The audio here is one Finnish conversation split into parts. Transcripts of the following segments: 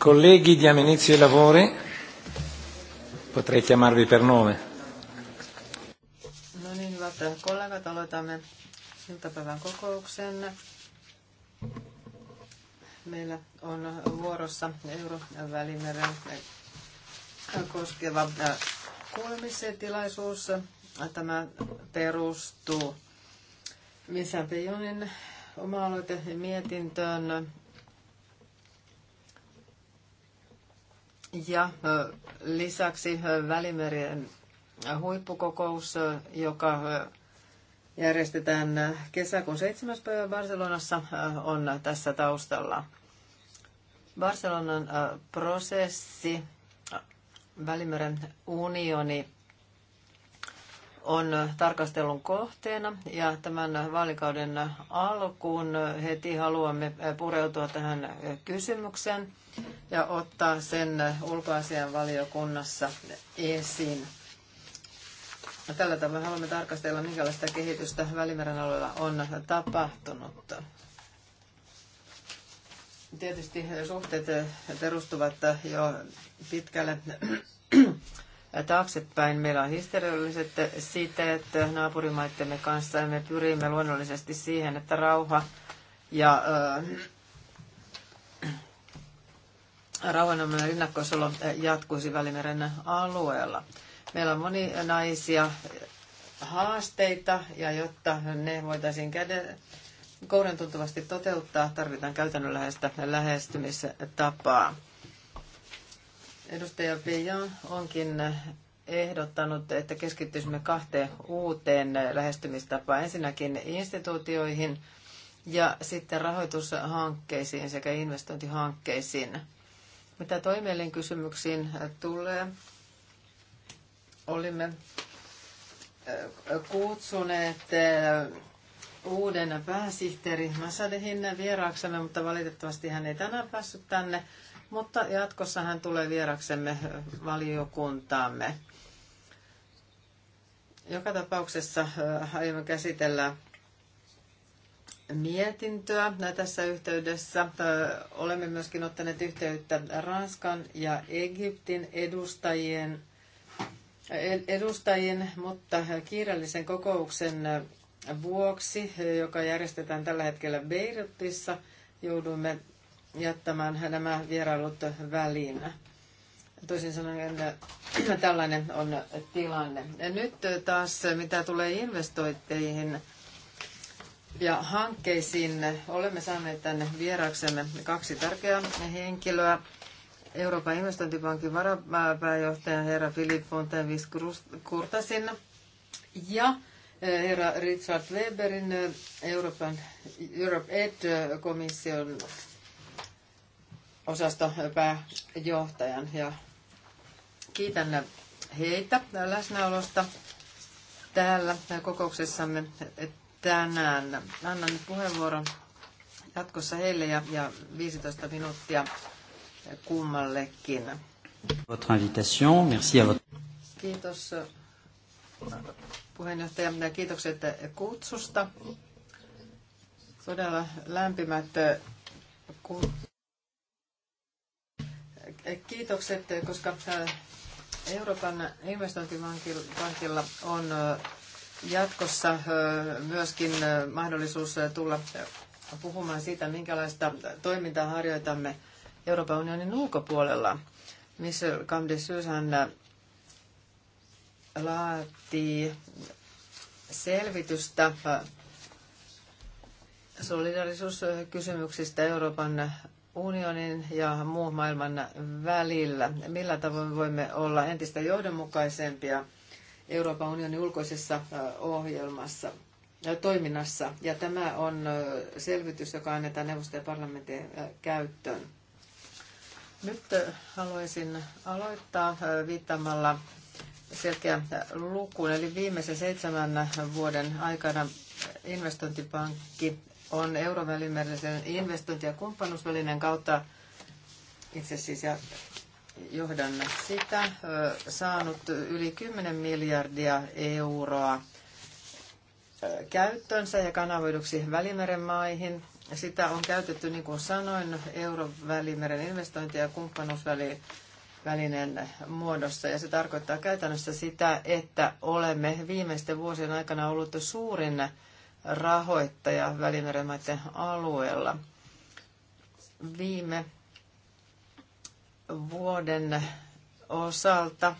Colleghi, diamo inizio ai lavori. Potrei chiamarvi per nome. No niin, hyvät kollegat, aloitamme iltapäivän kokouksen. Meillä on vuorossa Eurovälimeren koskeva kuulemisetilaisuus. Tämä perustuu Missä Pejonin oma-aloite mietintöön Ja lisäksi Välimeren huippukokous, joka järjestetään kesäkuun 7. päivä Barcelonassa, on tässä taustalla. Barcelonan prosessi, Välimeren unioni, on tarkastelun kohteena ja tämän vaalikauden alkuun heti haluamme pureutua tähän kysymykseen – ja ottaa sen ulkoasian valiokunnassa esiin. Tällä tavalla haluamme tarkastella, minkälaista kehitystä Välimeren alueella on tapahtunut. Tietysti suhteet perustuvat jo pitkälle taaksepäin. Meillä on historialliset siteet naapurimaittemme kanssa ja me pyrimme luonnollisesti siihen, että rauha ja rauhanomainen rinnakkaisolo eh, jatkuisi Välimeren alueella. Meillä on moninaisia eh, haasteita ja jotta ne voitaisiin käden tuntuvasti toteuttaa, tarvitaan käytännönläheistä lähestymistapaa. Edustaja Pia onkin ehdottanut, että keskittyisimme kahteen uuteen lähestymistapaan. Ensinnäkin instituutioihin ja sitten rahoitushankkeisiin sekä investointihankkeisiin. Mitä toimielin kysymyksiin äh, tulee, olimme äh, kutsuneet äh, uuden pääsihteeri Masadehin vieraaksemme, mutta valitettavasti hän ei tänään päässyt tänne. Mutta jatkossa hän tulee vieraksemme valiokuntaamme. Joka tapauksessa aiomme käsitellä mietintöä no, tässä yhteydessä. Olemme myöskin ottaneet yhteyttä Ranskan ja Egyptin edustajien, e, edustajien mutta kiireellisen kokouksen vuoksi, joka järjestetään tällä hetkellä Beirutissa, joudumme jättämään nämä vierailut väliin. Toisin sanoen tällainen on tilanne. Ja nyt taas mitä tulee investointeihin, ja hankkeisiin. Olemme saaneet tänne vieraksemme kaksi tärkeää henkilöä. Euroopan investointipankin varapääjohtaja herra Philip Fontenvis Kurtasin ja eh, herra Richard Weberin eh, Euroopan Europe Ed-komission osastopääjohtajan. Ja kiitän heitä läsnäolosta täällä kokouksessamme tänään. Annan puheenvuoron jatkossa heille ja, ja 15 minuuttia kummallekin. Votre invitation. Merci à votre... Kiitos puheenjohtaja ja kiitokset kutsusta. Todella lämpimät kiitokset, koska Euroopan investointivankilla on jatkossa myöskin mahdollisuus tulla puhumaan siitä, minkälaista toimintaa harjoitamme Euroopan unionin ulkopuolella. Michel Camdesyshän laatii selvitystä solidarisuuskysymyksistä Euroopan unionin ja muun maailman välillä. Millä tavoin voimme olla entistä johdonmukaisempia – Euroopan unionin ulkoisessa ohjelmassa toiminnassa. Ja tämä on selvitys, joka annetaan neuvoston ja parlamentin käyttöön. Nyt haluaisin aloittaa viittaamalla selkeä lukuun. Eli viimeisen seitsemän vuoden aikana investointipankki on Euroopan investointi- ja kumppanuusvälineen kautta itse siis ja johdanna sitä, saanut yli 10 miljardia euroa käyttöönsä ja kanavoiduksi Välimeren maihin. Sitä on käytetty, niin kuin sanoin, Euro-Välimeren investointi- ja kumppanuusväli välinen muodossa. Ja se tarkoittaa käytännössä sitä, että olemme viimeisten vuosien aikana ollut suurin rahoittaja Välimeren maiden alueella. Viime vuoden osalta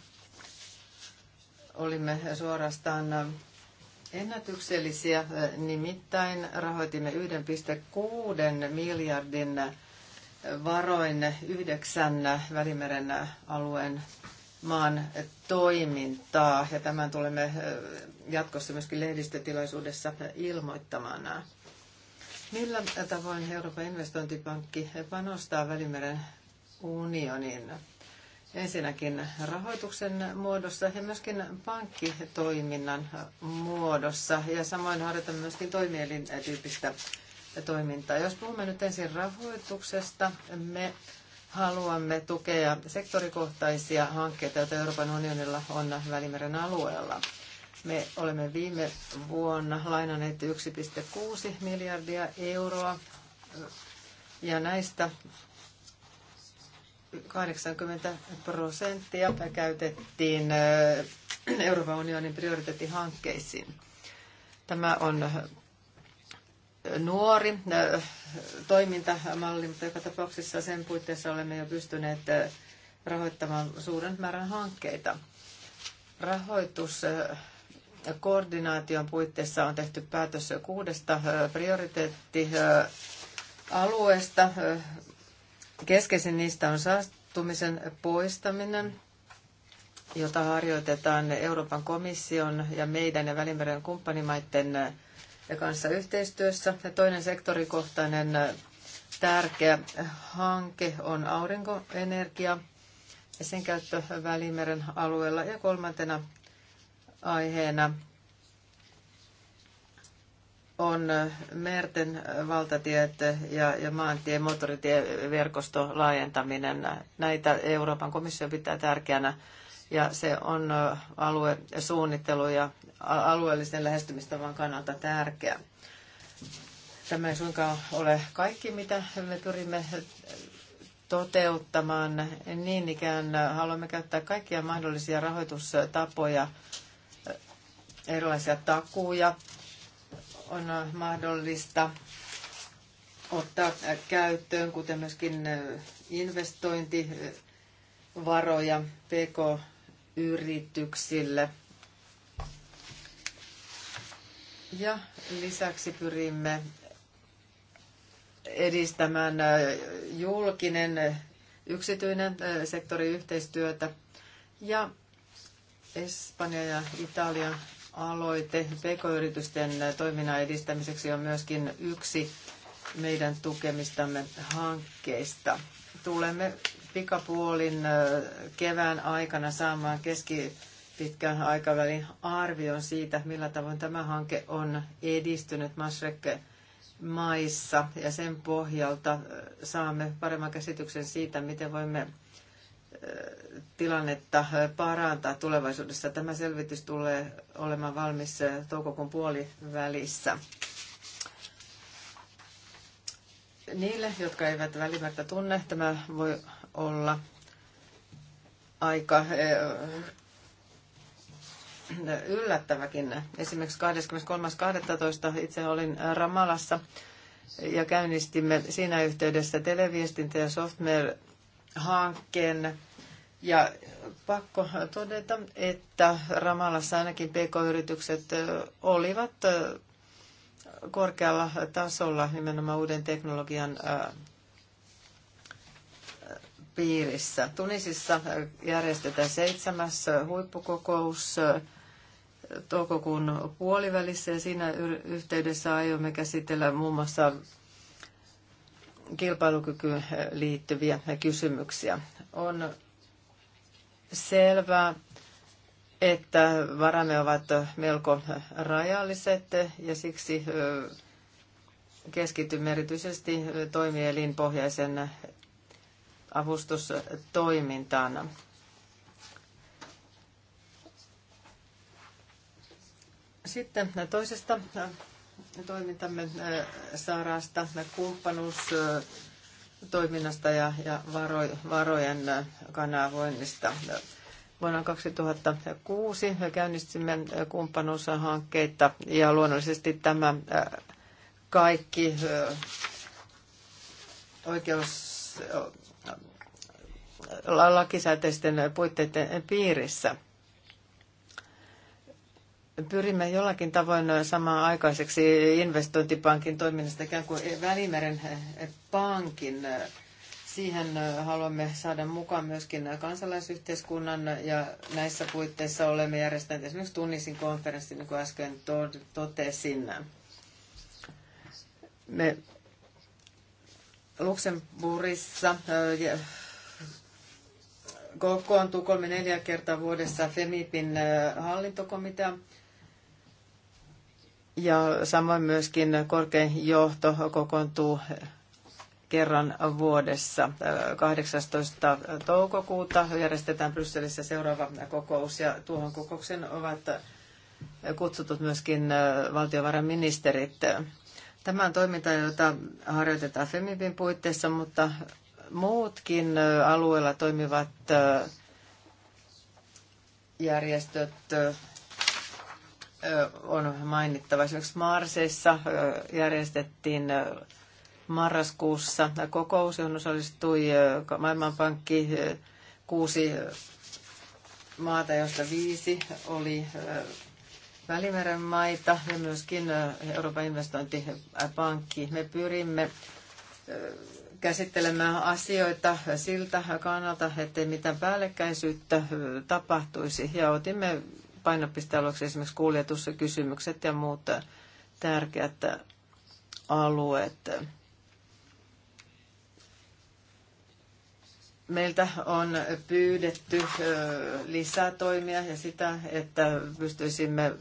olimme suorastaan ennätyksellisiä, nimittäin rahoitimme 1,6 miljardin varoin yhdeksän Välimeren alueen maan toimintaa. Ja tämän tulemme jatkossa myöskin lehdistötilaisuudessa ilmoittamaan Millä tavoin Euroopan investointipankki panostaa Välimeren unionin. Ensinnäkin rahoituksen muodossa ja myöskin pankkitoiminnan muodossa. Ja samoin harjoitamme myöskin toimielin tyyppistä toimintaa. Jos puhumme nyt ensin rahoituksesta, me haluamme tukea sektorikohtaisia hankkeita, joita Euroopan unionilla on Välimeren alueella. Me olemme viime vuonna lainanneet 1,6 miljardia euroa ja näistä 80 prosenttia käytettiin Euroopan unionin prioriteettihankkeisiin. Tämä on nuori toimintamalli, mutta joka tapauksessa sen puitteissa olemme jo pystyneet rahoittamaan suuren määrän hankkeita. Rahoitus koordinaation puitteissa on tehty päätös kuudesta prioriteettialueesta Keskeisin niistä on saastumisen poistaminen, jota harjoitetaan Euroopan komission ja meidän ja Välimeren kumppanimaiden eh, kanssa yhteistyössä. Ja toinen sektorikohtainen eh, tärkeä hanke on aurinkoenergia ja sen käyttö Välimeren alueella. Ja kolmantena aiheena on merten valtatiet ja, ja maantie- ja moottoritieverkosto laajentaminen. Näitä Euroopan komissio pitää tärkeänä ja se on aluesuunnittelu ja alueellisen lähestymistavan kannalta tärkeä. Tämä ei suinkaan ole kaikki, mitä me pyrimme toteuttamaan. Niin ikään haluamme käyttää kaikkia mahdollisia rahoitustapoja, erilaisia takuja, on mahdollista ottaa käyttöön, kuten myöskin investointivaroja PK-yrityksille. Ja lisäksi pyrimme edistämään julkinen yksityinen sektori yhteistyötä ja Espanjan ja Italian aloite pk-yritysten toiminnan edistämiseksi on myöskin yksi meidän tukemistamme hankkeista. Tulemme pikapuolin kevään aikana saamaan keskipitkän aikavälin arvion siitä, millä tavoin tämä hanke on edistynyt Masrekke maissa ja sen pohjalta saamme paremman käsityksen siitä, miten voimme tilannetta parantaa tulevaisuudessa. Tämä selvitys tulee olemaan valmis toukokuun puolivälissä. Niille, jotka eivät välimerta tunne, tämä voi olla aika eh, yllättäväkin. Esimerkiksi 23.12. itse olin Ramalassa ja käynnistimme siinä yhteydessä televiestintä- ja software-hankkeen ja pakko todeta, että Ramalassa ainakin PK-yritykset olivat korkealla tasolla nimenomaan uuden teknologian piirissä. Tunisissa järjestetään seitsemäs huippukokous toukokuun puolivälissä ja siinä yhteydessä aiomme käsitellä muun muassa kilpailukykyyn liittyviä kysymyksiä. On selvää, että varamme ovat melko rajalliset ja siksi keskitymme erityisesti toimielinpohjaisen avustustoimintaan. Sitten toisesta toimintamme saarasta kumppanuus toiminnasta ja, ja varo, varojen äh, kanavoinnista. Vuonna 2006 käynnistimme äh, kumppanuushankkeita ja luonnollisesti tämä äh, kaikki oikeus lakisääteisten puitteiden piirissä – pyrimme jollakin tavoin samaan aikaiseksi investointipankin toiminnasta ikään kuin Välimeren pankin. Siihen haluamme saada mukaan myöskin kansalaisyhteiskunnan ja näissä puitteissa olemme järjestäneet esimerkiksi Tunnisin konferenssin, niin kuin äsken totesin. Me Luxemburgissa kokoontuu kolme neljä kertaa vuodessa FEMIPin hallintokomitea ja samoin myöskin korkein johto kokoontuu kerran vuodessa. 18. toukokuuta järjestetään Brysselissä seuraava kokous ja tuohon kokouksen ovat kutsutut myöskin valtiovarainministerit. Tämä on toiminta, jota harjoitetaan FEMIPin puitteissa, mutta muutkin alueella toimivat järjestöt on mainittava. Esimerkiksi Marseissa järjestettiin marraskuussa kokous, johon osallistui Maailmanpankki kuusi maata, joista viisi oli Välimeren maita ja myöskin Euroopan investointipankki. Me pyrimme käsittelemään asioita siltä kannalta, ettei mitään päällekkäisyyttä tapahtuisi. Ja otimme painopistealueeksi esimerkiksi kuljetuskysymykset ja muut tärkeät alueet. Meiltä on pyydetty lisätoimia ja sitä, että pystyisimme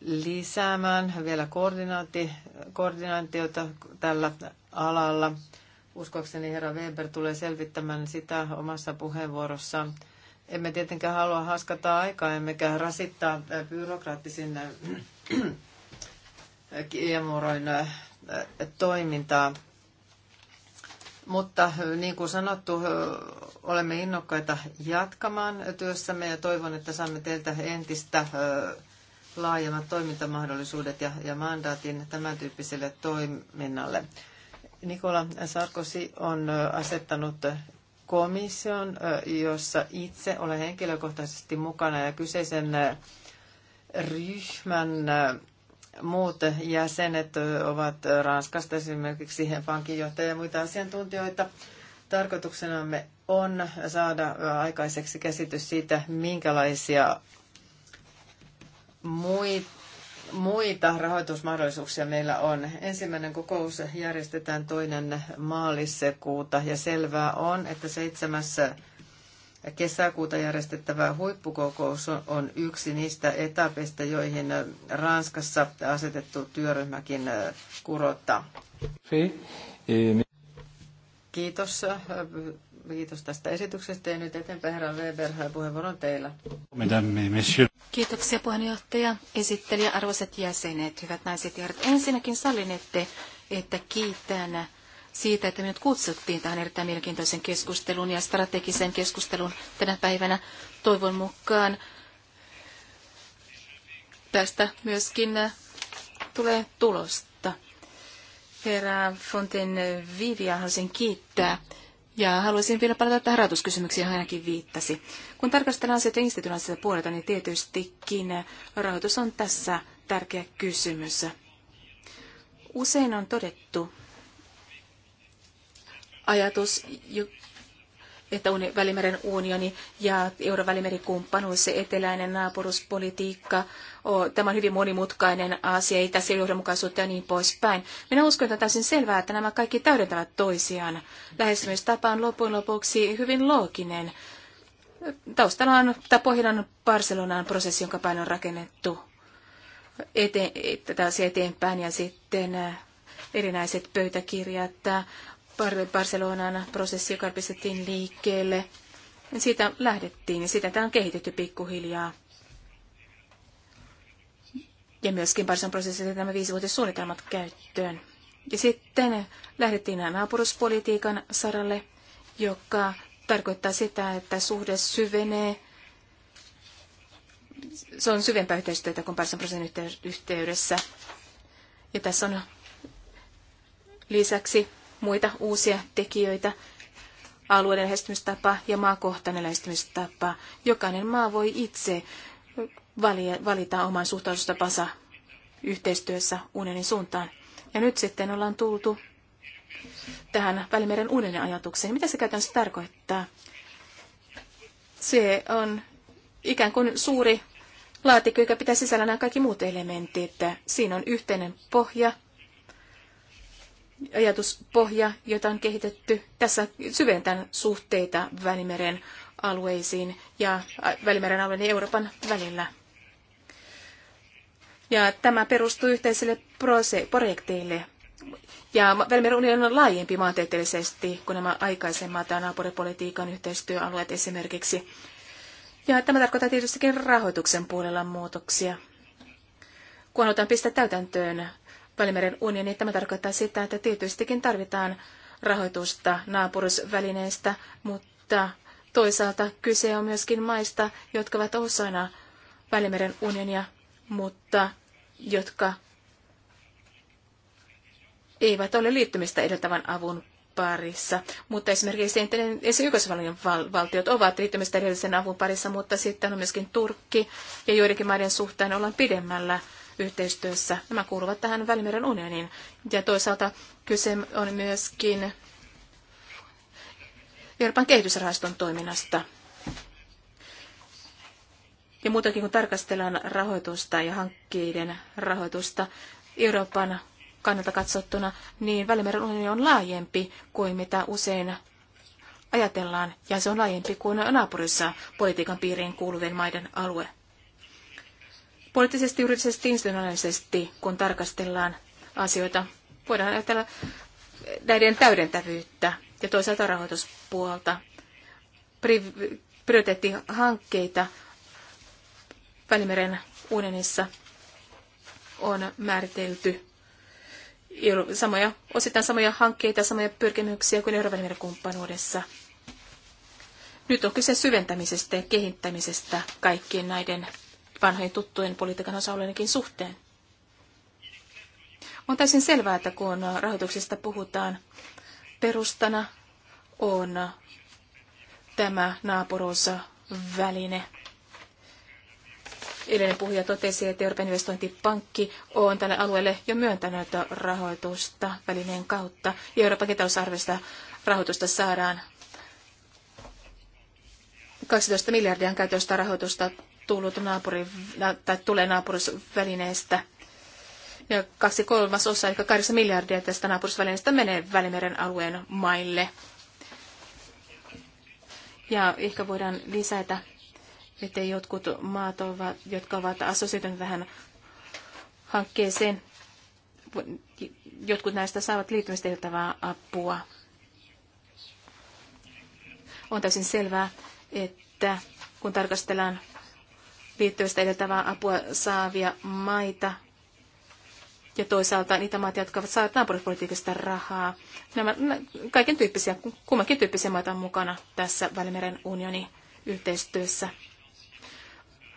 lisäämään vielä koordinaati, koordinaatiota tällä alalla. Uskoakseni herra Weber tulee selvittämään sitä omassa puheenvuorossaan. Emme tietenkään halua haskata aikaa, emmekä rasittaa äh, byrokraattisin äh, kiemuroin äh, toimintaa. Mutta niin kuin sanottu, olemme innokkaita jatkamaan työssämme ja toivon, että saamme teiltä entistä laajemmat toimintamahdollisuudet ja, ja mandaatin tämän tyyppiselle toiminnalle. Nikola Sarkosi on asettanut komission, jossa itse olen henkilökohtaisesti mukana ja kyseisen ryhmän muut jäsenet ovat Ranskasta esimerkiksi pankinjohtaja ja muita asiantuntijoita. Tarkoituksenamme on saada aikaiseksi käsitys siitä, minkälaisia muita muita rahoitusmahdollisuuksia meillä on. Ensimmäinen kokous järjestetään toinen maaliskuuta ja selvää on, että seitsemässä kesäkuuta järjestettävä huippukokous on yksi niistä etapeista, joihin Ranskassa asetettu työryhmäkin kurottaa. Kiitos. Kiitos tästä esityksestä ja nyt eteenpäin herra Weber, puheenvuoro teillä. Kiitoksia puheenjohtaja, esittelijä, arvoisat jäsenet, hyvät naiset ja herrat. Ensinnäkin sallinette, että kiitän siitä, että minut kutsuttiin tähän erittäin mielenkiintoisen keskustelun ja strategisen keskustelun tänä päivänä. Toivon mukaan tästä myöskin tulee tulosta. Herra Fonten Vivia haluaisin kiittää ja haluaisin vielä palata tähän rahoituskysymykseen, johon ainakin viittasi. Kun tarkastellaan asioita institutionaalisesta puolelta, niin tietystikin rahoitus on tässä tärkeä kysymys. Usein on todettu ajatus, että Välimeren unioni ja eurovälimerikumppanuus, se eteläinen naapuruspolitiikka, tämä on hyvin monimutkainen asia, ei tässä johdonmukaisuutta ja niin poispäin. Minä uskon, että on täysin selvää, että nämä kaikki täydentävät toisiaan. Lähestymistapa on lopun lopuksi hyvin looginen. Taustalla on, tai pohjana Barcelonan prosessi, jonka päin on rakennettu eteen, tätä eteenpäin ja sitten erinäiset pöytäkirjat Barcelonan prosessi, joka pistettiin liikkeelle. Siitä lähdettiin ja sitä tämä on kehitetty pikkuhiljaa. Ja myöskin Barcelonan prosessissa nämä viisivuotissuunnitelmat käyttöön. Ja sitten lähdettiin naapuruspolitiikan saralle, joka tarkoittaa sitä, että suhde syvenee. Se on syvempää yhteistyötä kuin Barcelonan prosessin yhteydessä. Ja tässä on lisäksi muita uusia tekijöitä, alueiden lähestymistapa ja maakohtainen lähestymistapa. Jokainen maa voi itse valita oman suhtautustapansa yhteistyössä unionin suuntaan. Ja nyt sitten ollaan tultu tähän Välimeren unionin ajatukseen. Mitä se käytännössä tarkoittaa? Se on ikään kuin suuri laatikko, joka pitää sisällä nämä kaikki muut elementit. Siinä on yhteinen pohja, ajatuspohja, jota on kehitetty. Tässä syventän suhteita Välimeren alueisiin ja Välimeren alueen ja Euroopan välillä. Ja tämä perustuu yhteisille projekteille. Ja Välimeren unioni on laajempi maantieteellisesti kuin nämä aikaisemmat naapuripolitiikan yhteistyöalueet esimerkiksi. Ja tämä tarkoittaa tietystikin rahoituksen puolella muutoksia. Kun halutaan pistää täytäntöön Välimeren unioni. Tämä tarkoittaa sitä, että tietystikin tarvitaan rahoitusta naapurusvälineistä, mutta toisaalta kyse on myöskin maista, jotka ovat osana Välimeren unionia, mutta jotka eivät ole liittymistä edeltävän avun parissa. Mutta esimerkiksi entinen esi Yhdysvallan valtiot ovat liittymistä edellisen avun parissa, mutta sitten on myöskin Turkki ja joidenkin maiden suhteen ollaan pidemmällä yhteistyössä. Nämä kuuluvat tähän Välimeren unioniin. Ja toisaalta kyse on myöskin Euroopan kehitysrahaston toiminnasta. Ja muutenkin kun tarkastellaan rahoitusta ja hankkeiden rahoitusta Euroopan kannalta katsottuna, niin Välimeren unioni on laajempi kuin mitä usein ajatellaan, ja se on laajempi kuin naapurissa politiikan piiriin kuuluvien maiden alue poliittisesti, juridisesti, institutionaalisesti, kun tarkastellaan asioita. Voidaan ajatella näiden täydentävyyttä ja toisaalta rahoituspuolta. Pri- prioriteettihankkeita Välimeren unionissa on määritelty samoja, osittain samoja hankkeita, samoja pyrkimyksiä kuin Euroopan kumppanuudessa. Nyt on kyse syventämisestä ja kehittämisestä kaikkien näiden vanhojen tuttujen politiikan osa suhteen. On täysin selvää, että kun rahoituksesta puhutaan, perustana on tämä väline. Edellinen puhuja totesi, että Euroopan investointipankki on tälle alueelle jo myöntänyt rahoitusta välineen kautta. Ja Euroopan talousarviosta rahoitusta saadaan 12 miljardia käytöstä rahoitusta tullut naapuri, tai tulee naapurusvälineestä. Ja kaksi kolmasosa, eli kahdessa miljardia tästä naapurusvälineestä menee Välimeren alueen maille. Ja ehkä voidaan lisätä, että jotkut maat, ovat, jotka ovat asosioitunut tähän hankkeeseen, jotkut näistä saavat liittymistehtävää apua. On täysin selvää, että kun tarkastellaan liittyvistä edeltävää apua saavia maita ja toisaalta niitä maita, jotka ovat saaneet naapuripolitiikasta rahaa. Nämä, nämä kaiken tyyppisiä, kummankin tyyppisiä maita on mukana tässä Välimeren unionin yhteistyössä.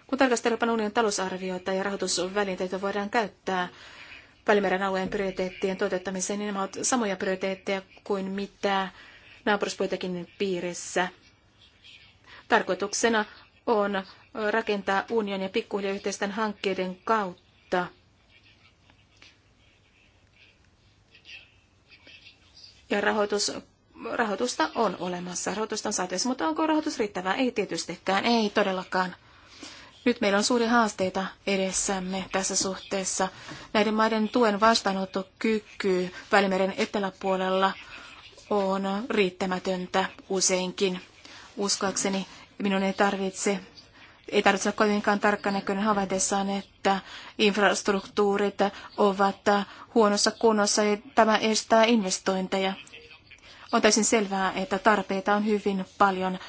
Kun tarkastellaan unionin talousarviota ja rahoitusvälineitä, voidaan käyttää Välimeren alueen prioriteettien toteuttamiseen, niin nämä ovat samoja prioriteetteja kuin mitä naapuruspolitiikin piirissä. Tarkoituksena on rakentaa ja pikkuhiljaa yhteisten hankkeiden kautta. Ja rahoitus, rahoitusta on olemassa, rahoitusta on saatu, mutta onko rahoitus riittävää? Ei tietystikään, ei todellakaan. Nyt meillä on suuri haasteita edessämme tässä suhteessa. Näiden maiden tuen vastaanottokyky Välimeren eteläpuolella on riittämätöntä useinkin. Uskoakseni ja minun ei tarvitse ei tarvitse olla kovinkaan tarkkanäköinen havaitessaan, että infrastruktuurit ovat huonossa kunnossa ja tämä estää investointeja. On täysin selvää, että tarpeita on hyvin paljon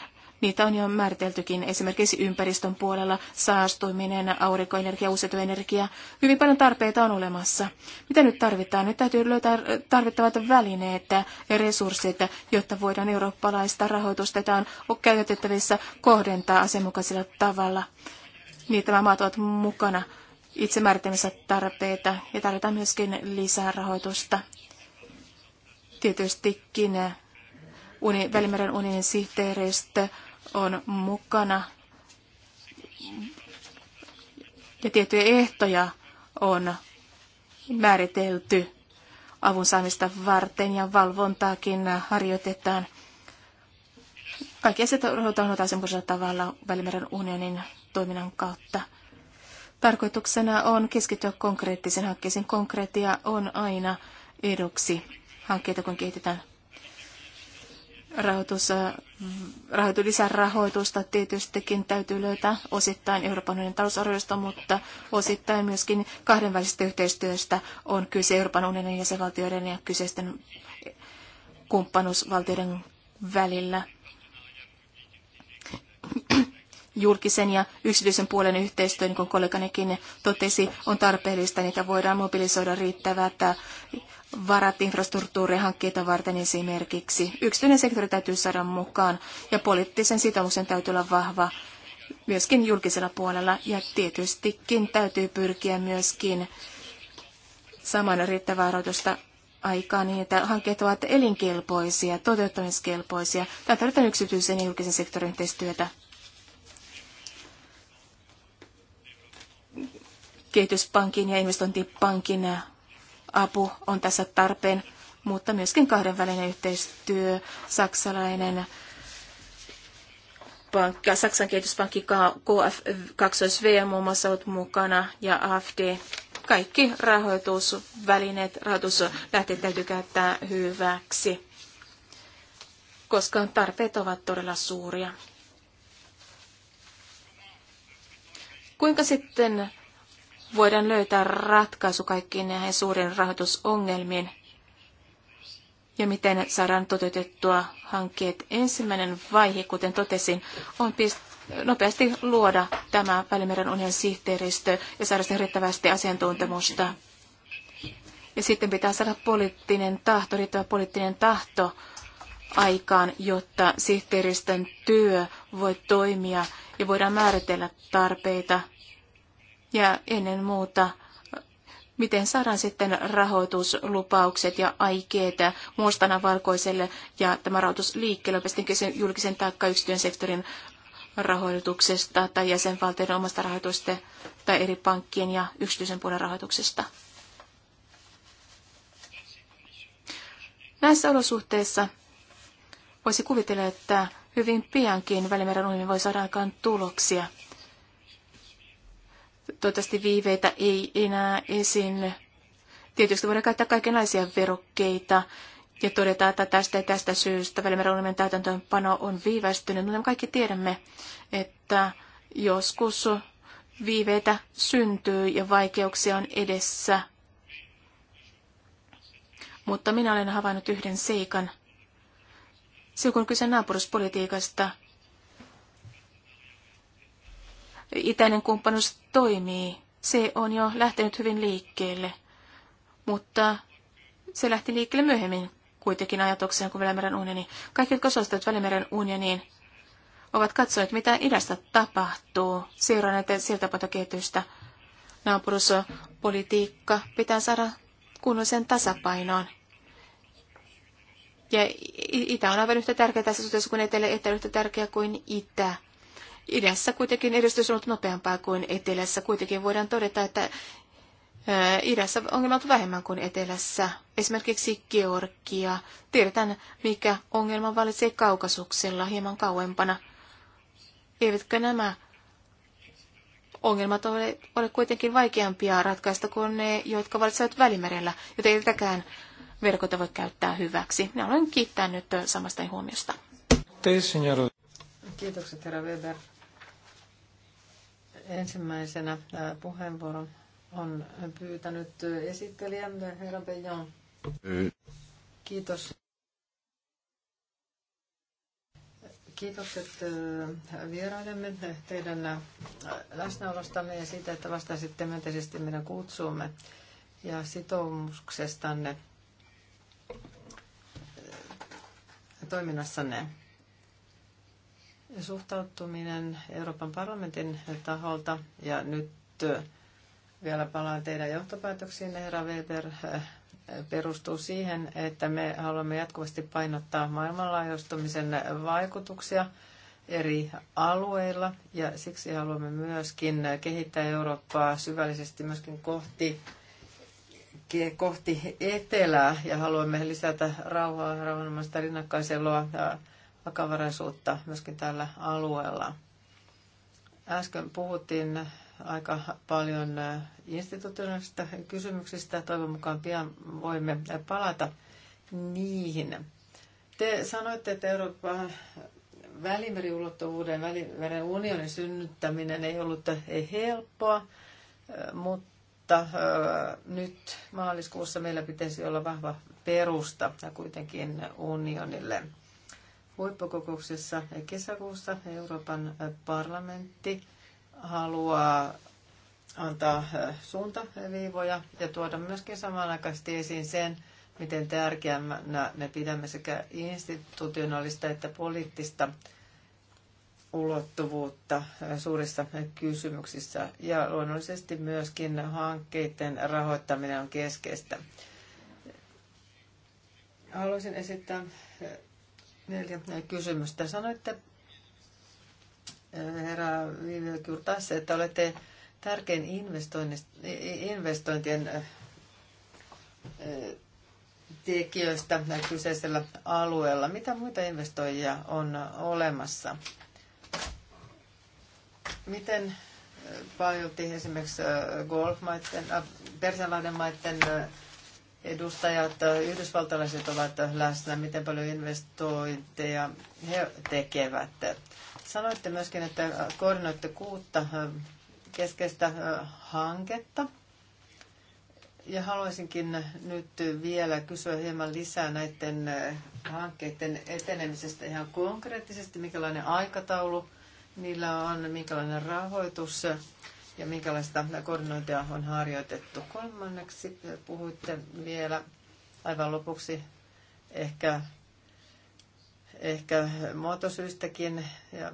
Niitä on jo määriteltykin esimerkiksi ympäristön puolella, saastuminen, aurinkoenergia, uusiutuva energia. Hyvin paljon tarpeita on olemassa. Mitä nyt tarvitaan? Nyt täytyy löytää äh, tarvittavat välineet ja resurssit, jotta voidaan eurooppalaista rahoitusta, jota on käytettävissä, kohdentaa asianmukaisella tavalla. Niitä nämä maat ovat mukana itse tarpeita ja tarvitaan myöskin lisää rahoitusta. Tietystikin äh, uni, Välimeren unionin sihteeristö on mukana ja tiettyjä ehtoja on määritelty avun saamista varten ja valvontaakin harjoitetaan. Kaikki asiat hoidetaan semmoisella tavalla Välimeren unionin toiminnan kautta. Tarkoituksena on keskittyä konkreettisen hankkeisiin. Konkreettia on aina eduksi hankkeita, kun kehitetään rahoitus, äh, rahoitu lisärahoitusta tietystikin täytyy löytää osittain Euroopan unionin talousarviosta, mutta osittain myöskin kahdenvälisestä yhteistyöstä on kyse Euroopan unionin jäsenvaltioiden ja kyseisten kumppanuusvaltioiden välillä. Julkisen ja yksityisen puolen yhteistyö, niin kuin kolleganikin totesi, on tarpeellista. Niitä voidaan mobilisoida riittävät varat infrastruktuurihankkeita varten esimerkiksi. Yksityinen sektori täytyy saada mukaan ja poliittisen sitoumuksen täytyy olla vahva myöskin julkisella puolella ja tietystikin täytyy pyrkiä myöskin saman riittävää rahoitusta aikaa niin, että hankkeet ovat elinkelpoisia, toteuttamiskelpoisia. Tämä tarvitaan yksityisen ja julkisen sektorin yhteistyötä. Kehityspankin ja investointipankin apu on tässä tarpeen, mutta myöskin kahdenvälinen yhteistyö, saksalainen pankki, Saksan kehityspankki KF, 2V on muun muassa ollut mukana ja AFD. Kaikki rahoitusvälineet, rahoituslähteet täytyy käyttää hyväksi, koska tarpeet ovat todella suuria. Kuinka sitten voidaan löytää ratkaisu kaikkiin näihin suurin rahoitusongelmiin ja miten saadaan toteutettua hankkeet. Ensimmäinen vaihe, kuten totesin, on pist- nopeasti luoda tämä Välimeren unionin sihteeristö ja saada sen riittävästi asiantuntemusta. Ja sitten pitää saada poliittinen tahto, riittävä poliittinen tahto aikaan, jotta sihteeristön työ voi toimia ja voidaan määritellä tarpeita ja ennen muuta miten saadaan sitten rahoituslupaukset ja aikeet mustana valkoiselle ja tämä rahoitus liikkeelle, sitten julkisen taikka yksityisen sektorin rahoituksesta tai jäsenvaltioiden omasta rahoitusta tai eri pankkien ja yksityisen puolen rahoituksesta. Näissä olosuhteissa voisi kuvitella, että hyvin piankin Välimeren unioni voi saada aikaan tuloksia – Toivottavasti viiveitä ei enää esiinny. Tietysti voidaan käyttää kaikenlaisia verokkeita ja todeta, että tästä ja tästä syystä välimerunelmien täytäntöönpano on viivästynyt, mutta me kaikki tiedämme, että joskus viiveitä syntyy ja vaikeuksia on edessä. Mutta minä olen havainnut yhden seikan. Silloin kun kyse naapuruspolitiikasta, itäinen kumppanuus toimii. Se on jo lähtenyt hyvin liikkeelle, mutta se lähti liikkeelle myöhemmin kuitenkin ajatukseen kuin Välimeren unioni. Kaikki, jotka osallistuivat Välimeren unioniin, ovat katsoneet, mitä idästä tapahtuu, seuranneet sieltä kehitystä. Naapuruspolitiikka pitää saada kunnollisen tasapainoon. Ja itä on aivan yhtä tärkeä tässä suhteessa kuin etelä, etelä yhtä tärkeä kuin itä. Idässä kuitenkin edistys on ollut nopeampaa kuin etelässä. Kuitenkin voidaan todeta, että idässä ongelmat on vähemmän kuin etelässä. Esimerkiksi Georgia. Tiedetään, mikä ongelma valitsee kaukasuksella hieman kauempana. Eivätkö nämä ongelmat ole, ole kuitenkin vaikeampia ratkaista kuin ne, jotka valitsevat välimerellä, joten ei tätäkään verkota voi käyttää hyväksi. Minä olen kiittänyt samasta huomiosta. Kiitokset herra Weber. Ensimmäisenä puheenvuoron on pyytänyt esittelijän herra Bejan. Kiitos. Kiitokset vieraillemme teidän läsnäolostamme ja siitä, että vastasitte myönteisesti meidän kutsuumme ja sitoumuksestanne toiminnassanne suhtautuminen Euroopan parlamentin taholta. Ja nyt äh, vielä palaan teidän johtopäätöksiin, herra Weber, äh, perustuu siihen, että me haluamme jatkuvasti painottaa maailmanlaajuistumisen vaikutuksia eri alueilla ja siksi haluamme myöskin kehittää Eurooppaa syvällisesti myöskin kohti, kohti etelää ja haluamme lisätä rauhaa, rauhanomaista rinnakkaiseloa äh, vakavaraisuutta myöskin tällä alueella. Äsken puhuttiin aika paljon instituutioista kysymyksistä. Toivon mukaan pian voimme palata niihin. Te sanoitte, että Euroopan välimeriulottuvuuden, välimeren unionin synnyttäminen ei ollut helppoa, mutta nyt maaliskuussa meillä pitäisi olla vahva perusta kuitenkin unionille – Huippukokouksessa kesäkuussa Euroopan parlamentti haluaa antaa suuntaviivoja ja tuoda myöskin samanaikaisesti esiin sen, miten tärkeänä me pidämme sekä institutionaalista että poliittista ulottuvuutta suurissa kysymyksissä. Ja luonnollisesti myöskin hankkeiden rahoittaminen on keskeistä. Haluaisin esittää Neljä kysymystä. Sanoitte, eh, herra Kurtas, että olette tärkein investointien eh, eh, tekijöistä kyseisellä alueella. Mitä muita investoijia on olemassa? Miten paljon esimerkiksi golfmaiden, maiden Persianlahden maiden edustajat, yhdysvaltalaiset ovat läsnä, miten paljon investointeja he tekevät. Sanoitte myöskin, että koordinoitte kuutta keskeistä hanketta. Ja haluaisinkin nyt vielä kysyä hieman lisää näiden hankkeiden etenemisestä ihan konkreettisesti, minkälainen aikataulu niillä on, minkälainen rahoitus ja minkälaista koordinointia on harjoitettu. Kolmanneksi puhuitte vielä aivan lopuksi ehkä, ehkä muotosyistäkin ja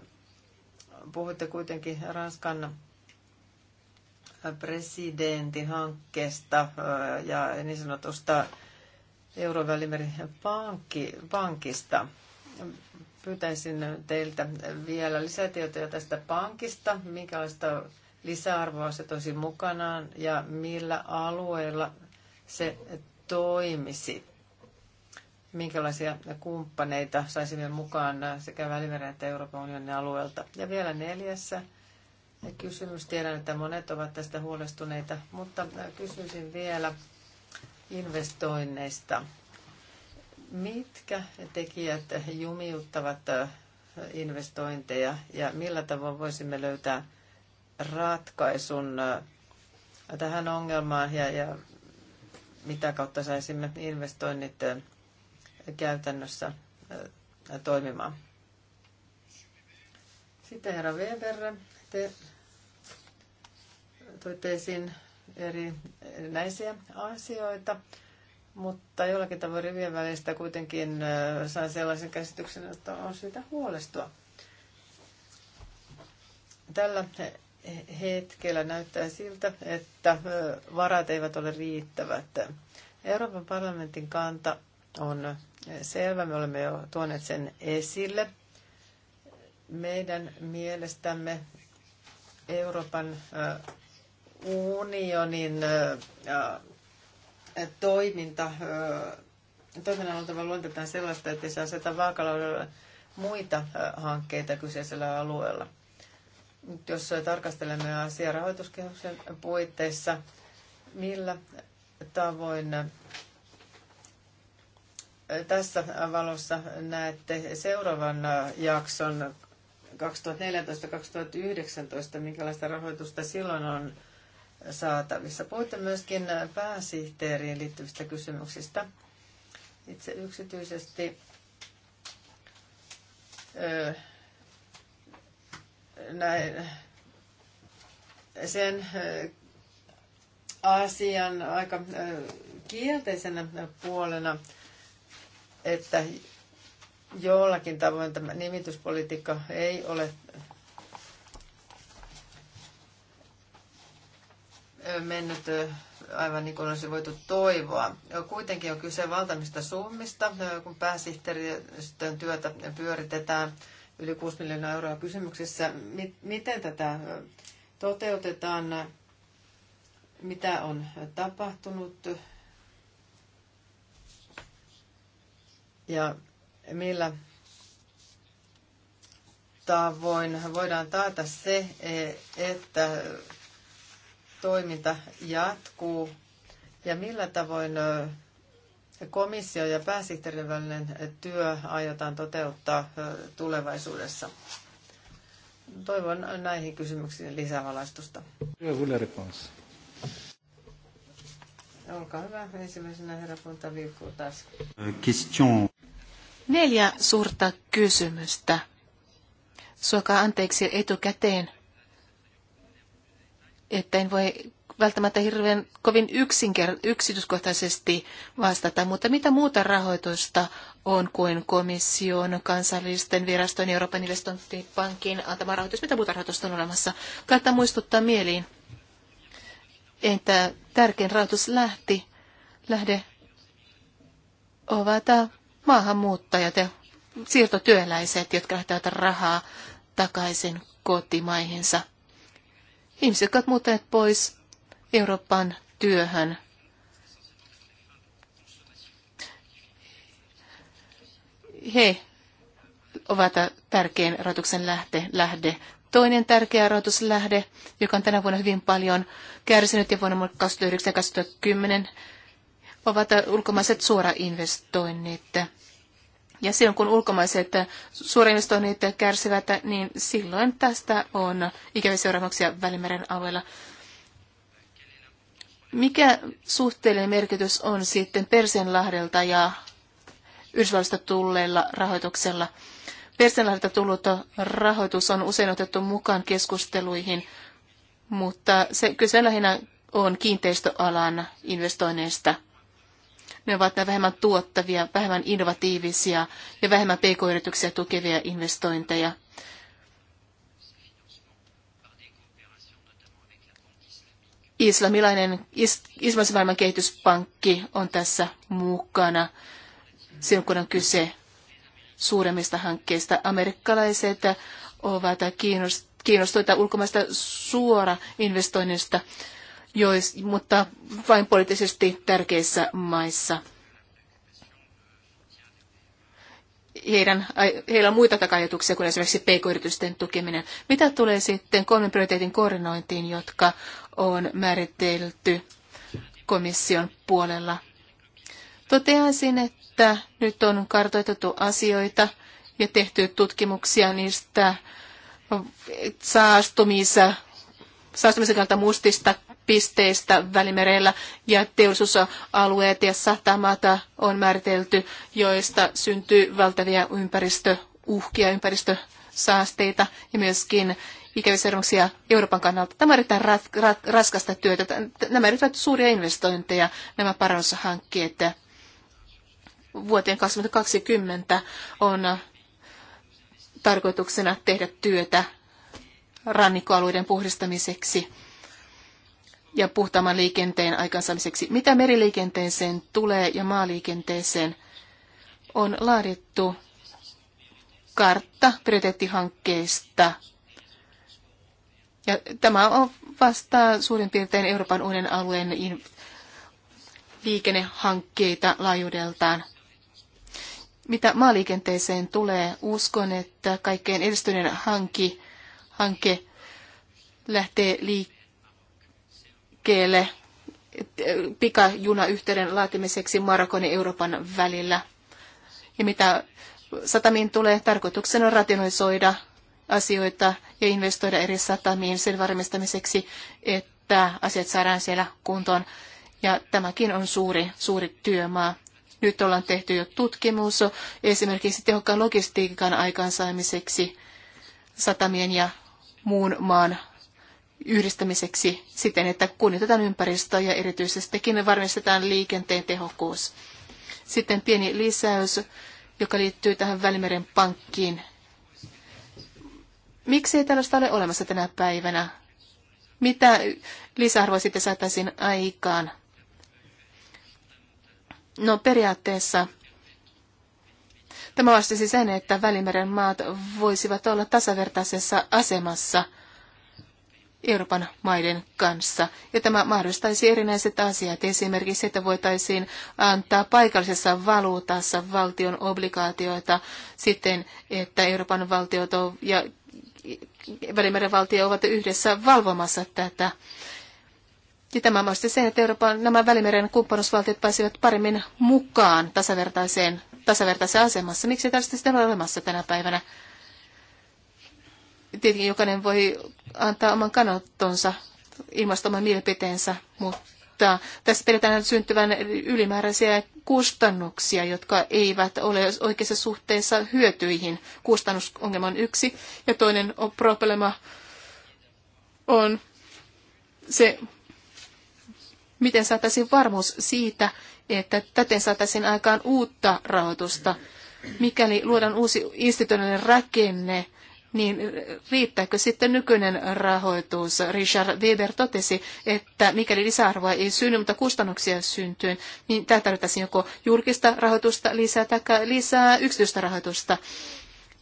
puhuitte kuitenkin Ranskan presidentin hankkeesta ja niin sanotusta Eurovälimeren pankki, pankista. Pyytäisin teiltä vielä lisätietoja tästä pankista, minkälaista lisäarvoa se toisi mukanaan ja millä alueilla se toimisi. Minkälaisia kumppaneita saisimme mukaan sekä Välimeren että Euroopan unionin alueelta. Ja vielä neljässä kysymys. Tiedän, että monet ovat tästä huolestuneita, mutta kysyisin vielä investoinneista. Mitkä tekijät jumiuttavat investointeja ja millä tavoin voisimme löytää ratkaisun äh, tähän ongelmaan ja, ja mitä kautta saisimme investoinnit äh, käytännössä äh, toimimaan. Sitten herra Weber, te toitte esiin eri, erinäisiä asioita, mutta jollakin tavoin rivien välistä kuitenkin sain sellaisen käsityksen, että on syytä huolestua. Tällä hetkellä näyttää siltä, että varat eivät ole riittävät. Euroopan parlamentin kanta on selvä. Me olemme jo tuoneet sen esille. Meidän mielestämme Euroopan unionin toiminta, toiminnan oltava luontetaan sellaista, että se aseta vaakalaudella muita hankkeita kyseisellä alueella jos tarkastelemme asiaa rahoituskehyksen puitteissa, millä tavoin tässä valossa näette seuraavan jakson 2014-2019, minkälaista rahoitusta silloin on saatavissa. Puhutte myöskin pääsihteeriin liittyvistä kysymyksistä. Itse yksityisesti näin sen asian aika kielteisenä puolena, että jollakin tavoin tämä nimityspolitiikka ei ole mennyt aivan niin kuin olisi voitu toivoa. Kuitenkin on kyse valtamista summista, kun pääsihteeristön työtä pyöritetään – yli 6 miljoonaa euroa kysymyksessä. Miten tätä toteutetaan? Mitä on tapahtunut? Ja millä tavoin voidaan taata se, että toiminta jatkuu ja millä tavoin komissio ja pääsihteerin välinen työ aiotaan toteuttaa tulevaisuudessa? Toivon näihin kysymyksiin lisävalaistusta. Olkaa hyvä. Ensimmäisenä herra Punta Vilkku taas. Euh, question. Neljä suurta kysymystä. Suokaa anteeksi etukäteen, että en voi välttämättä hirveän kovin yksinker- yksityiskohtaisesti vastata, mutta mitä muuta rahoitusta on kuin komission, kansallisten virastojen, Euroopan investointipankin antama rahoitus, mitä muuta rahoitusta on olemassa? Kannattaa muistuttaa mieliin, että tärkein rahoitus lähti, lähde ovat maahanmuuttajat ja siirtotyöläiset, jotka lähtevät rahaa takaisin kotimaihinsa. Ihmiset, jotka ovat muuttaneet pois Euroopan työhön. He ovat tärkein rahoituksen lähte, lähde. Toinen tärkeä rahoituslähde, joka on tänä vuonna hyvin paljon kärsinyt ja vuonna 2009 ja 2010, ovat ulkomaiset suorainvestoinnit. Ja silloin kun ulkomaiset suorainvestoinnit kärsivät, niin silloin tästä on ikäviä seuraamuksia Välimeren alueella. Mikä suhteellinen merkitys on sitten Persianlahdelta ja Yhdysvalloista tulleilla rahoituksella? Persianlahdelta tullut rahoitus on usein otettu mukaan keskusteluihin, mutta se kyse lähinnä on kiinteistöalan investoinneista. Ne ovat vähemmän tuottavia, vähemmän innovatiivisia ja vähemmän pk-yrityksiä tukevia investointeja. islamilainen, is, islamilaisen maailman kehityspankki on tässä mukana. Silloin kun on kyse suuremmista hankkeista, amerikkalaiset ovat kiinnostuneita ulkomaista suora investoinnista, jois, mutta vain poliittisesti tärkeissä maissa – heidän, heillä on muita takajatuksia kuin esimerkiksi pk-yritysten tukeminen. Mitä tulee sitten kolmen prioriteetin koordinointiin, jotka on määritelty komission puolella? Toteaisin, että nyt on kartoitettu asioita ja tehty tutkimuksia niistä saastumisen, saastumisen kannalta mustista pisteistä Välimerellä ja teollisuusalueet ja satamat on määritelty, joista syntyy valtavia ympäristöuhkia, ympäristösaasteita ja myöskin ikäviä Euroopan kannalta. Tämä on erittäin rat- rat- raskasta työtä. Nämä erittäin suuria investointeja, nämä parannushankkeet. Vuoteen 2020 on tarkoituksena tehdä työtä rannikkoalueiden puhdistamiseksi ja puhtaamman liikenteen aikaansaamiseksi. Mitä meriliikenteeseen tulee ja maaliikenteeseen on laadittu kartta prioriteettihankkeesta. Ja tämä on vastaa suurin piirtein Euroopan unionin alueen liikennehankkeita laajuudeltaan. Mitä maaliikenteeseen tulee, uskon, että kaikkein edistyneen hanki, hanke lähtee liikkeelle liikkeelle pikajunayhteyden laatimiseksi Marokon ja Euroopan välillä. Ja mitä satamiin tulee, tarkoituksena on rationalisoida asioita ja investoida eri satamiin sen varmistamiseksi, että asiat saadaan siellä kuntoon. Ja tämäkin on suuri, suuri työmaa. Nyt ollaan tehty jo tutkimus esimerkiksi tehokkaan logistiikan aikaansaamiseksi satamien ja muun maan yhdistämiseksi siten, että kunnioitetaan ympäristöä ja erityisestikin varmistetaan liikenteen tehokkuus. Sitten pieni lisäys, joka liittyy tähän Välimeren pankkiin. Miksi ei tällaista ole olemassa tänä päivänä? Mitä lisäarvoa sitten saataisiin aikaan? No periaatteessa tämä vastasi sen, että Välimeren maat voisivat olla tasavertaisessa asemassa – Euroopan maiden kanssa. Ja tämä mahdollistaisi erinäiset asiat, esimerkiksi, että voitaisiin antaa paikallisessa valuutassa valtion obligaatioita siten, että Euroopan valtiot ja Välimeren valtio ovat yhdessä valvomassa tätä. Ja tämä mahdollisti sen, että Euroopan, nämä Välimeren kumppanuusvaltiot pääsivät paremmin mukaan tasavertaiseen, tasavertaiseen asemassa. Miksi tästä sitten ole olemassa tänä päivänä? Tietenkin jokainen voi antaa oman kanottonsa, ilmaista mielipiteensä, mutta tässä pelätään syntyvän ylimääräisiä kustannuksia, jotka eivät ole oikeassa suhteessa hyötyihin. Kustannusongelma on yksi ja toinen on problema on se, miten saataisiin varmuus siitä, että täten saataisiin aikaan uutta rahoitusta. Mikäli luodaan uusi institutionaalinen rakenne, niin riittääkö sitten nykyinen rahoitus? Richard Weber totesi, että mikäli lisäarvoa ei synny, mutta kustannuksia syntyy, niin tämä tarvittaisiin joko julkista rahoitusta lisää tai lisää yksityistä rahoitusta.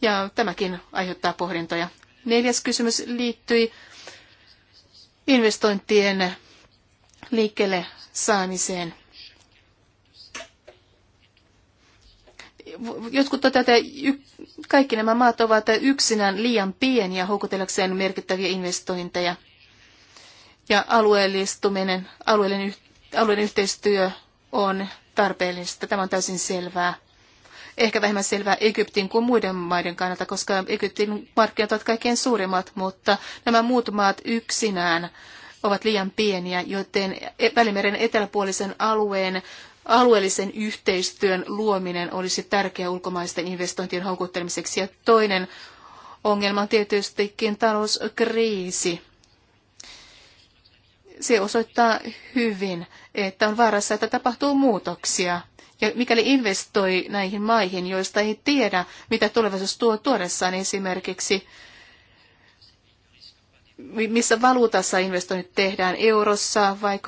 Ja tämäkin aiheuttaa pohdintoja. Neljäs kysymys liittyi investointien liikkeelle saamiseen. jotkut toteavat, että kaikki nämä maat ovat yksinään liian pieniä houkutellakseen merkittäviä investointeja. Ja alueellistuminen, alueellinen, alueellinen yhteistyö on tarpeellista. Tämä on täysin selvää. Ehkä vähemmän selvää Egyptin kuin muiden maiden kannalta, koska Egyptin markkinat ovat kaikkein suurimmat, mutta nämä muut maat yksinään ovat liian pieniä, joten e- Välimeren eteläpuolisen alueen alueellisen yhteistyön luominen olisi tärkeä ulkomaisten investointien houkuttelemiseksi. Ja toinen ongelma on tietystikin talouskriisi. Se osoittaa hyvin, että on vaarassa, että tapahtuu muutoksia. Ja mikäli investoi näihin maihin, joista ei tiedä, mitä tulevaisuus tuo tuodessaan esimerkiksi missä valuutassa investoinnit tehdään, eurossa vai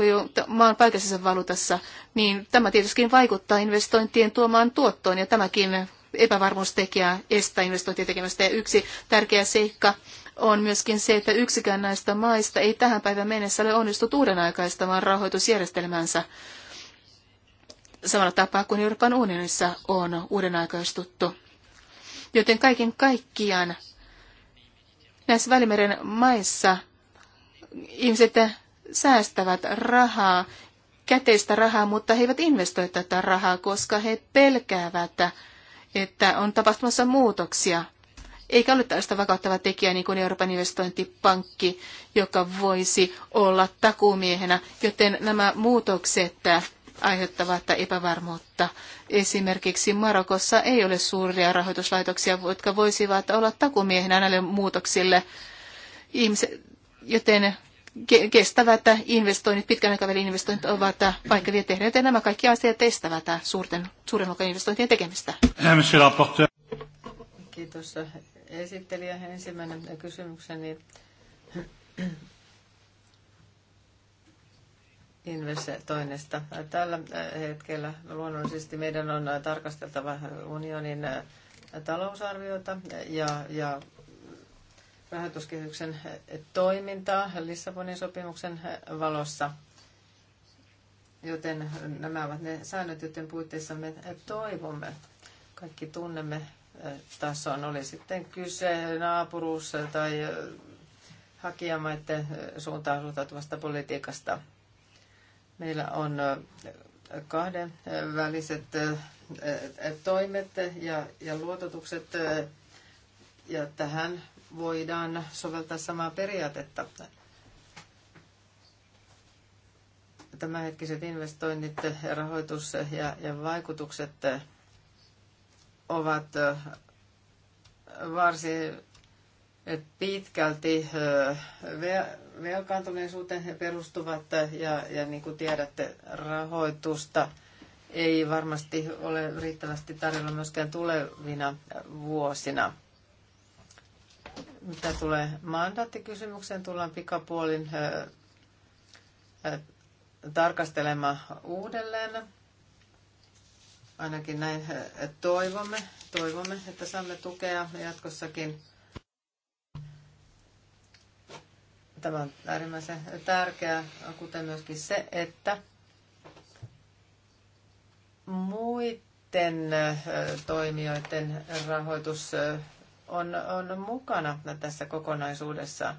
maan paikallisessa valuutassa, niin tämä tietysti vaikuttaa investointien tuomaan tuottoon ja tämäkin epävarmuustekijä estää investointien tekemästä. Ja yksi tärkeä seikka on myöskin se, että yksikään näistä maista ei tähän päivään mennessä ole onnistunut uudenaikaistamaan rahoitusjärjestelmänsä samalla tapaa kuin Euroopan unionissa on uudenaikaistuttu. Joten kaiken kaikkiaan Näissä Välimeren maissa ihmiset säästävät rahaa, käteistä rahaa, mutta he eivät investoi tätä rahaa, koska he pelkäävät, että on tapahtumassa muutoksia. Eikä ole tällaista vakauttavaa tekijää niin kuin Euroopan investointipankki, joka voisi olla takuumiehenä, joten nämä muutokset aiheuttavat epävarmuutta. Esimerkiksi Marokossa ei ole suuria rahoituslaitoksia, jotka voisivat olla takumiehinä näille muutoksille, Ihmiset, joten kestävät investoinnit, pitkän aikavälin investoinnit ovat vaikkavia tehdä, joten nämä kaikki asiat estävät suurten, suuren luokan investointien tekemistä. Kiitos esittelijä. Ensimmäinen kysymykseni investoinnista. Tällä äh, hetkellä luonnollisesti meidän on äh, tarkasteltava unionin äh, talousarviota ja, ja rahoituskehyksen toimintaa Lissabonin sopimuksen valossa. Joten nämä ovat ne säännöt, joiden puitteissa me toivomme. Kaikki tunnemme tason, oli sitten kyse naapuruus tai hakijamaiden suuntaan suuntautuvasta politiikasta – Meillä on kahden väliset toimet ja, ja luototukset, ja tähän voidaan soveltaa samaa periaatetta. Tämänhetkiset investoinnit, rahoitus ja, ja vaikutukset ovat varsin pitkälti velkaantuneisuuteen perustuvat ja, ja niin kuin tiedätte, rahoitusta ei varmasti ole riittävästi tarjolla myöskään tulevina vuosina. Mitä tulee mandaattikysymykseen, tullaan pikapuolin tarkastelemaan uudelleen. Ainakin näin toivomme, toivomme, että saamme tukea jatkossakin Tämä on äärimmäisen tärkeää, kuten myöskin se, että muiden toimijoiden rahoitus on, on mukana tässä kokonaisuudessa.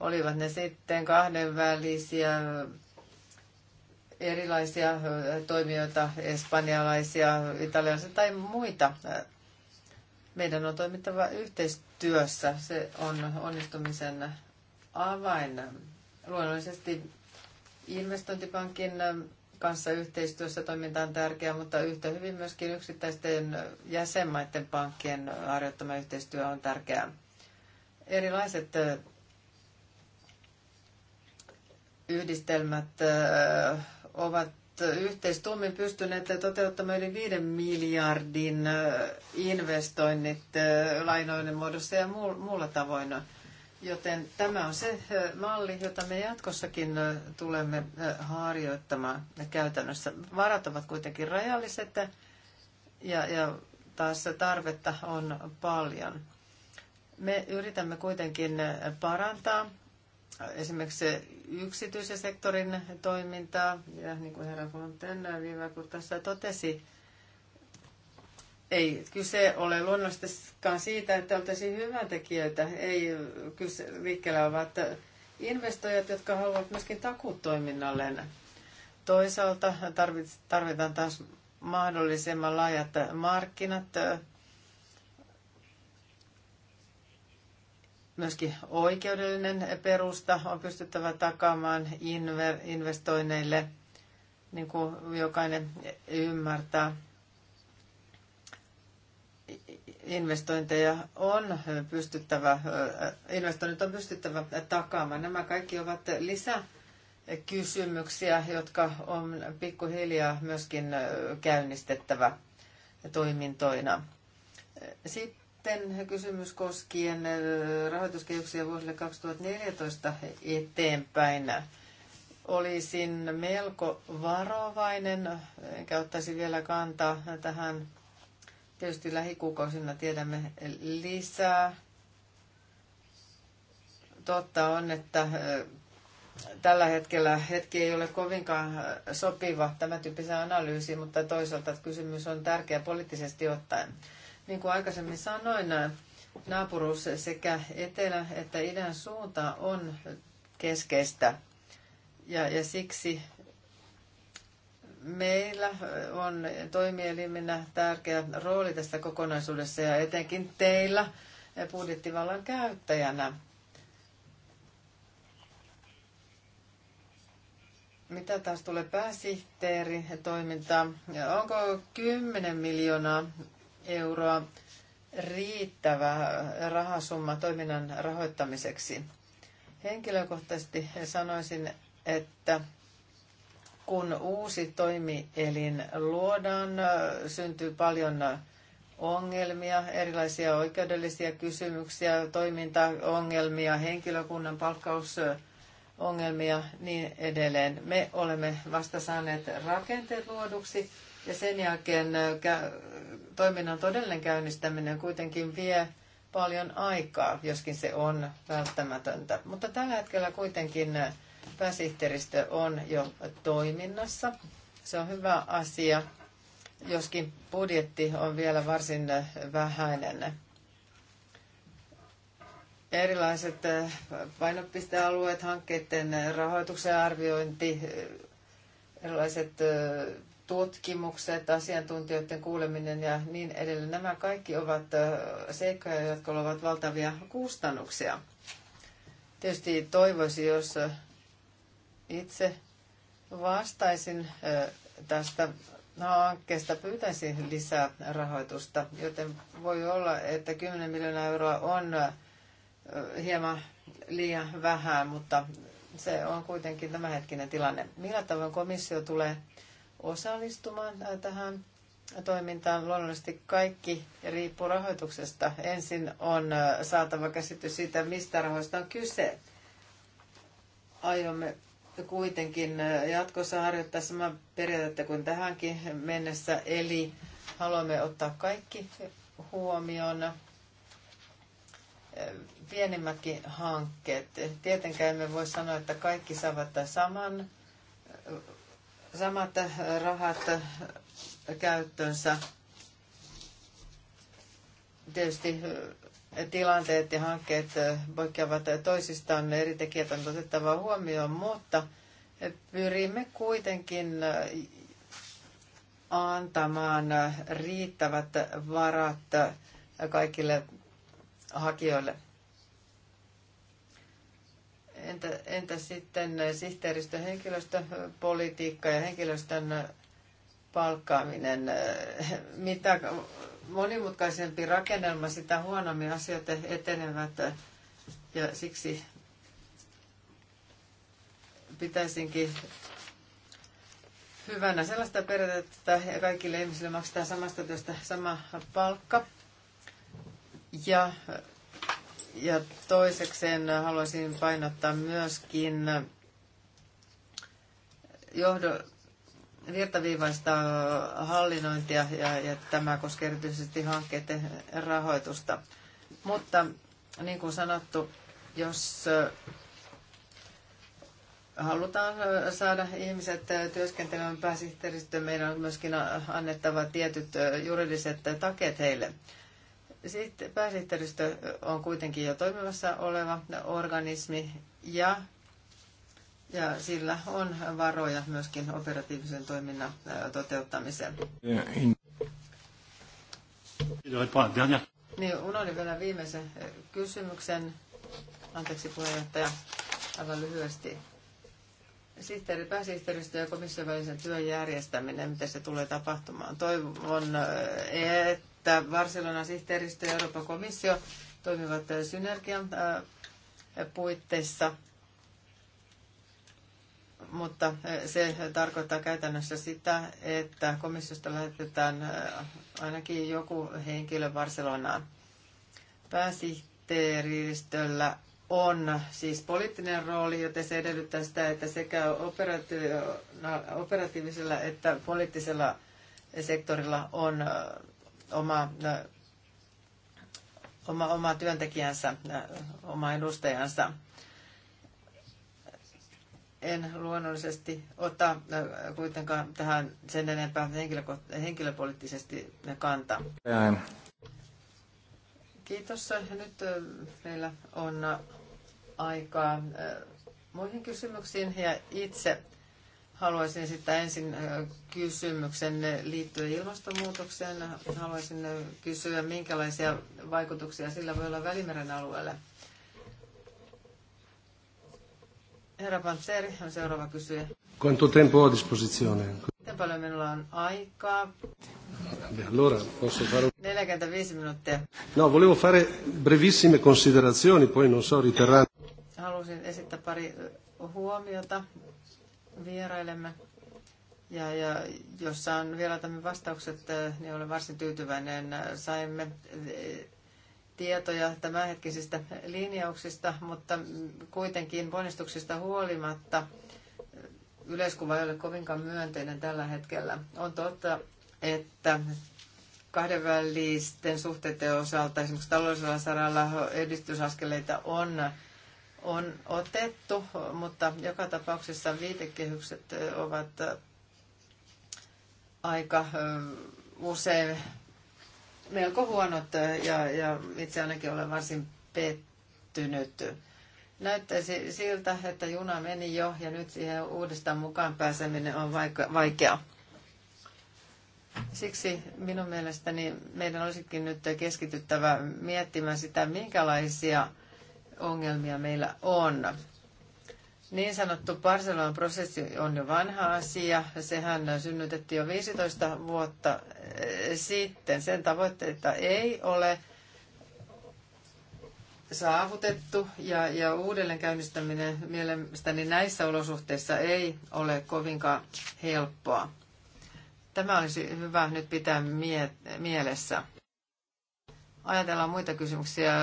Olivat ne sitten kahdenvälisiä erilaisia toimijoita, espanjalaisia, italialaisia tai muita. Meidän on toimittava yhteistyössä. Se on onnistumisen avain. Luonnollisesti investointipankin kanssa yhteistyössä toiminta on tärkeää, mutta yhtä hyvin myöskin yksittäisten jäsenmaiden pankkien harjoittama yhteistyö on tärkeää. Erilaiset yhdistelmät ovat yhteistuomin pystyneet toteuttamaan yli 5 miljardin investoinnit lainoiden muodossa ja muulla tavoin. Joten tämä on se malli, jota me jatkossakin tulemme harjoittamaan käytännössä. Varat ovat kuitenkin rajalliset ja, ja taas tarvetta on paljon. Me yritämme kuitenkin parantaa esimerkiksi yksityisen sektorin toimintaa, ja niin kuin herra Fonten viime kun tässä totesi, ei kyse ole luonnollisestikaan siitä, että oltaisiin hyväntekijöitä. Ei kyse liikkeellä että investoijat, jotka haluavat myöskin takuutoiminnalleen. Toisaalta tarvitaan taas mahdollisimman laajat markkinat, myöskin oikeudellinen perusta on pystyttävä takaamaan investoinneille, niin kuin jokainen ymmärtää investointeja on pystyttävä, investoinnit on pystyttävä takaamaan. Nämä kaikki ovat lisäkysymyksiä, jotka on pikkuhiljaa myöskin käynnistettävä toimintoina. Sitten kysymys koskien rahoituskehyksiä vuosille 2014 eteenpäin. Olisin melko varovainen, enkä ottaisi vielä kantaa tähän Tietysti lähikuukausina tiedämme lisää. Totta on, että tällä hetkellä hetki ei ole kovinkaan sopiva tämä tyyppisen analyysi, mutta toisaalta että kysymys on tärkeä poliittisesti ottaen. Niin kuin aikaisemmin sanoin, naapuruus sekä etelä- että idän suunta on keskeistä. Ja, ja siksi Meillä on toimielimenä tärkeä rooli tässä kokonaisuudessa ja etenkin teillä budjettivallan käyttäjänä. Mitä taas tulee pääsihteeri toimintaan? Onko 10 miljoonaa euroa riittävä rahasumma toiminnan rahoittamiseksi? Henkilökohtaisesti sanoisin, että kun uusi toimielin luodaan, syntyy paljon ongelmia, erilaisia oikeudellisia kysymyksiä, toimintaongelmia, henkilökunnan palkkausongelmia, niin edelleen. Me olemme vasta saaneet rakenteet luoduksi ja sen jälkeen äh, toiminnan todellinen käynnistäminen kuitenkin vie paljon aikaa, joskin se on välttämätöntä. Mutta tällä hetkellä kuitenkin äh, Pääsihteeristö on jo toiminnassa. Se on hyvä asia, joskin budjetti on vielä varsin vähäinen. Erilaiset painopistealueet, hankkeiden rahoituksen arviointi, erilaiset tutkimukset, asiantuntijoiden kuuleminen ja niin edelleen. Nämä kaikki ovat seikkoja, jotka ovat valtavia kustannuksia. Tietysti toivoisin, jos itse vastaisin tästä hankkeesta pyytäisin lisää rahoitusta, joten voi olla, että 10 miljoonaa euroa on hieman liian vähän, mutta se on kuitenkin tämänhetkinen tilanne. Millä tavoin komissio tulee osallistumaan tähän toimintaan? Luonnollisesti kaikki riippuu rahoituksesta. Ensin on saatava käsitys siitä, mistä rahoista on kyse. Aiomme kuitenkin jatkossa harjoittaa sama periaatetta kuin tähänkin mennessä, eli haluamme ottaa kaikki huomioon pienimmätkin hankkeet. Tietenkään me voi sanoa, että kaikki saavat saman, samat rahat käyttönsä. Tietysti tilanteet ja hankkeet poikkeavat toisistaan, eri tekijät on otettava huomioon, mutta pyrimme kuitenkin antamaan riittävät varat kaikille hakijoille. Entä, entä sitten sihteeristön henkilöstöpolitiikka ja henkilöstön palkkaaminen? Mitä monimutkaisempi rakennelma, sitä huonommin asiat etenevät. Ja siksi pitäisinkin hyvänä sellaista periaatetta, että kaikille ihmisille maksetaan samasta työstä sama palkka. Ja, ja toisekseen haluaisin painottaa myöskin johdon virtaviivaista hallinnointia ja, ja tämä koskee erityisesti hankkeiden rahoitusta. Mutta niin kuin sanottu, jos halutaan saada ihmiset työskentelemään pääsihteeristöön, meidän on myöskin annettava tietyt juridiset takeet heille. Sitten pääsihteeristö on kuitenkin jo toimivassa oleva organismi ja ja sillä on varoja myöskin operatiivisen toiminnan toteuttamiseen. Niin, unohdin vielä viimeisen kysymyksen. Anteeksi puheenjohtaja, aivan lyhyesti. Sihteeri, pääsihteeristö ja komission välisen työn järjestäminen, miten se tulee tapahtumaan. Toivon, että Barcelonan sihteeristö ja Euroopan komissio toimivat synergian puitteissa mutta se tarkoittaa käytännössä sitä, että komissiosta lähetetään ainakin joku henkilö Barcelonaan. Pääsihteeristöllä on siis poliittinen rooli, joten se edellyttää sitä, että sekä operatiivisella että poliittisella sektorilla on oma, oma, oma työntekijänsä, oma edustajansa en luonnollisesti ota äh, kuitenkaan tähän sen enempää henkilöpoliittisesti kantaa. Kiitos. Nyt äh, meillä on aikaa äh, muihin kysymyksiin ja itse haluaisin sitten ensin kysymyksen liittyen ilmastonmuutokseen. Haluaisin kysyä, minkälaisia vaikutuksia sillä voi olla Välimeren alueelle – Herra Panzeri on seuraava kysyjä. Quanto tempo a disposizione? Miten paljon minulla on aikaa? Allora, posso fare... 45 minuuttia. No, volevo fare brevissime considerazioni, poi non so, riterrà... Halusin esittää pari huomiota vierailemme. Ja, ja jos saan vielä tämän vastaukset, niin olen varsin tyytyväinen. Saimme tietoja tämänhetkisistä linjauksista, mutta kuitenkin ponnistuksista huolimatta yleiskuva ei ole kovinkaan myönteinen tällä hetkellä. On totta, että kahdenvälisten suhteiden osalta esimerkiksi taloudellisella saralla edistysaskeleita on, on otettu, mutta joka tapauksessa viitekehykset ovat aika usein melko huonot ja, ja itse ainakin olen varsin pettynyt. Näyttäisi siltä, että juna meni jo ja nyt siihen uudestaan mukaan pääseminen on vaikeaa. Siksi minun mielestäni meidän olisikin nyt keskityttävä miettimään sitä, minkälaisia ongelmia meillä on niin sanottu Barcelonan prosessi on jo vanha asia. Sehän synnytettiin jo 15 vuotta sitten. Sen tavoitteita ei ole saavutettu ja, ja uudelleenkäynnistäminen mielestäni näissä olosuhteissa ei ole kovinkaan helppoa. Tämä olisi hyvä nyt pitää mie- mielessä ajatellaan muita kysymyksiä,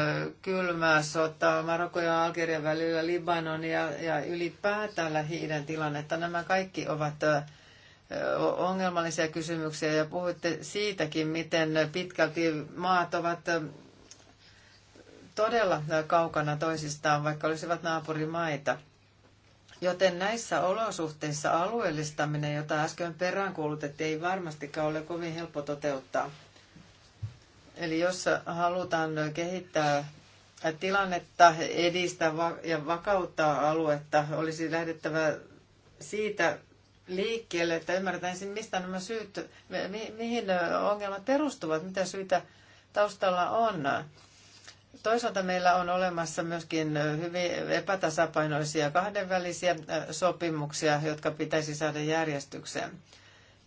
kylmää sota, Marokko ja Algerian välillä, Libanon ja, ja ylipäätään lähi tilannetta, nämä kaikki ovat ongelmallisia kysymyksiä ja puhutte siitäkin, miten pitkälti maat ovat todella kaukana toisistaan, vaikka olisivat naapurimaita. Joten näissä olosuhteissa alueellistaminen, jota äsken peräänkuulutettiin, ei varmastikaan ole kovin helppo toteuttaa. Eli jos halutaan kehittää tilannetta, edistää ja vakauttaa aluetta, olisi lähdettävä siitä liikkeelle, että ymmärtäisin, mistä nämä syyt, mihin ongelmat perustuvat, mitä syitä taustalla on. Toisaalta meillä on olemassa myöskin hyvin epätasapainoisia kahdenvälisiä sopimuksia, jotka pitäisi saada järjestykseen.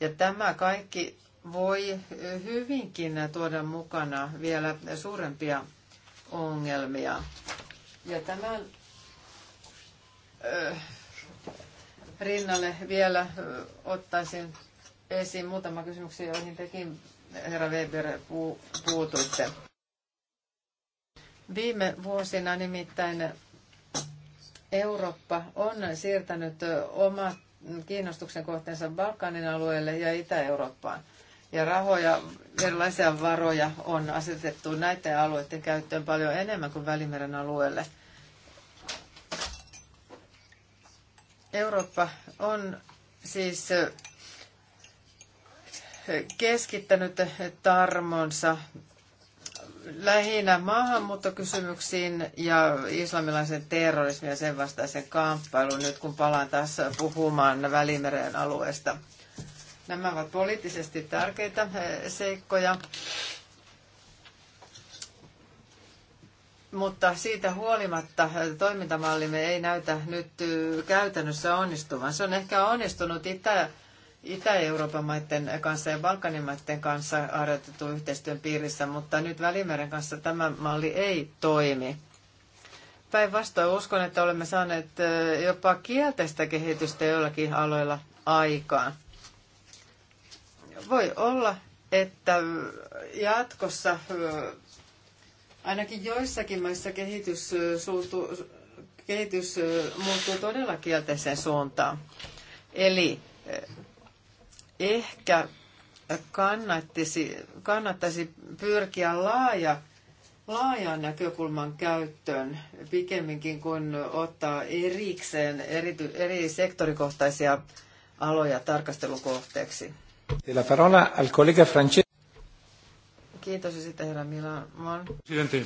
Ja tämä kaikki voi hyvinkin tuoda mukana vielä suurempia ongelmia. Ja tämän rinnalle vielä ottaisin esiin muutama kysymyksiä, joihin tekin, herra Weber, puutuitte. Viime vuosina nimittäin Eurooppa on siirtänyt omat kiinnostuksen kohteensa Balkanin alueelle ja Itä-Eurooppaan ja rahoja, erilaisia varoja on asetettu näiden alueiden käyttöön paljon enemmän kuin Välimeren alueelle. Eurooppa on siis keskittänyt tarmonsa lähinnä maahanmuuttokysymyksiin ja islamilaisen terrorismin ja sen vastaisen kamppailun, nyt kun palaan taas puhumaan Välimeren alueesta – Nämä ovat poliittisesti tärkeitä eh, seikkoja. Mutta siitä huolimatta eh, toimintamallimme ei näytä nyt eh, käytännössä onnistuvan. Se on ehkä onnistunut Itä- Itä-Euroopan maiden kanssa ja Balkanin maiden kanssa harjoitettu yhteistyön piirissä, mutta nyt Välimeren kanssa tämä malli ei toimi. Päinvastoin uskon, että olemme saaneet jopa kielteistä kehitystä joillakin aloilla aikaan voi olla, että jatkossa ainakin joissakin maissa kehitys, suuntuu, kehitys muuttuu todella kielteiseen suuntaan. Eli eh, ehkä kannattaisi, kannattaisi pyrkiä laaja, laajan näkökulman käyttöön pikemminkin kuin ottaa erikseen eri, eri sektorikohtaisia aloja tarkastelukohteeksi. La parola al collega Kiitos ja sitten herra Milamon. Presidente,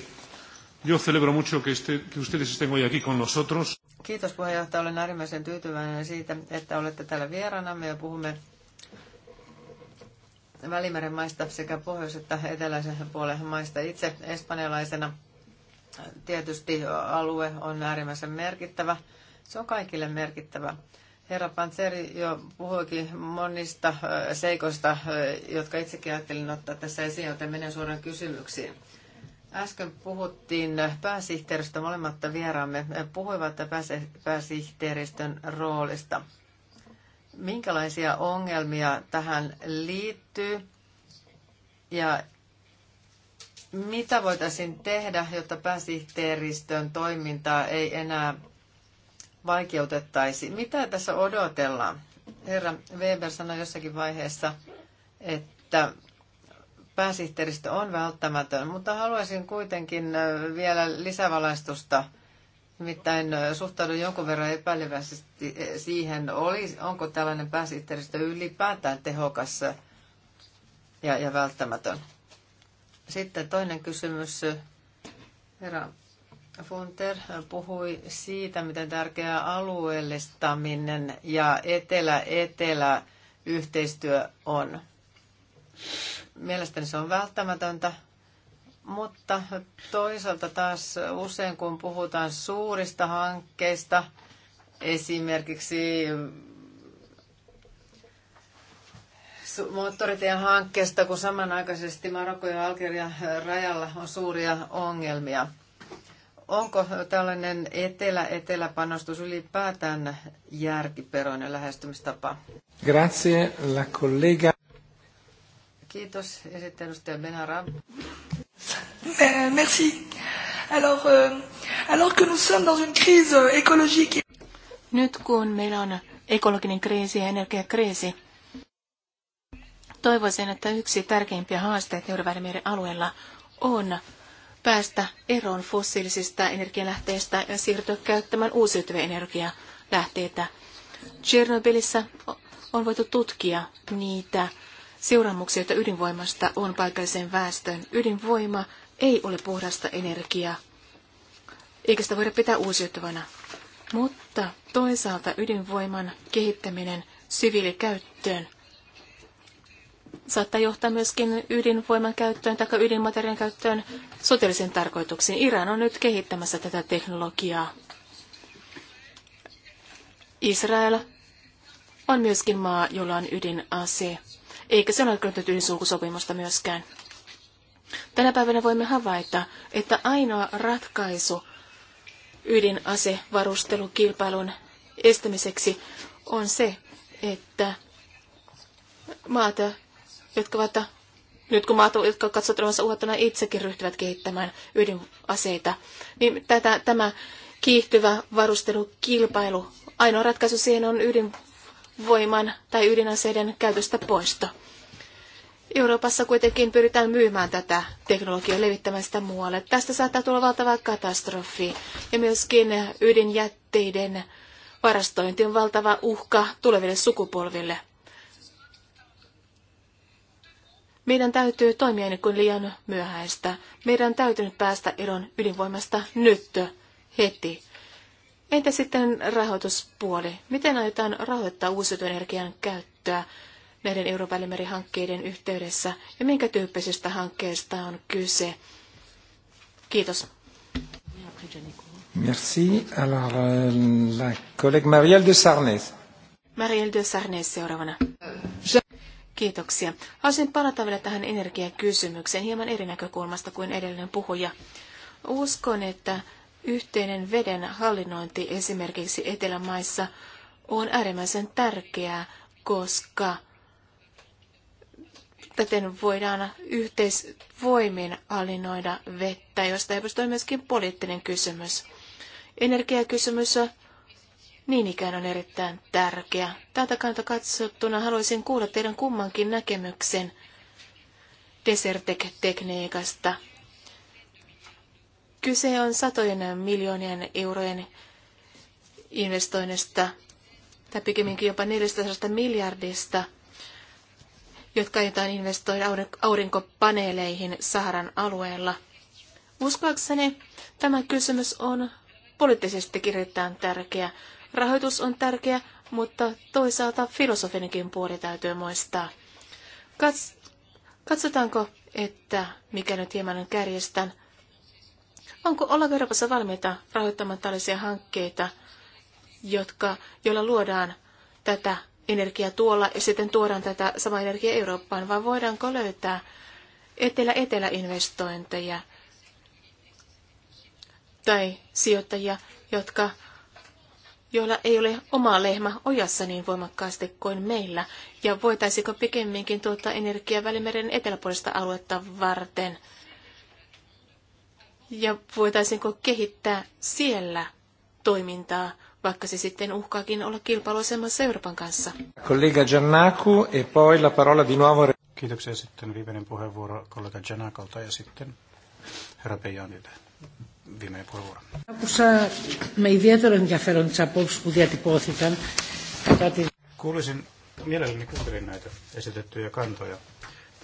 yo celebro mucho que, este, que ustedes estén hoy aquí con nosotros. Kiitos puheenjohtaja, olen äärimmäisen tyytyväinen siitä, että olette täällä vieraana. ja puhumme Välimeren maista sekä pohjois- että eteläisen puolen maista. Itse espanjalaisena tietysti alue on äärimmäisen merkittävä. Se on kaikille merkittävä. Herra Pantseri jo puhuikin monista seikoista, jotka itsekin ajattelin ottaa tässä esiin, joten menen suoraan kysymyksiin. Äsken puhuttiin pääsihteeristä, molemmat vieraamme puhuivat pääsihteeristön roolista. Minkälaisia ongelmia tähän liittyy ja mitä voitaisiin tehdä, jotta pääsihteeristön toimintaa ei enää Vaikeutettaisiin. Mitä tässä odotellaan? Herra Weber sanoi jossakin vaiheessa, että pääsihteeristö on välttämätön, mutta haluaisin kuitenkin äh, vielä lisävalaistusta. Nimittäin äh, suhtaudun jonkun verran epäilevästi äh, siihen, oli, onko tällainen pääsihteeristö ylipäätään tehokas ja, ja välttämätön. Sitten toinen kysymys herra Funter puhui siitä, miten tärkeää alueellistaminen ja etelä-etelä yhteistyö on. Mielestäni se on välttämätöntä, mutta toisaalta taas usein kun puhutaan suurista hankkeista, esimerkiksi moottoritien hankkeesta, kun samanaikaisesti Marokko ja Algeria rajalla on suuria ongelmia – Onko tällainen etelä-eteläpanostus ylipäätään järkiperoinen lähestymistapa? Grazie, la collega. Kiitos. Ja Benara. Eh, merci. Alors, euh, alors que nous sommes dans une crise écologique. Nyt kun meillä on ekologinen kriisi ja energiakriisi, toivoisin, että yksi tärkeimpiä haasteita Euroopan alueella on päästä eroon fossiilisista energialähteistä ja siirtyä käyttämään uusiutuvia energialähteitä. Tchernobylissä on voitu tutkia niitä seuraamuksia, joita ydinvoimasta on paikalliseen väestöön. Ydinvoima ei ole puhdasta energiaa, eikä sitä voida pitää uusiutuvana. Mutta toisaalta ydinvoiman kehittäminen siviilikäyttöön – saattaa johtaa myöskin ydinvoiman käyttöön tai ydinmateriaalin käyttöön sotilaisiin tarkoituksiin. Iran on nyt kehittämässä tätä teknologiaa. Israel on myöskin maa, jolla on ydinase, eikä se ole kyllä ydinsulkusopimusta myöskään. Tänä päivänä voimme havaita, että ainoa ratkaisu ydinasevarustelukilpailun estämiseksi on se, että maata jotka ovat, nyt kun maat, jotka katsovat olevansa uhattuna, itsekin ryhtyvät kehittämään ydinaseita, niin tätä, tämä kiihtyvä varustelukilpailu, ainoa ratkaisu siihen on ydinvoiman tai ydinaseiden käytöstä poisto. Euroopassa kuitenkin pyritään myymään tätä teknologiaa levittämään sitä muualle. Tästä saattaa tulla valtava katastrofi ja myöskin ydinjätteiden varastointi on valtava uhka tuleville sukupolville – Meidän täytyy toimia ennen kuin liian myöhäistä. Meidän täytyy nyt päästä eron ydinvoimasta nyt, heti. Entä sitten rahoituspuoli? Miten aiotaan rahoittaa uusiutuvan energian käyttöä näiden Euroopan hankkeiden yhteydessä ja minkä tyyppisistä hankkeista on kyse? Kiitos. Merci. Alors, euh, la collègue Marielle de Sarnez. Marielle de Sarnez seuraavana. Je... Kiitoksia. Haluaisin palata vielä tähän energiakysymykseen hieman eri näkökulmasta kuin edellinen puhuja. Uskon, että yhteinen veden hallinnointi esimerkiksi Etelämaissa on äärimmäisen tärkeää, koska täten voidaan yhteisvoimin hallinnoida vettä, josta ei voi myöskin poliittinen kysymys. Energiakysymys niin ikään on erittäin tärkeä. Tältä kannalta katsottuna haluaisin kuulla teidän kummankin näkemyksen desertek tekniikasta Kyse on satojen miljoonien eurojen investoinnista, tai pikemminkin jopa 400 miljardista, jotka aiotaan investoida aurinkopaneeleihin Saharan alueella. Uskoakseni tämä kysymys on poliittisesti erittäin tärkeä. Rahoitus on tärkeä, mutta toisaalta filosofinenkin puoli täytyy muistaa. Kats- katsotaanko, että mikä nyt hieman kärjestän, onko olla Euroopassa valmiita rahoittamaan tällaisia hankkeita, jotka, joilla luodaan tätä energiaa tuolla ja sitten tuodaan tätä samaa energiaa Eurooppaan, vai voidaanko löytää etelä-etelä-investointeja tai sijoittajia, jotka joilla ei ole oma lehmä ojassa niin voimakkaasti kuin meillä, ja voitaisiko pikemminkin tuottaa energiaa Välimeren eteläpuolista aluetta varten? Ja voitaisiinko kehittää siellä toimintaa, vaikka se sitten uhkaakin olla kilpailuasemassa Euroopan kanssa? Kollega Giannaku, e poi la parola di nuovo... Kiitoksia sitten viimeinen puheenvuoro kollega Giannakolta ja sitten herra Pejanille viimeinen puheenvuoro. Kuulisin mielelläni kuuntelin näitä esitettyjä kantoja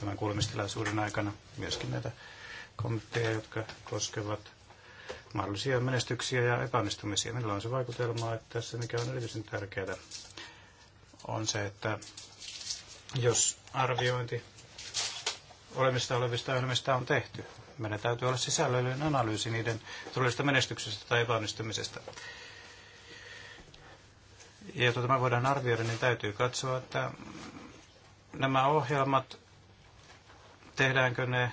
tämän kuulemistilaisuuden aikana, myöskin näitä kommentteja, jotka koskevat mahdollisia menestyksiä ja epäonnistumisia. Minulla on se vaikutelma, että se mikä on erityisen tärkeää on se, että jos arviointi olemista olevista ohjelmista on tehty, meidän täytyy olla sisällöllinen analyysi niiden todellisesta menestyksestä tai epäonnistumisesta. Ja jotta tämä voidaan arvioida, niin täytyy katsoa, että nämä ohjelmat, tehdäänkö ne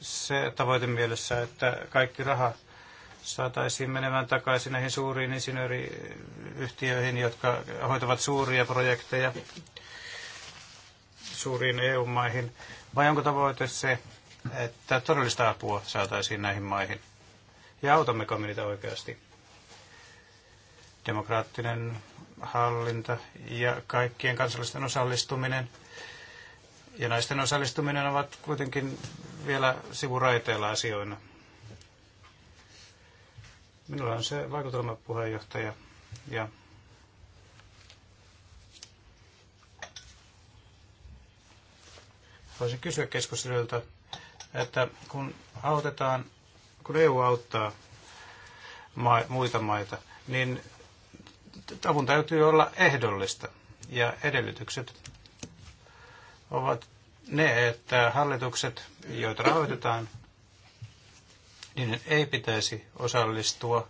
se tavoite mielessä, että kaikki raha saataisiin menemään takaisin näihin suuriin insinööriyhtiöihin, jotka hoitavat suuria projekteja suuriin EU-maihin, vai onko tavoite se, että todellista apua saataisiin näihin maihin. Ja autammeko me niitä oikeasti? Demokraattinen hallinta ja kaikkien kansallisten osallistuminen ja naisten osallistuminen ovat kuitenkin vielä sivuraiteilla asioina. Minulla on se vaikutelma puheenjohtaja ja voisin kysyä keskustelulta että kun autetaan, kun EU auttaa ma- muita maita, niin avun täytyy olla ehdollista ja edellytykset ovat ne, että hallitukset, joita rahoitetaan, niin ei pitäisi osallistua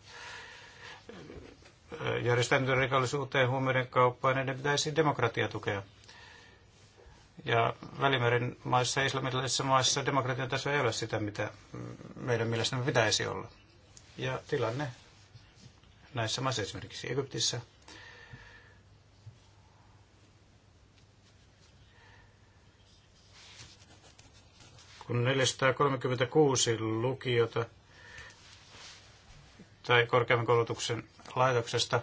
järjestäytyneen rikollisuuteen, huumeiden kauppaan, ne pitäisi demokratia tukea. Ja Välimeren maissa ja islamilaisissa maissa demokratian taso ei ole sitä, mitä meidän mielestämme pitäisi olla. Ja tilanne näissä maissa, esimerkiksi Egyptissä, kun 436 lukiota tai korkeamman koulutuksen laitoksesta,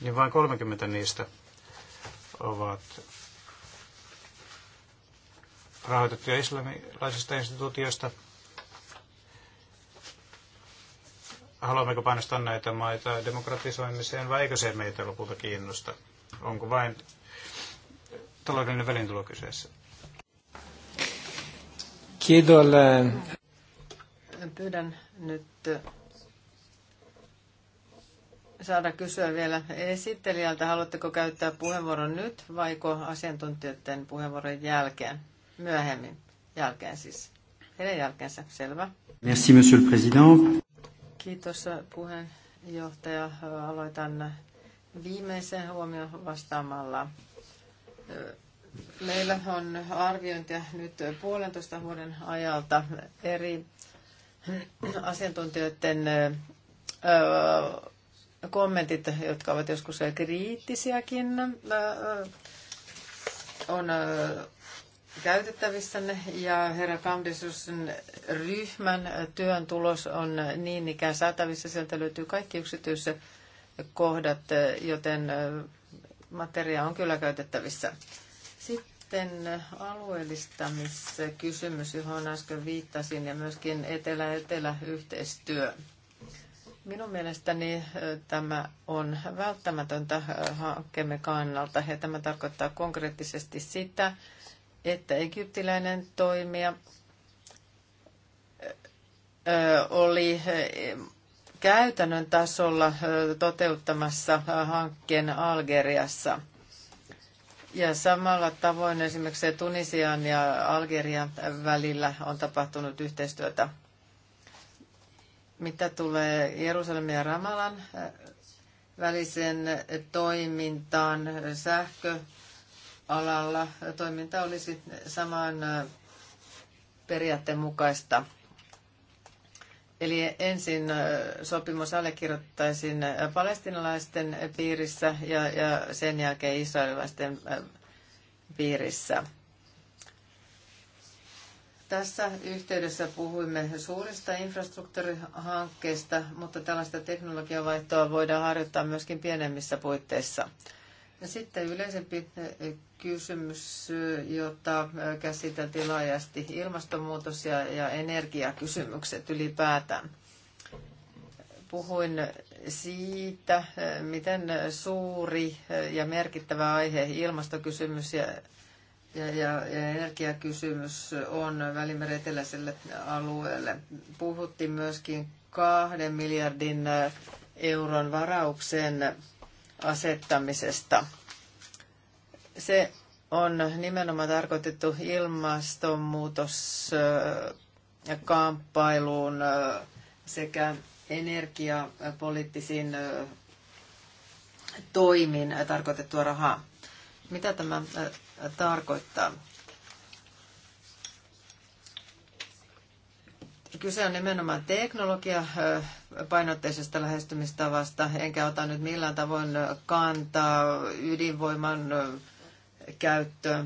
niin vain 30 niistä ovat rahoitettuja islamilaisista instituutioista. Haluammeko painostaa näitä maita demokratisoimiseen vai eikö se meitä lopulta kiinnosta? Onko vain taloudellinen välintulo kyseessä? Kiitos. Pyydän nyt saada kysyä vielä esittelijältä, haluatteko käyttää puheenvuoron nyt vaiko asiantuntijoiden puheenvuoron jälkeen? myöhemmin, jälkeen siis. Heidän jälkeensä, selvä. Merci, monsieur le président. Kiitos puheenjohtaja. Aloitan viimeisen huomion vastaamalla. Meillä on arviointia nyt puolentoista vuoden ajalta eri asiantuntijoiden kommentit, jotka ovat joskus kriittisiäkin, on käytettävissänne ja herra Kamdisusen ryhmän työn tulos on niin ikään saatavissa. Sieltä löytyy kaikki yksityiskohdat, joten materiaa on kyllä käytettävissä. Sitten alueellistamiskysymys, johon äsken viittasin, ja myöskin etelä-etelä-yhteistyö. Minun mielestäni tämä on välttämätöntä hankkeemme kannalta, ja tämä tarkoittaa konkreettisesti sitä, että egyptiläinen toimija oli käytännön tasolla toteuttamassa hankkeen Algeriassa. Ja samalla tavoin esimerkiksi Tunisian ja Algerian välillä on tapahtunut yhteistyötä. Mitä tulee Jerusalemin ja Ramalan väliseen toimintaan, sähkö, alalla toiminta olisi saman periaatteen mukaista. Eli ensin sopimus allekirjoittaisin palestinalaisten piirissä ja, ja sen jälkeen israelilaisten piirissä. Tässä yhteydessä puhuimme suurista infrastruktuurihankkeista, mutta tällaista teknologiavaihtoa voidaan harjoittaa myöskin pienemmissä puitteissa. Sitten yleisempi eh, kysymys, eh, jota eh, käsiteltiin laajasti, ilmastonmuutos ja, ja energiakysymykset ylipäätään. Puhuin siitä, miten suuri ja merkittävä aihe ilmastokysymys ja, ja, ja, ja energiakysymys on Välimeren eteläiselle alueelle. Puhuttiin myöskin kahden miljardin euron varauksen asettamisesta. Se on nimenomaan tarkoitettu ilmastonmuutoskamppailuun äh, ja kamppailuun äh, sekä energiapoliittisiin äh, toimiin tarkoitettua rahaa. Mitä tämä tarkoittaa? Kyse on nimenomaan teknologia painotteisesta lähestymistavasta, enkä ota nyt millään tavoin kantaa ydinvoiman käyttö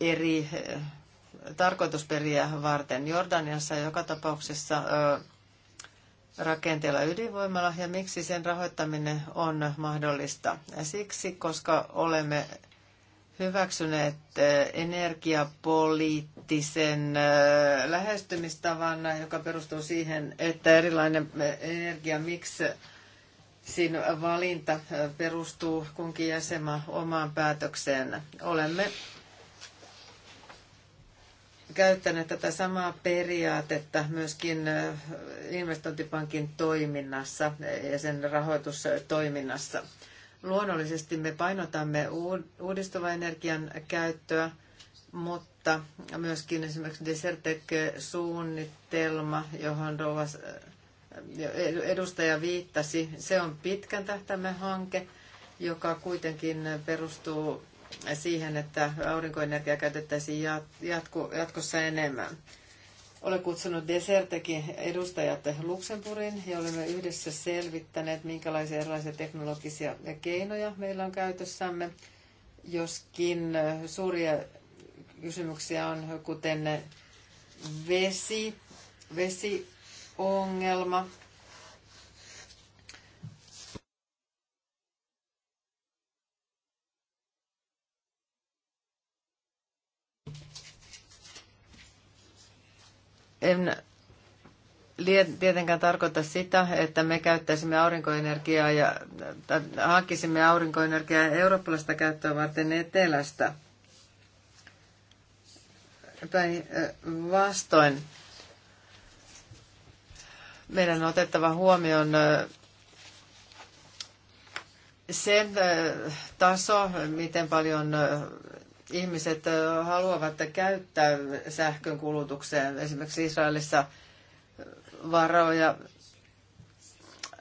eri eh, tarkoitusperiä varten. Jordaniassa joka tapauksessa eh, rakenteella ydinvoimalla ja miksi sen rahoittaminen on mahdollista. Siksi, koska olemme hyväksyneet eh, energiapoliittisen eh, lähestymistavan, joka perustuu siihen, että erilainen eh, energia miksi siinä valinta perustuu kunkin jäsenmaan omaan päätökseen. Olemme käyttäneet tätä samaa periaatetta myöskin investointipankin toiminnassa ja sen rahoitustoiminnassa. Luonnollisesti me painotamme uudistuvan energian käyttöä, mutta myöskin esimerkiksi Desertec-suunnitelma, johon Rouvas äh, edustaja viittasi, se on pitkän tähtäimen hanke, joka kuitenkin perustuu siihen, että aurinkoenergiaa käytettäisiin jatko, jatkossa enemmän. Olen kutsunut Desertekin edustajat Luxemburgin ja olemme yhdessä selvittäneet, minkälaisia erilaisia teknologisia keinoja meillä on käytössämme. Joskin suuria kysymyksiä on, kuten vesi, vesiongelma, En tietenkään tarkoita sitä, että me käyttäisimme aurinkoenergiaa ja hankkisimme aurinkoenergiaa eurooppalaista käyttöä varten etelästä. Päinvastoin meidän on otettava huomioon sen taso, miten paljon ihmiset haluavat käyttää sähkön kulutukseen esimerkiksi Israelissa varoja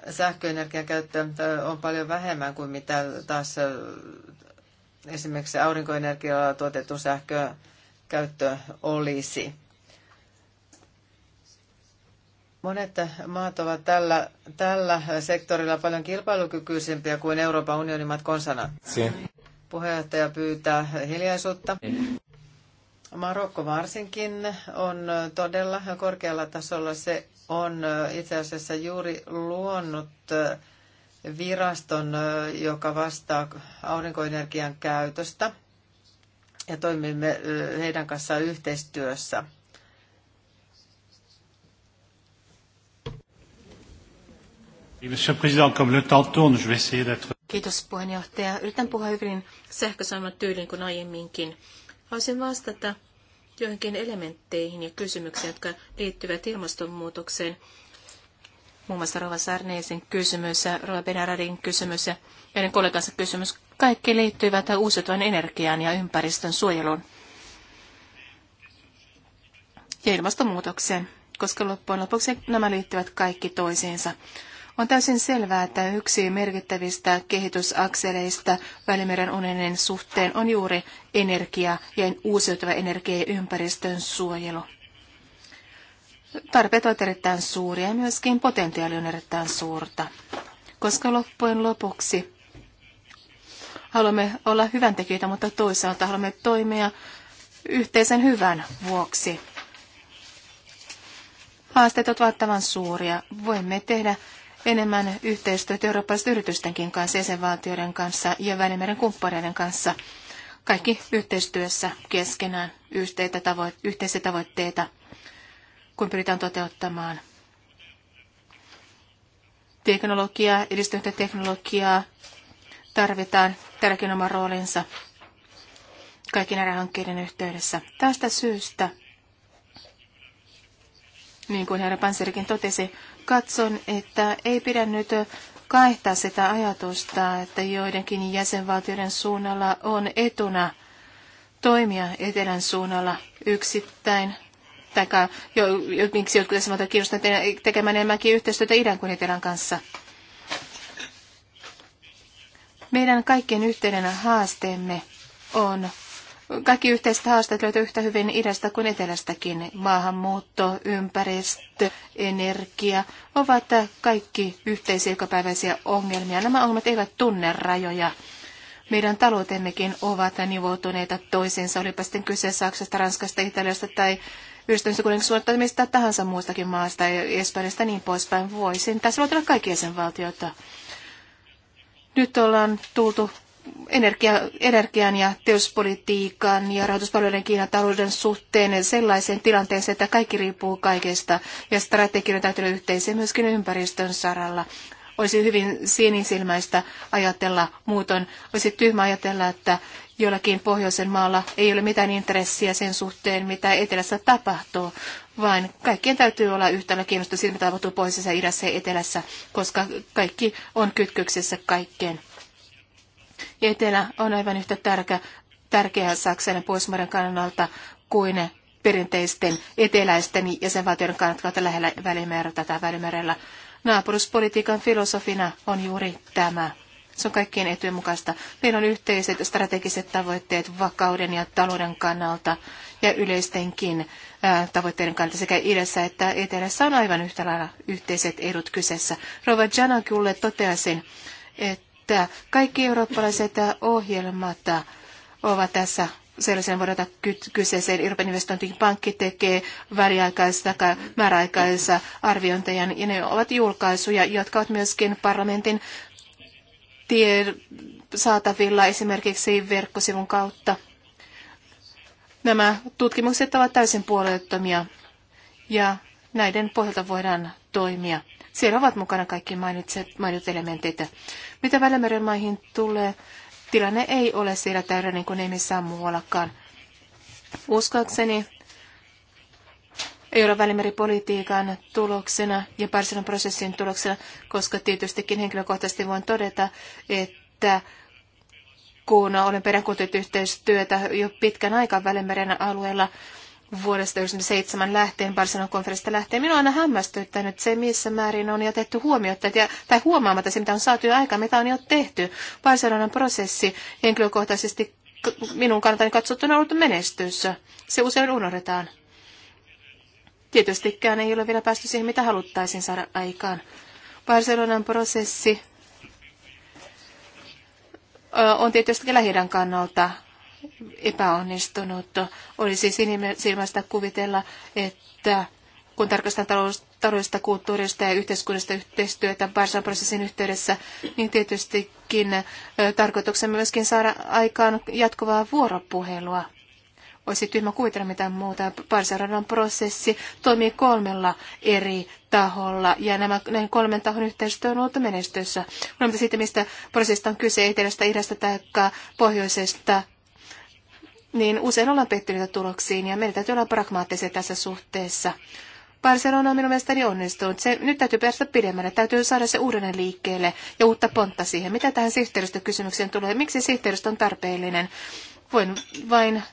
sähköenergian käyttö on paljon vähemmän kuin mitä taas esimerkiksi aurinkoenergialla tuotettu sähkö käyttö olisi. Monet maat ovat tällä, tällä sektorilla paljon kilpailukykyisempiä kuin Euroopan unionin maat konsana. Puheenjohtaja pyytää hiljaisuutta. Marokko varsinkin on todella korkealla tasolla. Se on äh, itse asiassa juuri luonut äh, viraston, äh, joka vastaa aurinkoenergian käytöstä. Ja toimimme heidän kanssaan yhteistyössä. Monsieur le Président, comme le temps tourne, je vais essayer d'être Kiitos puheenjohtaja. Yritän puhua hyvin sähkösanan tyylin kuin aiemminkin. Haluaisin vastata joihinkin elementteihin ja kysymyksiin, jotka liittyvät ilmastonmuutokseen. Muun muassa Rova Sarneisen kysymys ja Rova Benaradin kysymys ja meidän kollegansa kysymys. Kaikki liittyvät uusiutuvan energiaan ja ympäristön suojeluun ja ilmastonmuutokseen, koska loppujen lopuksi nämä liittyvät kaikki toisiinsa. On täysin selvää, että yksi merkittävistä kehitysakseleista Välimeren unionin suhteen on juuri energia ja uusiutuva energia ja ympäristön suojelu. Tarpeet ovat erittäin suuria ja myöskin potentiaali on erittäin suurta, koska loppujen lopuksi haluamme olla hyväntekijöitä, mutta toisaalta haluamme toimia yhteisen hyvän vuoksi. Haasteet ovat tavan suuria. Voimme tehdä enemmän yhteistyötä eurooppalaisten yritystenkin kanssa, jäsenvaltioiden kanssa ja Välimeren kumppaneiden kanssa. Kaikki yhteistyössä keskenään yhteitä tavoit- yhteisiä tavoitteita, kun pyritään toteuttamaan teknologiaa, edistynyttä teknologiaa, tarvitaan tärkein oma roolinsa kaikki näiden hankkeiden yhteydessä. Tästä syystä, niin kuin herra Panserikin totesi, katson, että ei pidä nyt kaihtaa sitä ajatusta, että joidenkin jäsenvaltioiden suunnalla on etuna toimia etelän suunnalla yksittäin. Tai jo, jo, miksi jotkut jäsenvaltiot kiinnostavat tekemään enemmänkin yhteistyötä idän kuin etelän kanssa. Meidän kaikkien yhteinen haasteemme on kaikki yhteiset haasteet löytyy yhtä hyvin idästä kuin etelästäkin. Maahanmuutto, ympäristö, energia ovat kaikki yhteisiä jokapäiväisiä ongelmia. Nämä ongelmat eivät tunne rajoja. Meidän taloutemmekin ovat nivoutuneita toisiinsa, olipa sitten kyse Saksasta, Ranskasta, Italiasta tai yhdistymiskuningasvalta mistä tahansa muustakin maasta, Espanjasta niin poispäin. Voisin tässä olla kaikki jäsenvaltioita. Nyt ollaan tultu energia, energian ja teospolitiikan ja rahoituspalveluiden Kiinan talouden suhteen sellaiseen tilanteeseen, että kaikki riippuu kaikesta ja strategioiden täytyy olla yhteisiä myöskin ympäristön saralla. Olisi hyvin sinisilmäistä ajatella muuton. Olisi tyhmä ajatella, että jollakin pohjoisen maalla ei ole mitään intressiä sen suhteen, mitä etelässä tapahtuu, vaan kaikkien täytyy olla yhtäällä kiinnostunut siitä, mitä tapahtuu pohjoisessa, idässä ja etelässä, koska kaikki on kytköksessä kaikkeen. Etelä on aivan yhtä tärkeä, tärkeä Saksan ja Pohjoismaiden kannalta kuin perinteisten eteläisten jäsenvaltioiden kannalta kautta lähellä välimerta tai välimerellä. Naapuruspolitiikan filosofina on juuri tämä. Se on kaikkien etujen mukaista. Meillä on yhteiset strategiset tavoitteet vakauden ja talouden kannalta ja yleistenkin tavoitteiden kannalta sekä idässä että etelässä on aivan yhtä lailla yhteiset edut kyseessä. Rova Janakulle toteaisin, että että kaikki eurooppalaiset ohjelmat ovat tässä sellaisen voidaan ottaa kyseeseen. Euroopan investointipankki tekee väliaikaisia tai määräaikaisia arviointeja, ja ne ovat julkaisuja, jotka ovat myöskin parlamentin tie saatavilla esimerkiksi verkkosivun kautta. Nämä tutkimukset ovat täysin puolueettomia, ja näiden pohjalta voidaan toimia. Siellä ovat mukana kaikki mainitset, mainitut elementit. Mitä Välimeren maihin tulee, tilanne ei ole siellä täydellinen niin kuin ei missään muuallakaan. Uskoakseni ei ole välimeripolitiikan tuloksena ja Barcelonan prosessin tuloksena, koska tietystikin henkilökohtaisesti voin todeta, että kun olen peräänkuutettu yhteistyötä jo pitkän aikaa Välimeren alueella, vuodesta 1997 lähtien, Barcelonan konferenssista lähtien. Minua on aina hämmästyttänyt se, missä määrin on jätetty huomiota tai huomaamatta se, mitä on saatu jo aikaan, mitä on jo tehty. Barcelonan prosessi henkilökohtaisesti minun kannaltani katsottuna on ollut menestys. Se usein unohdetaan. Tietystikään ei ole vielä päästy siihen, mitä haluttaisiin saada aikaan. Barcelonan prosessi on tietysti lähidän kannalta epäonnistunut. Olisi silmästä kuvitella, että kun tarkastan taloudellista kulttuurista ja yhteiskunnallista yhteistyötä Barsan prosessin yhteydessä, niin tietystikin tarkoituksen myöskin saada aikaan jatkuvaa vuoropuhelua. Olisi tyhmä kuvitella mitään muuta. Barsan prosessi toimii kolmella eri taholla ja nämä, näin kolmen tahon yhteistyö on ollut menestyssä. Olemme siitä, mistä prosessista on kyse etelästä, idästä tai pohjoisesta niin usein ollaan pettyneitä tuloksiin ja meidän täytyy olla pragmaattisia tässä suhteessa. Barcelona on minun mielestäni onnistunut. Se, nyt täytyy päästä pidemmälle. Täytyy saada se uudelleen liikkeelle ja uutta pontta siihen. Mitä tähän sihteeristökysymykseen tulee? Miksi sihteeristö on tarpeellinen? Voin vain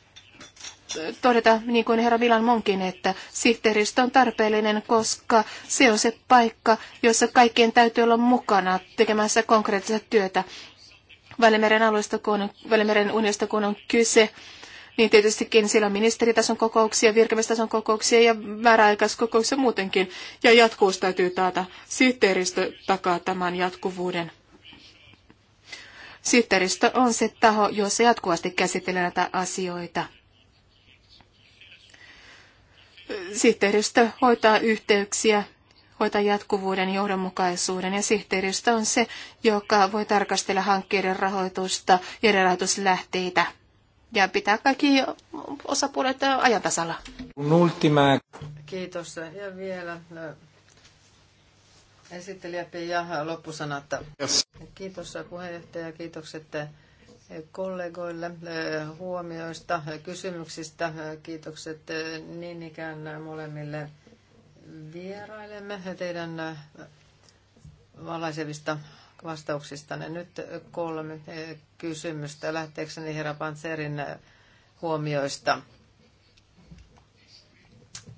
todeta, niin kuin herra Vilan Monkin, että sihteeristö on tarpeellinen, koska se on se paikka, jossa kaikkien täytyy olla mukana tekemässä konkreettista työtä. Välimeren, alueesta, kun on, Välimeren uniosta kun on kyse, niin tietystikin siellä on ministeritason kokouksia, virkamistason kokouksia ja määräaikaiskokouksia muutenkin. Ja jatkuus täytyy taata. Sihteeristö takaa tämän jatkuvuuden. Sihteeristö on se taho, jossa jatkuvasti käsitellään näitä asioita. Sihteeristö hoitaa yhteyksiä, hoitaa jatkuvuuden johdonmukaisuuden ja sihteeristö on se, joka voi tarkastella hankkeiden rahoitusta ja rahoituslähteitä ja pitää kaikki osapuolet ajantasalla. Ultima. Kiitos. Ja vielä esittelijä Pia loppusanat. Yes. Kiitos puheenjohtaja, kiitokset kollegoille huomioista, kysymyksistä. Kiitokset niin ikään molemmille vierailemme teidän valaisevista vastauksistanne. Nyt kolme kysymystä. Lähteekseni herra Pantserin huomioista.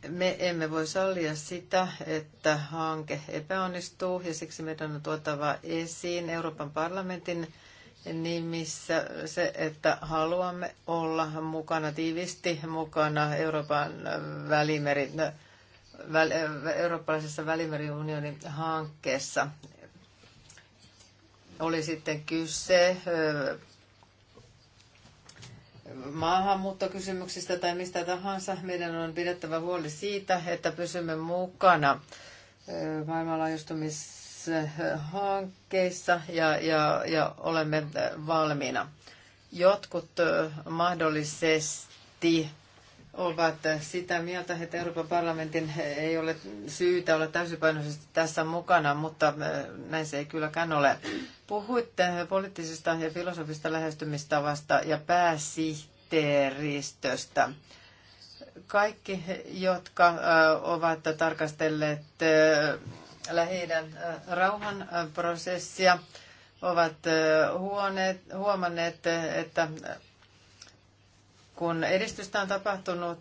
Me emme voi sallia sitä, että hanke epäonnistuu ja siksi meidän on tuotava esiin Euroopan parlamentin nimissä se, että haluamme olla mukana tiivisti mukana Euroopan välimeri, väl, eurooppalaisessa välimeriunionin hankkeessa. Oli sitten kyse maahanmuuttokysymyksistä tai mistä tahansa, meidän on pidettävä huoli siitä, että pysymme mukana maailmanlaajuistumishankkeissa ja, ja, ja olemme valmiina. Jotkut mahdollisesti ovat sitä mieltä, että Euroopan parlamentin ei ole syytä olla täysipainoisesti tässä mukana, mutta äh, näin se ei kylläkään ole. Puhuitte poliittisesta ja filosofista lähestymistavasta ja pääsihteeristöstä. Kaikki, jotka äh, ovat tarkastelleet äh, lähi rauhanprosessia, ovat huomanneet, että kun edistystä on tapahtunut,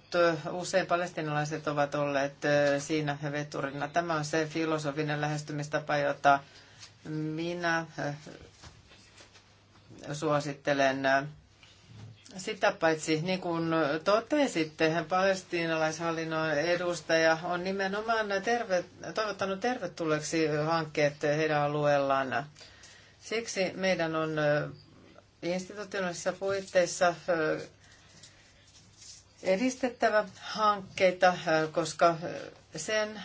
usein palestinalaiset ovat olleet siinä veturina. Tämä on se filosofinen lähestymistapa, jota minä suosittelen. Sitä paitsi, niin kuin totesitte, palestiinalaishallinnon edustaja on nimenomaan terve, toivottanut tervetulleeksi hankkeet heidän alueellaan. Siksi meidän on institutionaalisissa puitteissa edistettävä hankkeita, koska sen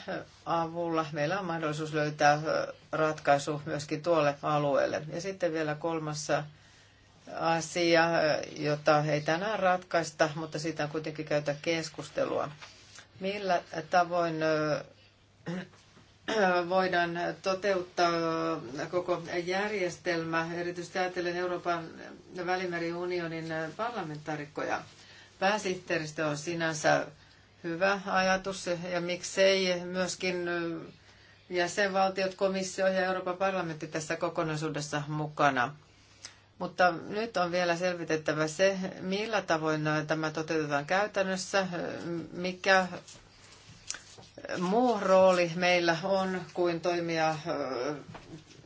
avulla meillä on mahdollisuus löytää ratkaisu myöskin tuolle alueelle. Ja sitten vielä kolmas asia, jota ei tänään ratkaista, mutta siitä on kuitenkin käytä keskustelua. Millä tavoin voidaan toteuttaa koko järjestelmä, erityisesti ajatellen Euroopan välimeriunionin parlamentaarikkoja – Pääsihteeristö on sinänsä hyvä ajatus ja miksei myöskin jäsenvaltiot, komissio ja Euroopan parlamentti tässä kokonaisuudessa mukana. Mutta nyt on vielä selvitettävä se, millä tavoin tämä toteutetaan käytännössä, mikä muu rooli meillä on kuin toimia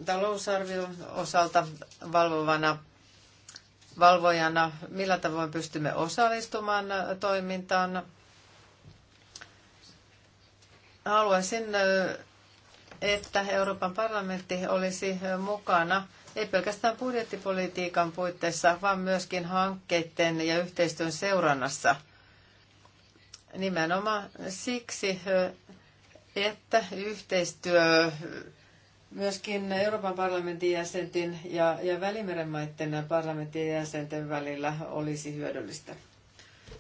talousarvion osalta valvovana valvojana, millä tavoin pystymme osallistumaan äh, toimintaan. Haluaisin, äh, että Euroopan parlamentti olisi äh, mukana ei pelkästään budjettipolitiikan puitteissa, vaan myöskin hankkeiden ja yhteistyön seurannassa. Nimenomaan siksi, että yhteistyö myöskin Euroopan parlamentin jäsenten ja, ja Välimeren maiden parlamentin jäsenten välillä olisi hyödyllistä.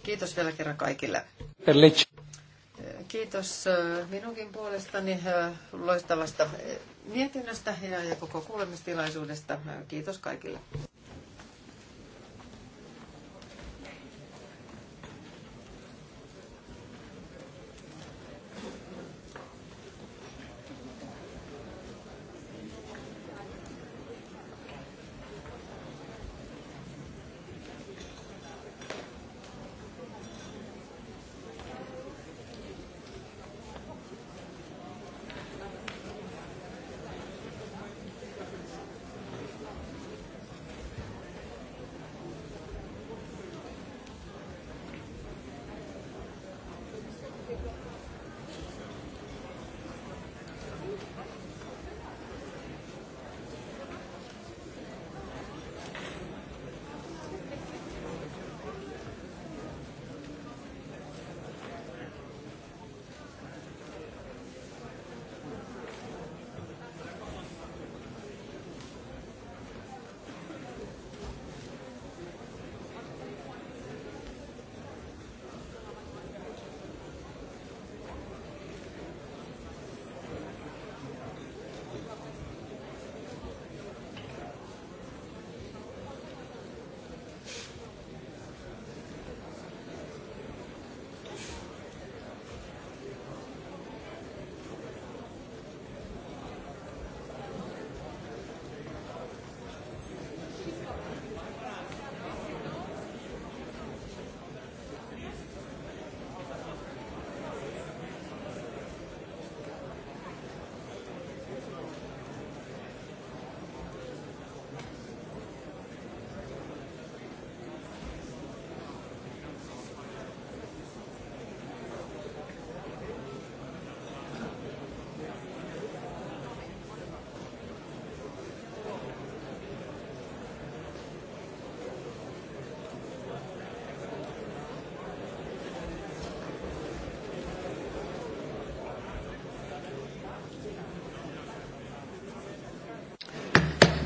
Kiitos vielä kerran kaikille. Kiitos minunkin puolestani loistavasta mietinnöstä ja koko kuulemistilaisuudesta. Kiitos kaikille.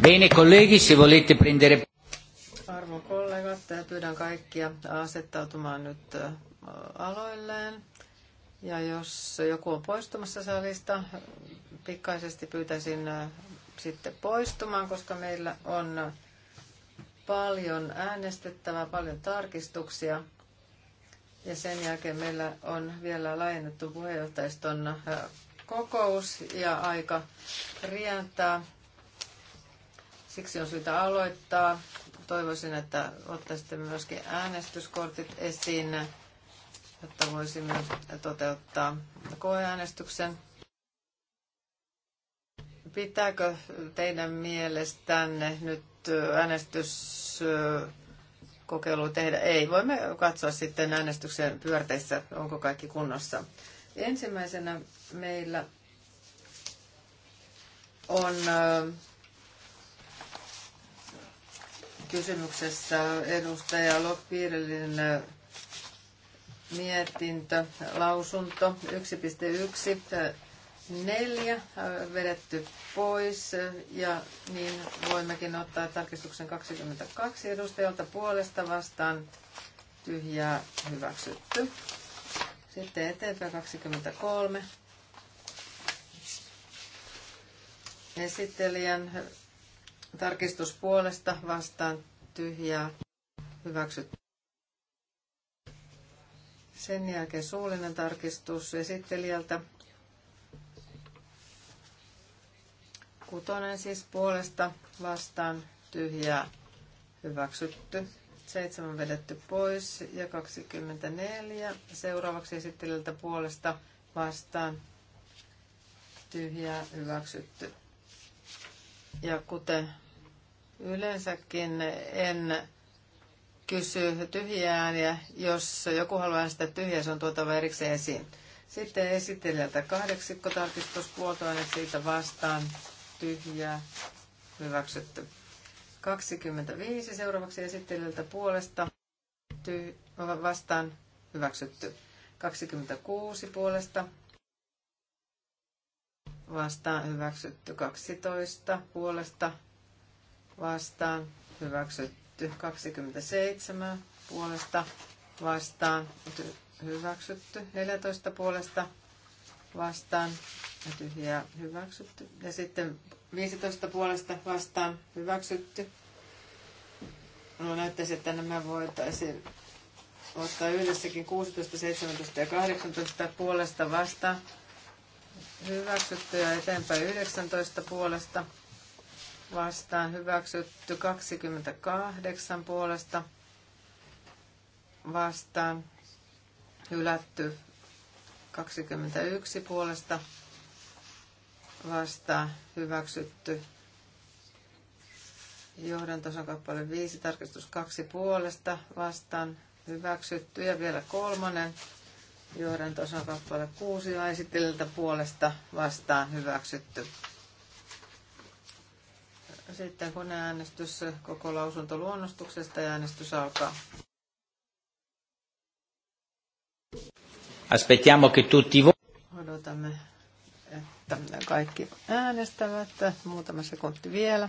Bene colleghi, se volete prendere... Arvon kollegat, pyydän kaikkia asettautumaan nyt aloilleen. Ja jos joku on poistumassa salista, pikaisesti pyytäisin sitten poistumaan, koska meillä on paljon äänestettävää, paljon tarkistuksia. Ja sen jälkeen meillä on vielä laajennettu puheenjohtajiston kokous ja aika rientää. Siksi on syytä aloittaa. Toivoisin, että ottaisitte myöskin äänestyskortit esiin, jotta voisimme toteuttaa koeäänestyksen. Pitääkö teidän mielestänne nyt äänestyskokeilu tehdä? Ei, voimme katsoa sitten äänestyksen pyörteissä, onko kaikki kunnossa. Ensimmäisenä meillä on kysymyksessä edustaja Lokpiirillinen äh, mietintö, lausunto 1.1.4 äh, neljä äh, vedetty pois ja niin voimmekin ottaa tarkistuksen 22 edustajalta puolesta vastaan tyhjää hyväksytty. Sitten eteenpäin 23. Esittelijän Tarkistus puolesta vastaan tyhjää hyväksytty. Sen jälkeen suullinen tarkistus esittelijältä. Kutonen siis puolesta vastaan tyhjää hyväksytty. Seitsemän vedetty pois ja 24. Seuraavaksi esittelijältä puolesta vastaan tyhjää hyväksytty. Ja kuten Yleensäkin en kysy tyhjää ääniä. Jos joku haluaa sitä tyhjää, se on tuotava erikseen esiin. Sitten esittelijältä kahdeksikko tarkistus puoltoaine siitä vastaan. Tyhjää. Hyväksytty. 25 seuraavaksi esittelijältä puolesta. Tyh, vastaan. Hyväksytty. 26 puolesta. Vastaan hyväksytty. 12 puolesta vastaan hyväksytty. 27 puolesta vastaan hyväksytty. 14 puolesta vastaan tyhjää hyväksytty. Ja sitten 15 puolesta vastaan hyväksytty. No näyttäisi, että nämä voitaisiin ottaa yhdessäkin 16, 17 ja 18 puolesta vastaan hyväksytty ja eteenpäin 19 puolesta vastaan hyväksytty 28 puolesta vastaan hylätty 21 puolesta vastaan hyväksytty johdantosan kappale 5 tarkistus 2 puolesta vastaan hyväksytty ja vielä kolmonen johdantosan kappale 6 esitelliltä puolesta vastaan hyväksytty sitten koneäänestys koko lausuntoluonnostuksesta ja äänestys alkaa. Aspettiamo che tutti voi. Odotamme, että kaikki äänestävät. Muutama sekunti vielä.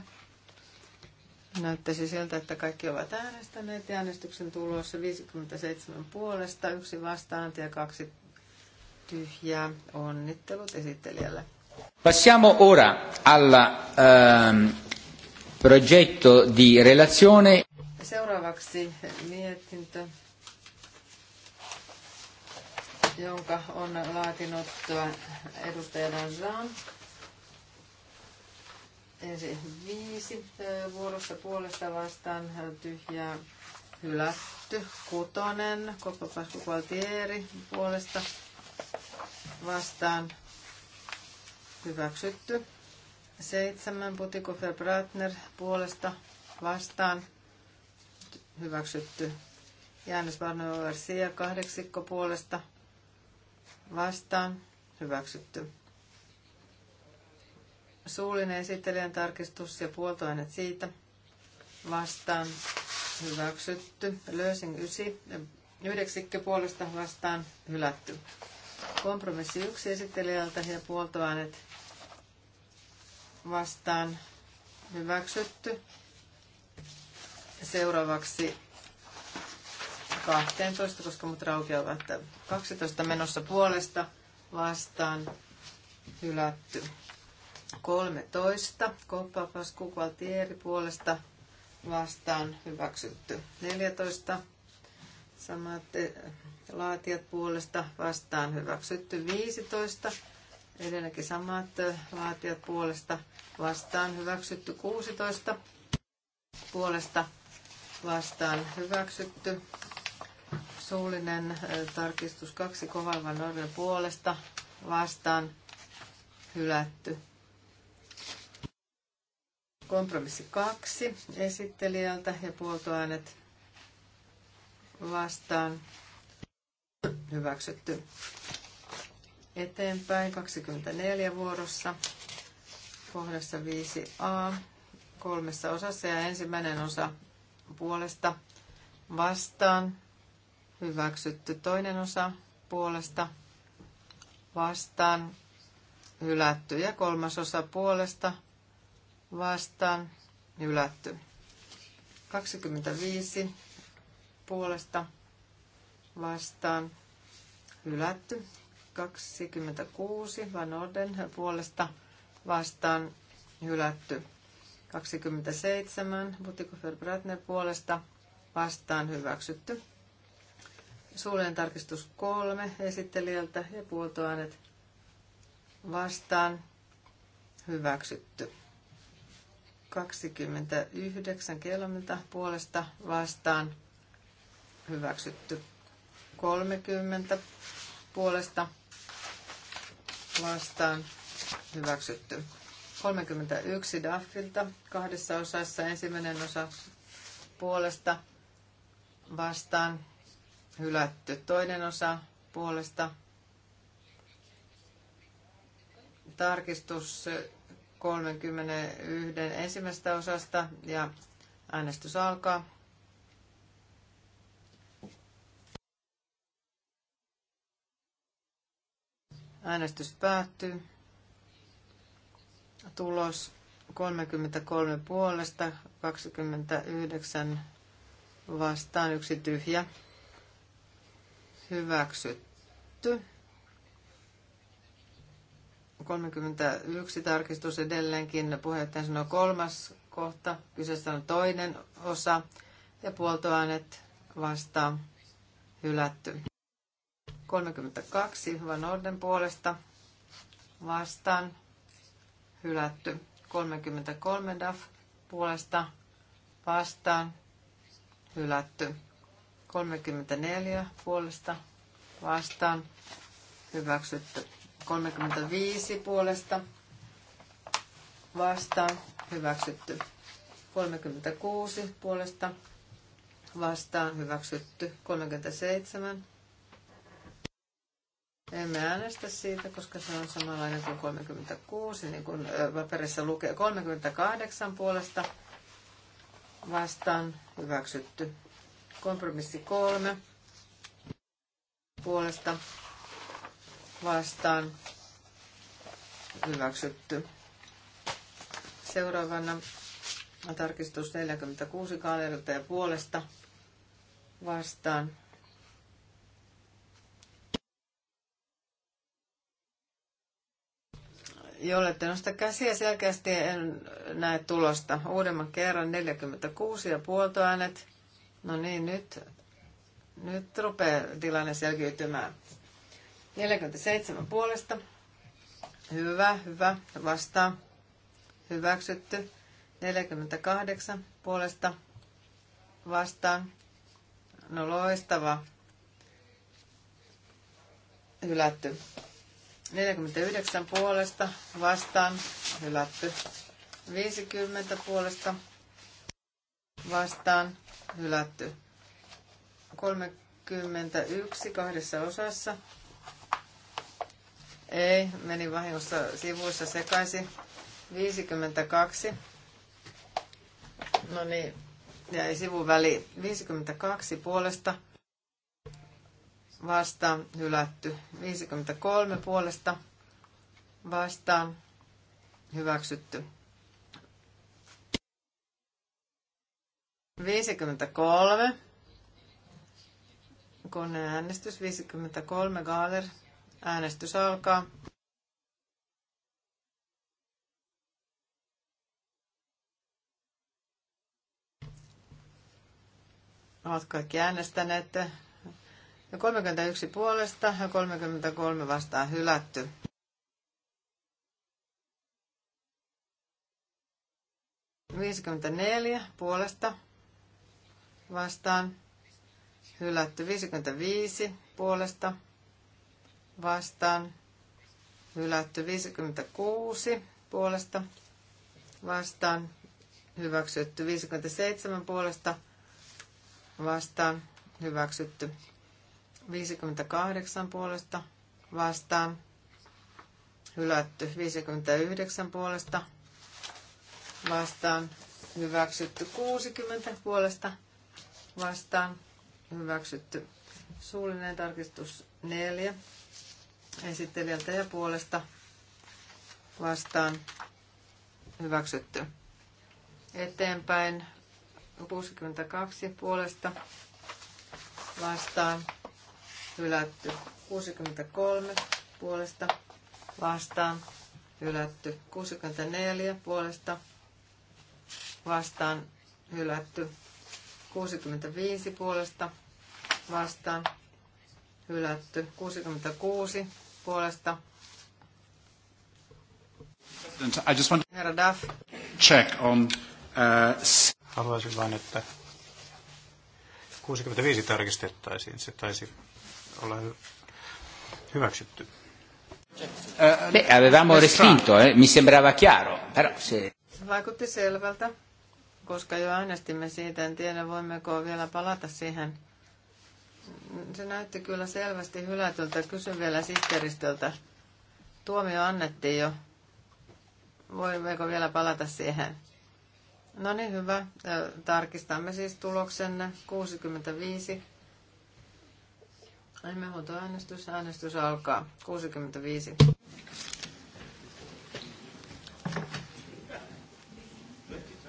Näyttäisi siltä, että kaikki ovat äänestäneet. Äänestyksen tulossa 57 puolesta, yksi vastaan ja kaksi tyhjää. Onnittelut esittelijälle. Passiamo ora alla, ehm, progetto di relazione. Seuraavaksi mietintö, jonka on laatinut edustaja Ensin viisi vuorossa puolesta vastaan tyhjää hylätty. Kutonen, Koppa Pasku puolesta vastaan hyväksytty. Seitsemän Butikofer Bratner puolesta vastaan hyväksytty. Jäännös Varno Garcia kahdeksikko puolesta vastaan hyväksytty. Suullinen esittelijän tarkistus ja puoltoaineet siitä vastaan hyväksytty. Löysin 9, yhdeksikkö puolesta vastaan hylätty. Kompromissi yksi esittelijältä ja puoltoaineet vastaan hyväksytty. Seuraavaksi 12, koska mut raukeavat 12 menossa puolesta vastaan hylätty. 13, koppapas kukvaltieri puolesta vastaan hyväksytty. 14, samat eh, laatijat puolesta vastaan hyväksytty. 15, edelläkin samat äh, laatijat puolesta vastaan hyväksytty 16. Puolesta vastaan hyväksytty. Suullinen äh, tarkistus kaksi Kovalvan Norjan puolesta vastaan hylätty. Kompromissi kaksi esittelijältä ja puoltoäänet vastaan hyväksytty eteenpäin 24 vuorossa kohdassa 5a kolmessa osassa ja ensimmäinen osa puolesta vastaan hyväksytty toinen osa puolesta vastaan hylätty ja kolmas osa puolesta vastaan hylätty. 25 puolesta vastaan hylätty. 26 Van Orden puolesta vastaan hylätty. 27 Butikofer Bratner puolesta vastaan hyväksytty. Suullinen tarkistus 3 esittelijältä ja puoltoaineet vastaan hyväksytty. 29 kilometriä puolesta vastaan hyväksytty. 30 puolesta vastaan hyväksytty. 31 Daffilta kahdessa osassa ensimmäinen osa puolesta vastaan hylätty. Toinen osa puolesta tarkistus 31 ensimmäisestä osasta ja äänestys alkaa. Äänestys päättyy. Tulos 33 puolesta, 29 vastaan, yksi tyhjä. Hyväksytty. 31 tarkistus edelleenkin. Puheenjohtaja sanoo kolmas kohta. Kyseessä on toinen osa. Ja puoltoäänet vastaan hylätty. 32 hyvä norden puolesta vastaan hylätty. 33 DAF puolesta vastaan hylätty. 34 puolesta vastaan hyväksytty. 35 puolesta vastaan hyväksytty. 36 puolesta vastaan hyväksytty. 37 emme äänestä siitä, koska se on samanlainen kuin 36, niin kuin paperissa lukee 38 puolesta vastaan hyväksytty. Kompromissi 3 puolesta vastaan hyväksytty. Seuraavana tarkistus 46 kaalerilta ja puolesta vastaan jollette nosta käsiä, selkeästi en näe tulosta. Uudemman kerran 46 ja No niin, nyt, nyt rupeaa tilanne selkiytymään. 47 puolesta. Hyvä, hyvä. vastaa. Hyväksytty. 48 puolesta. Vastaan. No loistava. Hylätty. 49 puolesta vastaan hylätty. 50 puolesta vastaan hylätty. 31 kahdessa osassa. Ei, meni vahingossa sivuissa sekaisin. 52. No niin, jäi sivuväli 52 puolesta vastaan hylätty. 53 puolesta vastaan hyväksytty. 53. äänestys 53. Gaaler. Äänestys alkaa. Olet kaikki äänestäneet ja 31 puolesta ja 33 vastaan hylätty. Viisikymmentäneljä puolesta vastaan hylätty. 55 puolesta vastaan hylätty. 56 puolesta vastaan hyväksytty. 57 puolesta vastaan hyväksytty. 58 puolesta vastaan. Hylätty 59 puolesta vastaan. Hyväksytty 60 puolesta vastaan. Hyväksytty suullinen tarkistus 4 esittelijältä ja puolesta vastaan. Hyväksytty. Eteenpäin 62 puolesta vastaan hylätty. 63 puolesta vastaan hylätty. 64 puolesta vastaan hylätty. 65 puolesta vastaan hylätty. 66 puolesta I just want Herra Duff. check on... Uh... Haluaisin vain, että 65 tarkistettaisiin. Se taisi ole hy- hyväksytty. Eh, beh, avevamo respinto, eh? mi sembrava chiaro, però se... Vaikutti selvältä, koska jo äänestimme siitä, en tiedä voimmeko vielä palata siihen. Se näytti kyllä selvästi hylätyltä. Kysyn vielä sisteristöltä. Tuomio annettiin jo. Voimmeko vielä palata siihen? No niin, hyvä. Tarkistamme siis tuloksenne. 65. Nimenhuutoäänestys. Äänestys äänestys alkaa. 65.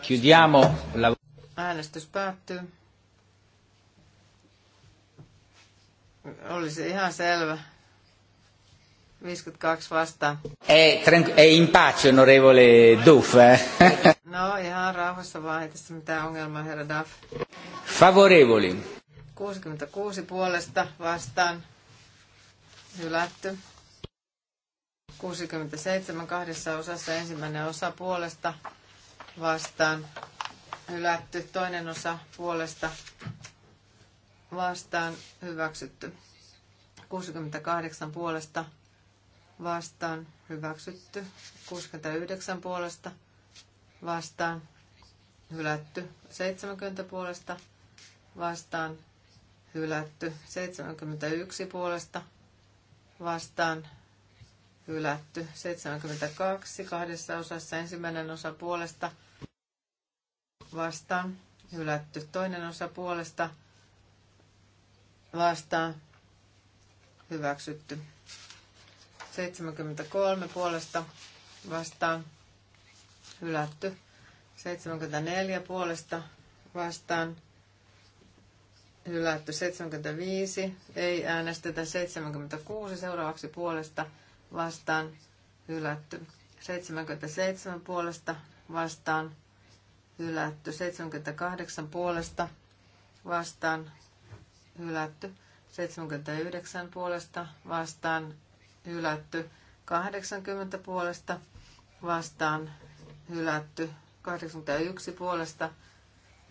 Chiudiamo la... Äänestys päättyy. Olisi ihan selvä. 52 vasta. Ei, tranqu- ei in pace, onorevole Duff. Eh? no, ihan rauhassa vaan, ei tässä mitään ongelmaa, herra Duff. Favorevoli. 66 puolesta vastaan hylätty. 67 kahdessa osassa ensimmäinen osa puolesta vastaan hylätty, toinen osa puolesta vastaan hyväksytty. 68 puolesta vastaan hyväksytty. 69 puolesta vastaan hylätty. 70 puolesta vastaan hylätty. 71 puolesta vastaan hylätty. 72 kahdessa osassa ensimmäinen osa puolesta vastaan hylätty. Toinen osa puolesta vastaan hyväksytty. 73 puolesta vastaan hylätty. 74 puolesta vastaan hylätty 75, ei äänestetä 76, seuraavaksi puolesta vastaan hylätty 77 puolesta vastaan hylätty 78 puolesta vastaan hylätty 79 puolesta vastaan hylätty 80 puolesta vastaan hylätty 81 puolesta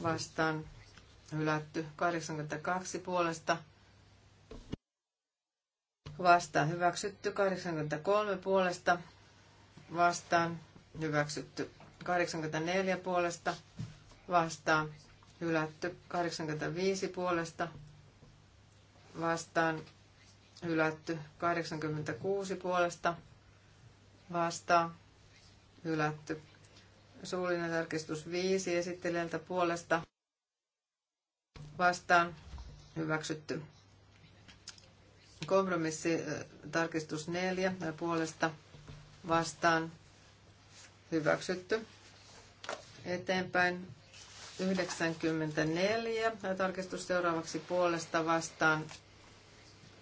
vastaan hylätty 82 puolesta vastaan hyväksytty 83 puolesta vastaan hyväksytty 84 puolesta vastaan hylätty 85 puolesta vastaan hylätty 86 puolesta vastaan hylätty suullinen tarkistus 5 esittelijältä puolesta Vastaan. Hyväksytty. Kompromissi tarkistus 4 puolesta vastaan hyväksytty. Eteenpäin 94 tarkistus seuraavaksi puolesta vastaan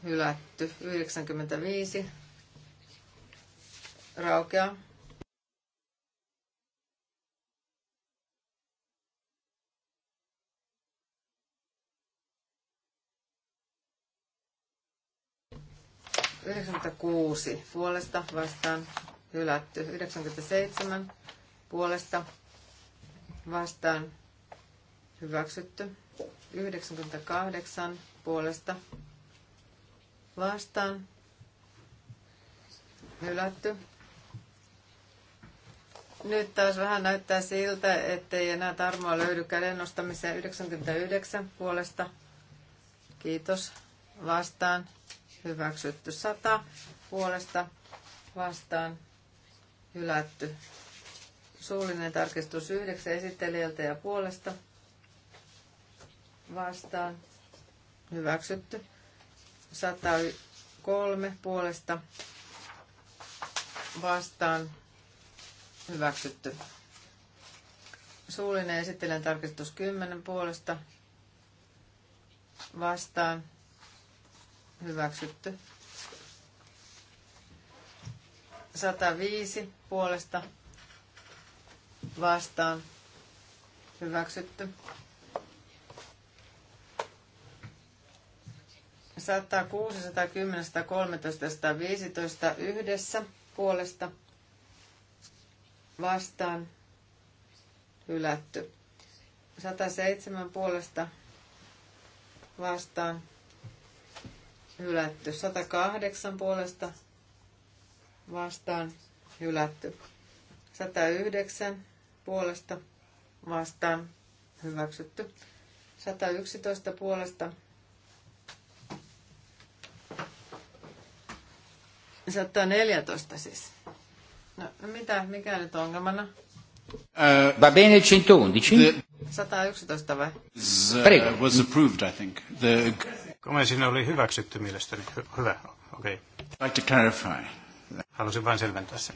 hylätty. 95 raukea 96 puolesta vastaan hylätty. 97 puolesta vastaan hyväksytty. 98 puolesta vastaan hylätty. Nyt taas vähän näyttää siltä, ettei enää tarmoa löydy käden nostamiseen 99 puolesta. Kiitos vastaan hyväksytty 100 puolesta vastaan hylätty. Suullinen tarkistus yhdeksän esittelijältä ja puolesta vastaan hyväksytty. 103 puolesta vastaan hyväksytty. Suullinen esittelijän tarkistus 10 puolesta vastaan hyväksytty. 105 puolesta vastaan hyväksytty. 106, 110, 113 ja 115 yhdessä puolesta vastaan hylätty. 107 puolesta vastaan hylätty. 108 puolesta vastaan hylätty. 109 puolesta vastaan hyväksytty. 111 puolesta 114 siis. No, mitä, mikä nyt on ongelmana? Uh, va bene il 111? 111 vai? Eh, was approved, I think. The... Komensin oli hyväksytty mielestäni. Hy- hyvä, okei. Okay. Like to clarify. Halusin vain selventää sen.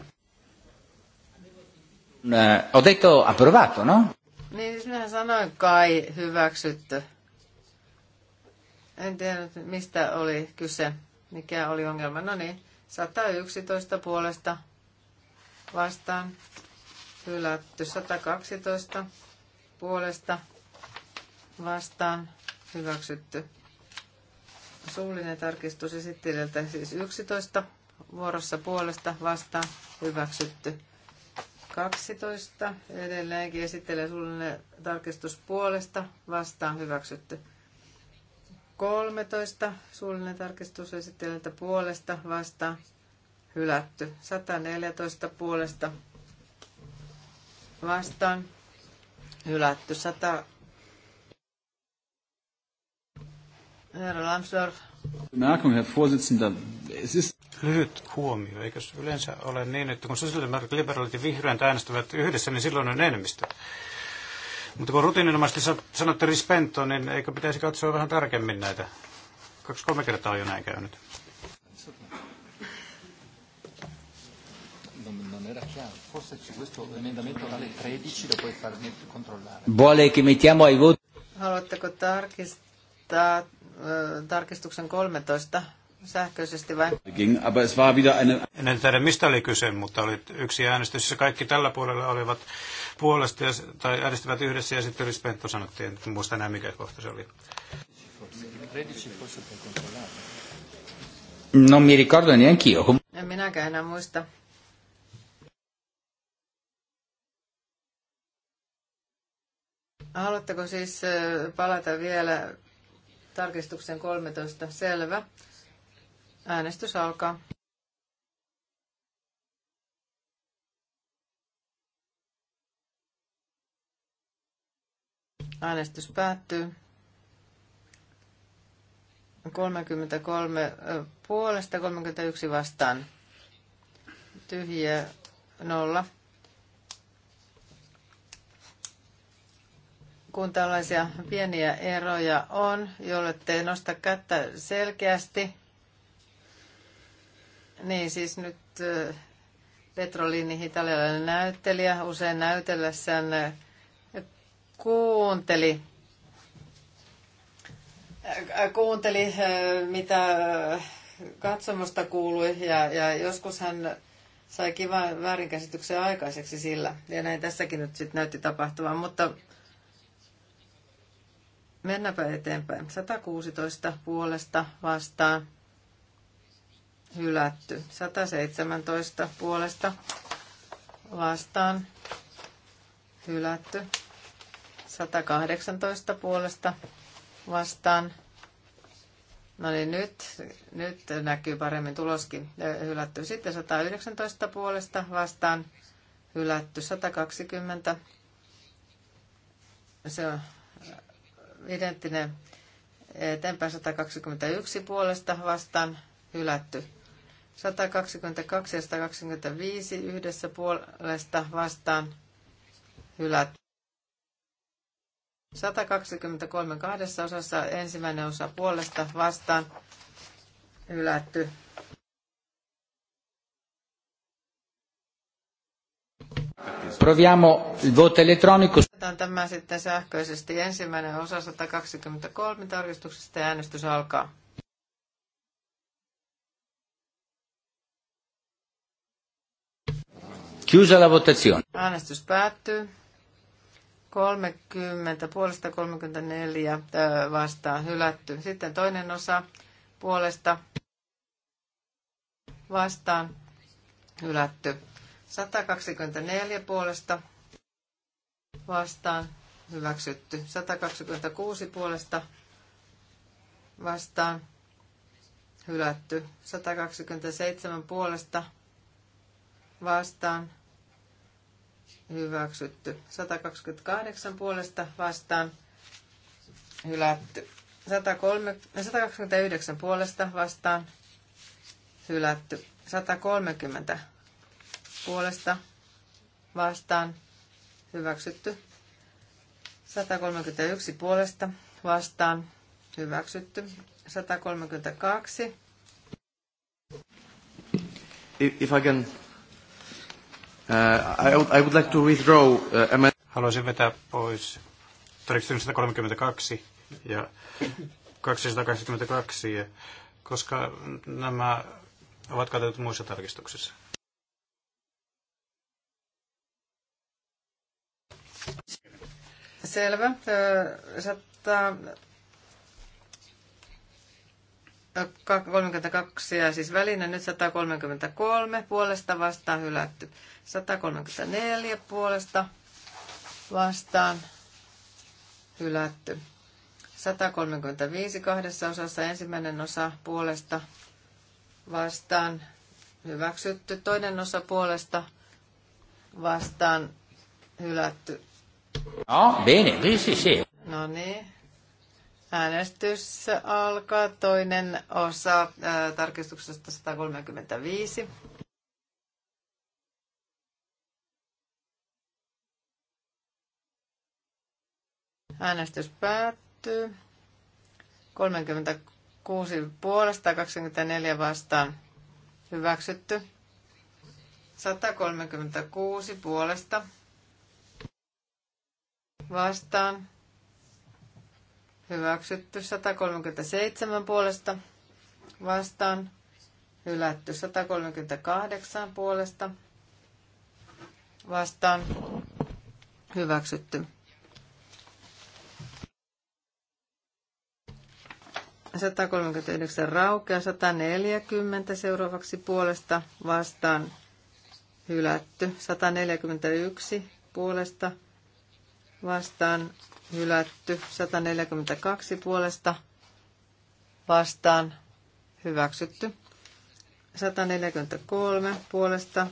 Eh, ho detto approvato, no? Niin, siis minä sanoin kai hyväksytty. En tiedä, mistä oli kyse, mikä oli ongelma. No niin, 111 puolesta vastaan, hylätty. 112 puolesta vastaan, hyväksytty. Suullinen tarkistus esittelijältä siis 11 vuorossa puolesta vastaan hyväksytty. 12 edelleenkin esittelee suullinen tarkistus puolesta vastaan hyväksytty. 13 suullinen tarkistus esittelijältä puolesta vastaan hylätty. 114 puolesta vastaan hylätty. 100 Herra Lambsdorff. Bemerkung, Herr Vorsitzender. Es ist... Lyhyt huomio. Eikö yleensä ole niin, että kun sosiaalidemokraatit, liberaalit ja vihreät äänestävät yhdessä, niin silloin on enemmistö? Mutta kun rutiininomaisesti sanotte rispento, niin eikö pitäisi katsoa vähän tarkemmin näitä? Kaksi-kolme kertaa on jo näin käynyt. Haluatteko tarkistaa tarkistuksen 13 sähköisesti vai? Aber En tiedä mistä oli kyse, mutta oli yksi äänestys, jossa siis kaikki tällä puolella olivat puolesta ja, tai äänestivät yhdessä ja sitten Ylis Pentto sanottiin, että en muista enää mikä kohta se oli. No mi ricordo neanche io. En minäkään enää muista. Haluatteko siis palata vielä tarkistuksen 13. Selvä. Äänestys alkaa. Äänestys päättyy. 33 puolesta, 31 vastaan. tyhjä nolla. kun tällaisia pieniä eroja on, jolle te nosta kättä selkeästi, niin siis nyt Petrolini, italialainen näyttelijä, usein näytellessään kuunteli, kuunteli mitä katsomusta kuului ja, ja joskus hän sai kivan väärinkäsityksen aikaiseksi sillä. Ja näin tässäkin nyt sitten näytti tapahtuvan, mutta Mennäänpä eteenpäin. 116 puolesta vastaan hylätty. 117 puolesta vastaan hylätty. 118 puolesta vastaan. No niin, nyt, nyt näkyy paremmin tuloskin hylätty. Sitten 119 puolesta vastaan hylätty. 120. Se on identtinen eteenpäin 121 puolesta vastaan hylätty. 122 ja 125 yhdessä puolesta vastaan hylätty. 123 kahdessa osassa ensimmäinen osa puolesta vastaan hylätty. Proviamo il voto elettronico. Otetaan tämä sitten sähköisesti. Ensimmäinen osa 123 tarkistuksesta ja äänestys alkaa. Chiusa la votazione. Äänestys päättyy. 30, puolesta 34 vastaan hylätty. Sitten toinen osa puolesta vastaan hylätty. 124 puolesta vastaan hyväksytty. 126 puolesta vastaan hylätty. 127 puolesta vastaan hyväksytty. 128 puolesta vastaan hylätty. 103, 129 puolesta vastaan hylätty. 130 puolesta vastaan hyväksytty. 131 puolesta vastaan hyväksytty. 132. If I can, uh, I, would, I would like to withdraw uh, amend- Haluaisin vetää pois 132 ja 282, koska nämä ovat katetut muissa tarkistuksissa. Selvä. Sata 32 ja siis välinen nyt 133 puolesta vastaan hylätty. 134 puolesta vastaan hylätty. 135 kahdessa osassa ensimmäinen osa puolesta vastaan hyväksytty, toinen osa puolesta vastaan hylätty. No, bene, sì, sì. No niin. Äänestys alkaa. Toinen osa ää, tarkistuksesta 135. Äänestys päättyy. 36 puolesta, 24 vastaan hyväksytty. 136 puolesta vastaan. Hyväksytty 137 puolesta vastaan. Hylätty 138 puolesta vastaan. Hyväksytty. 139 raukea, 140 seuraavaksi puolesta vastaan hylätty, 141 puolesta vastaan hylätty, 142 puolesta vastaan hyväksytty, 143 puolesta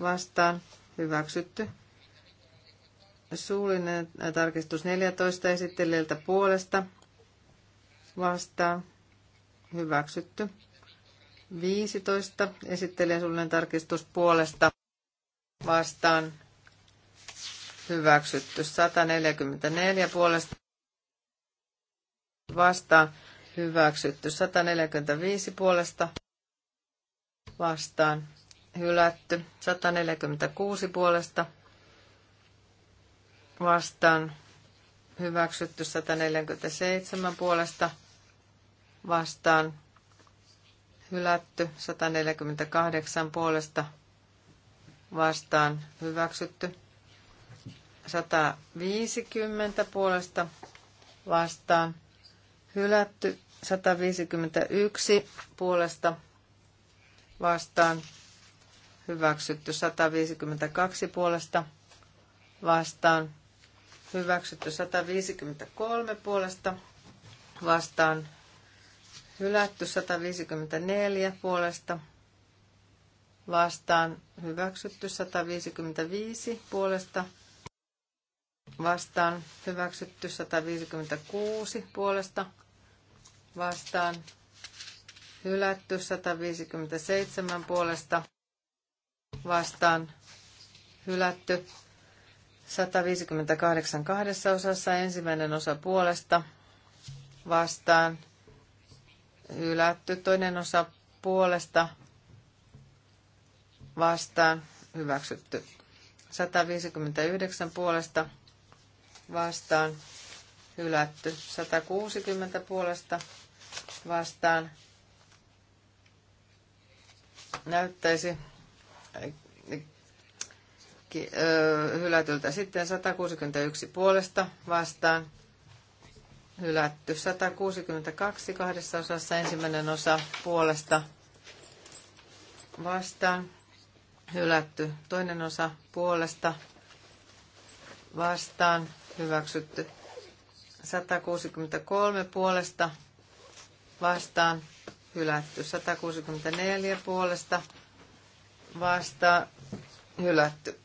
vastaan hyväksytty, suullinen tarkistus 14 esittelijältä puolesta vastaan hyväksytty, 15 esittelijän suullinen tarkistus puolesta vastaan hyväksytty. 144 puolesta vastaan hyväksytty. 145 puolesta vastaan hylätty. 146 puolesta vastaan hyväksytty. 147 puolesta vastaan hylätty. 148 puolesta vastaan hyväksytty. 150 puolesta vastaan, hylätty 151 puolesta vastaan, hyväksytty 152 puolesta vastaan, hyväksytty 153 puolesta vastaan, hylätty 154 puolesta vastaan, hyväksytty 155 puolesta vastaan, vastaan hyväksytty 156 puolesta vastaan hylätty 157 puolesta vastaan hylätty 158 kahdessa osassa ensimmäinen osa puolesta vastaan hylätty toinen osa puolesta vastaan hyväksytty 159 puolesta vastaan hylätty. 160 puolesta vastaan näyttäisi äh, äh, hylätyltä. Sitten 161 puolesta vastaan hylätty. 162 kahdessa osassa ensimmäinen osa puolesta vastaan hylätty. Toinen osa puolesta vastaan hyväksytty. 163 puolesta vastaan hylätty. 164 puolesta vastaan hylätty.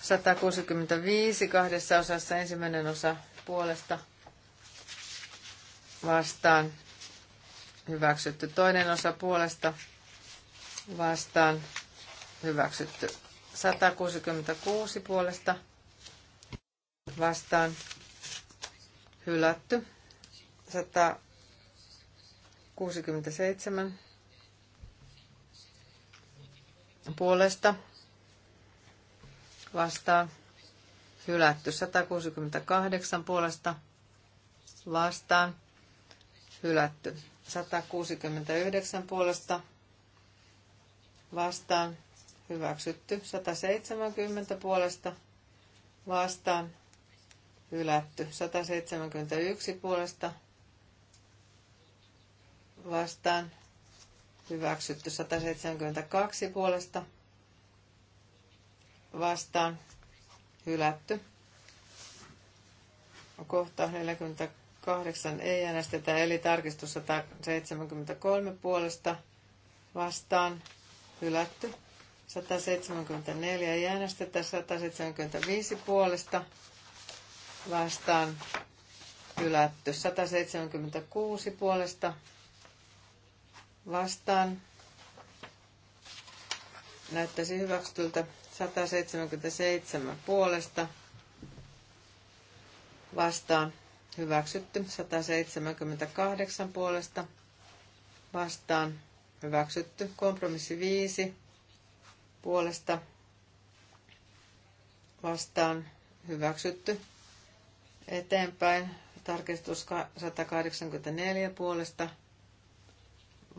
165 kahdessa osassa ensimmäinen osa puolesta vastaan hyväksytty. Toinen osa puolesta vastaan hyväksytty. 166 puolesta vastaan hylätty. 167 puolesta vastaan hylätty. 168 puolesta vastaan hylätty. 169 puolesta vastaan hyväksytty. 170 puolesta vastaan hylätty. 171 puolesta vastaan hyväksytty. 172 puolesta vastaan hylätty. Kohta 48 ei äänestetä, eli tarkistus 173 puolesta vastaan hylätty. 174 ei äänestetä, 175 puolesta vastaan hylätty. 176 puolesta vastaan näyttäisi hyväksytyltä 177 puolesta vastaan hyväksytty 178 puolesta vastaan hyväksytty kompromissi 5 puolesta vastaan hyväksytty eteenpäin. Tarkistus 184 puolesta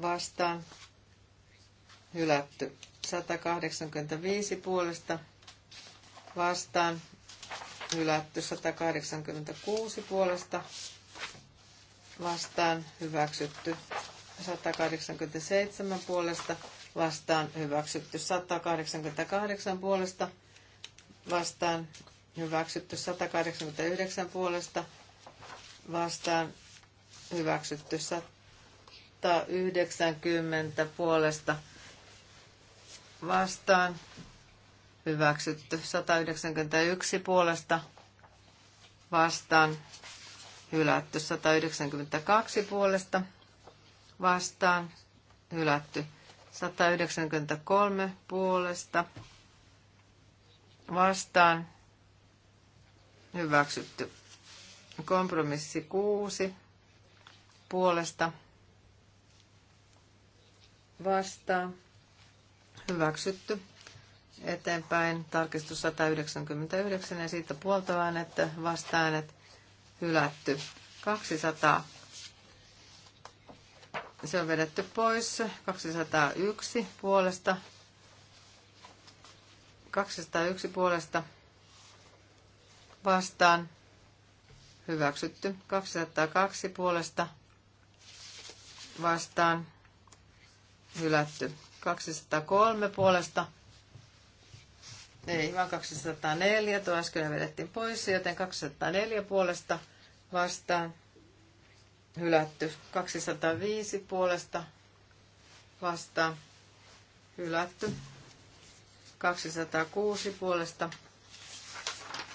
vastaan hylätty. 185 puolesta vastaan hylätty. 186 puolesta vastaan hyväksytty. 187 puolesta vastaan hyväksytty. 188 puolesta vastaan hyväksytty 189 puolesta vastaan, hyväksytty 190 puolesta vastaan, hyväksytty 191 puolesta vastaan, hylätty 192 puolesta vastaan, hylätty 193 puolesta vastaan, hyväksytty. Kompromissi 6 puolesta vastaan hyväksytty. Eteenpäin tarkistus 199 ja siitä puolta puoltoäänet, vastaäänet hylätty. 200. Se on vedetty pois. 201 puolesta. 201 puolesta vastaan hyväksytty. 202 puolesta vastaan hylätty. 203 puolesta ei, vaan 204. Tuo äsken vedettiin pois, joten 204 puolesta vastaan hylätty. 205 puolesta vastaan hylätty. 206 puolesta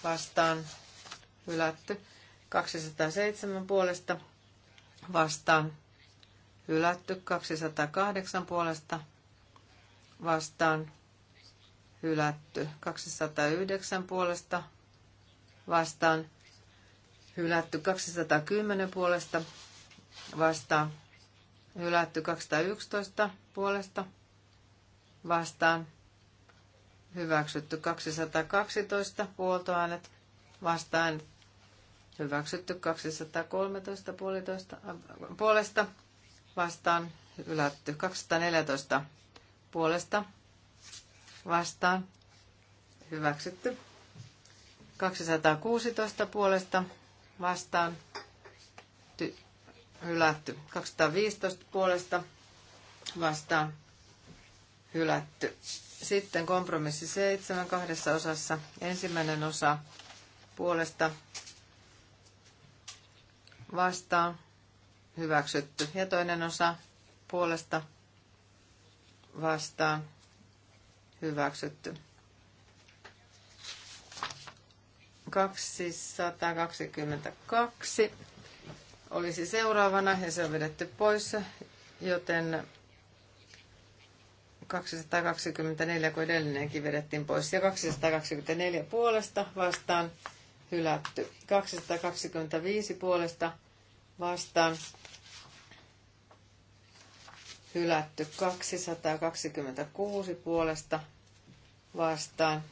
vastaan hylätty. 207 puolesta vastaan hylätty. 208 puolesta vastaan hylätty. 209 puolesta vastaan hylätty. 210 puolesta vastaan hylätty. 211 puolesta vastaan hyväksytty 212 puoltoainet vastaan hyväksytty 213 puolitoista, äh, puolesta, vastaan ylätty 214 puolesta, vastaan hyväksytty 216 puolesta, vastaan ty, hylätty 215 puolesta, vastaan hylätty sitten kompromissi seitsemän kahdessa osassa. Ensimmäinen osa puolesta vastaan hyväksytty. Ja toinen osa puolesta vastaan hyväksytty. 222 olisi seuraavana ja se on vedetty pois, joten 224, kun edellinenkin vedettiin pois, ja 224 puolesta vastaan hylätty. 225 puolesta vastaan hylätty. 226 puolesta vastaan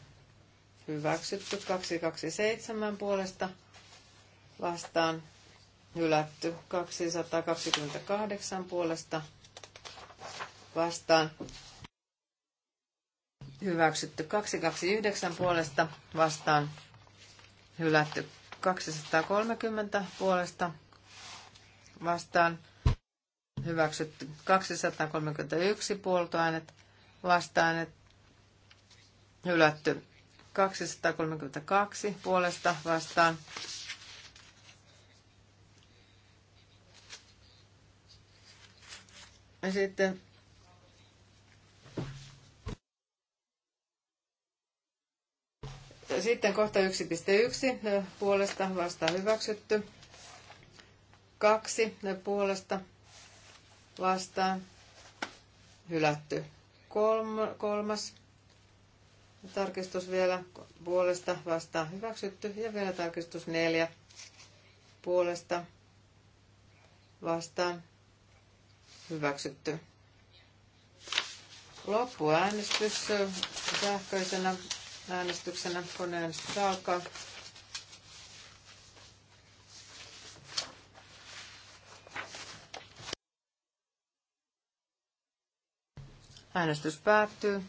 hyväksytty. 227 puolesta vastaan hylätty. 228 puolesta vastaan hyväksytty. 229 puolesta vastaan hylätty. 230 puolesta vastaan hyväksytty. 231 puoltoäänet vastaäänet hylätty. 232 puolesta vastaan Ja sitten Sitten kohta 1.1 puolesta vastaan hyväksytty. 2 puolesta vastaan hylätty. Kolmas tarkistus vielä puolesta vastaan hyväksytty. Ja vielä tarkistus neljä puolesta vastaan hyväksytty. Loppuäänestys sähköisenä äänestyksenä. Koneäänestys alkaa. Äänestys päättyy.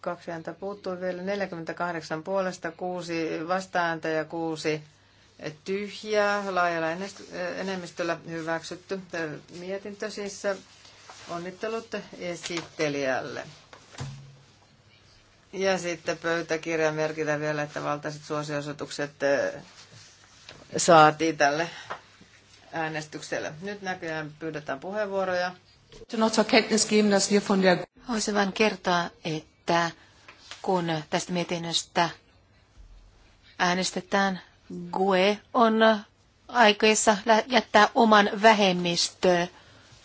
Kaksi ääntä puuttuu vielä. 48 puolesta, kuusi vastaääntä ja kuusi tyhjää. Laajalla enemmistöllä hyväksytty mietintö siis. Onnittelut esittelijälle. Ja sitten pöytäkirja merkitä vielä, että valtaiset suosiosoitukset saatiin tälle äänestykselle. Nyt näköjään pyydetään puheenvuoroja. Haluaisin vain kertoa, että kun tästä mietinnöstä äänestetään, GUE on aikeissa jättää oman vähemmistö,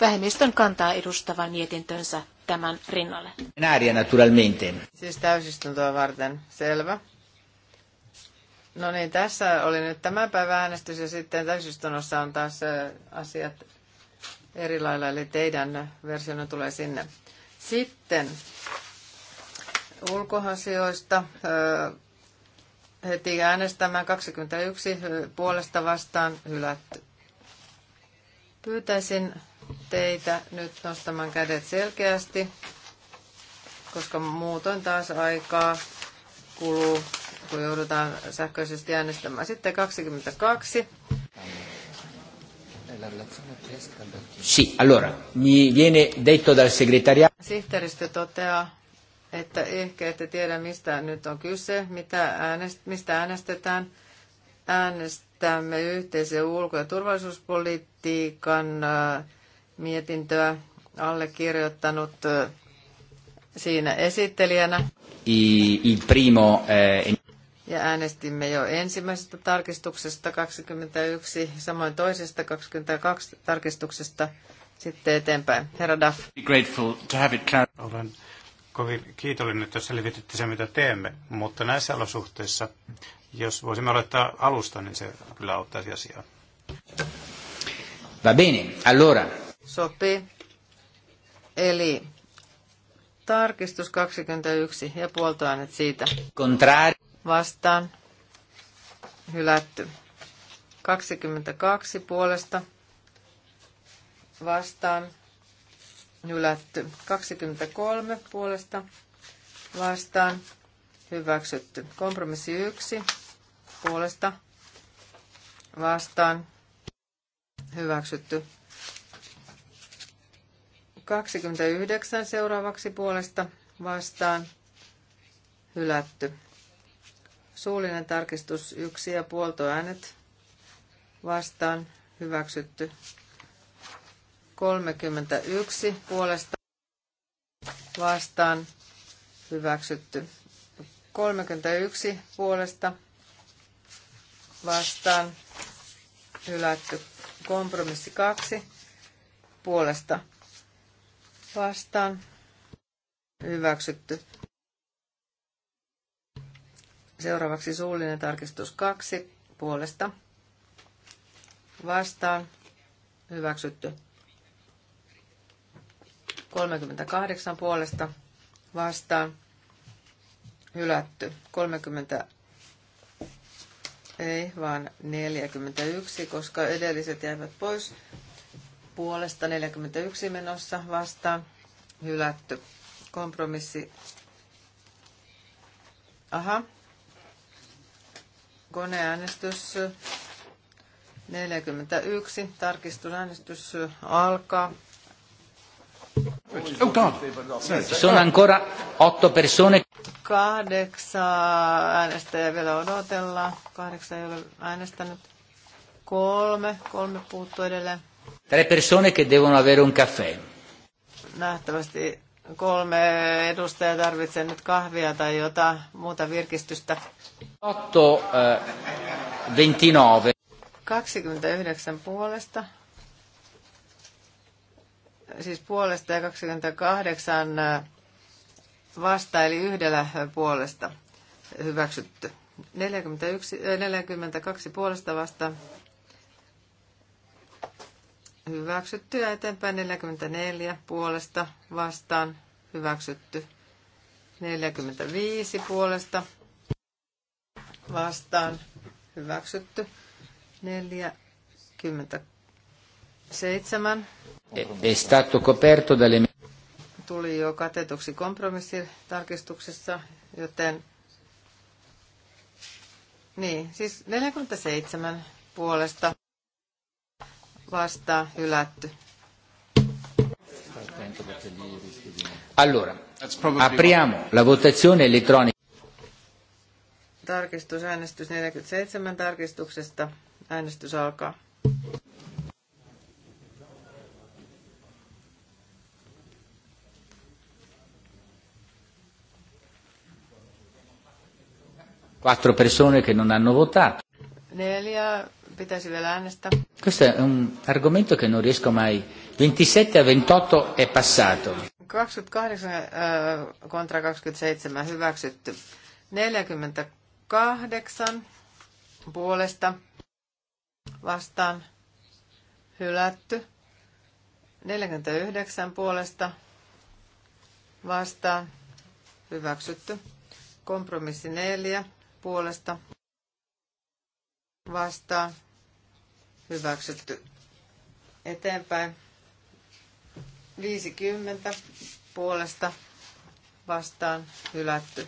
vähemmistön kantaa edustavan mietintönsä tämän rinnalle. Nääriä naturalmente. Siis täysistuntoa varten, selvä. No niin, tässä oli nyt tämän päivän äänestys ja sitten täysistunnossa on taas asiat eri lailla, eli teidän versionne tulee sinne. Sitten ulkoasioista heti äänestämään 21 puolesta vastaan hylätty. Pyytäisin teitä nyt nostamaan kädet selkeästi, koska muutoin taas aikaa kuluu, kun joudutaan sähköisesti äänestämään. Sitten 22. Sì, allora, mi viene detto dal segretariato. Sihteeristö toteaa, että ehkä ette tiedä, mistä nyt on kyse, mitä äänest, mistä äänestetään. Äänestämme yhteisen ulko- ja turvallisuuspolitiikan äh, mietintöä allekirjoittanut siinä esittelijänä. I, il primo, eh... Ja äänestimme jo ensimmäisestä tarkistuksesta 21, samoin toisesta 22 tarkistuksesta sitten eteenpäin. Herra Duff. Olen kovin kiitollinen, että selvititte se, mitä teemme, mutta näissä olosuhteissa, jos voisimme aloittaa alusta, niin se kyllä auttaisi asiaa. Va bene, allora, Sopi, Eli tarkistus 21 ja puoltoäänet siitä. Contrari. Vastaan. Hylätty. 22 puolesta. Vastaan. Hylätty. 23 puolesta. Vastaan. Hyväksytty. Kompromissi 1 puolesta. Vastaan. Hyväksytty. 29 seuraavaksi puolesta vastaan hylätty. Suullinen tarkistus yksi ja puolto äänet vastaan hyväksytty. 31 puolesta vastaan hyväksytty. 31 puolesta vastaan hylätty. Kompromissi 2 puolesta vastaan hyväksytty. Seuraavaksi suullinen tarkistus kaksi puolesta vastaan hyväksytty. 38 puolesta vastaan hylätty. 30 ei, vaan 41, koska edelliset jäivät pois puolesta 41 menossa vastaan hylätty. Kompromissi. Aha. Koneäänestys 41. Tarkistusäänestys alkaa. Oh, Sono ancora otto persone. Kahdeksan äänestäjä vielä odotellaan. Kahdeksan ei ole äänestänyt. Kolme. Kolme puuttuu edelleen. Tre persone che devono avere un caffè. Nähtävästi kolme edustajaa tarvitsee nyt kahvia tai jotain muuta virkistystä. 8.29. 29 eh, puolesta. Siis puolesta ja 28 eh, vasta, eli yhdellä eh, puolesta hyväksytty. 41, 42 puolesta vasta hyväksytty ja eteenpäin 44 puolesta vastaan hyväksytty 45 puolesta vastaan hyväksytty 47 è stato coperto dalle tuli jo katetuksi kompromissitarkistuksessa, joten niin, siis 47 puolesta vasta hylätty. Allora, apriamo la votazione elettronica. äänestys 47 tarkistuksesta. Äänestys alkaa. Quattro persone che non hanno votato. Neljä pitäisi vielä äänestää. Questo è un argomento che non riesco mai. 27 a 28 è passato. 28 eh, kontra 27 hyväksytty. 48 puolesta vastaan hylätty. 49 puolesta vastaan hyväksytty. Kompromissi 4 puolesta vastaan hyväksytty. Eteenpäin 50 puolesta vastaan hylätty.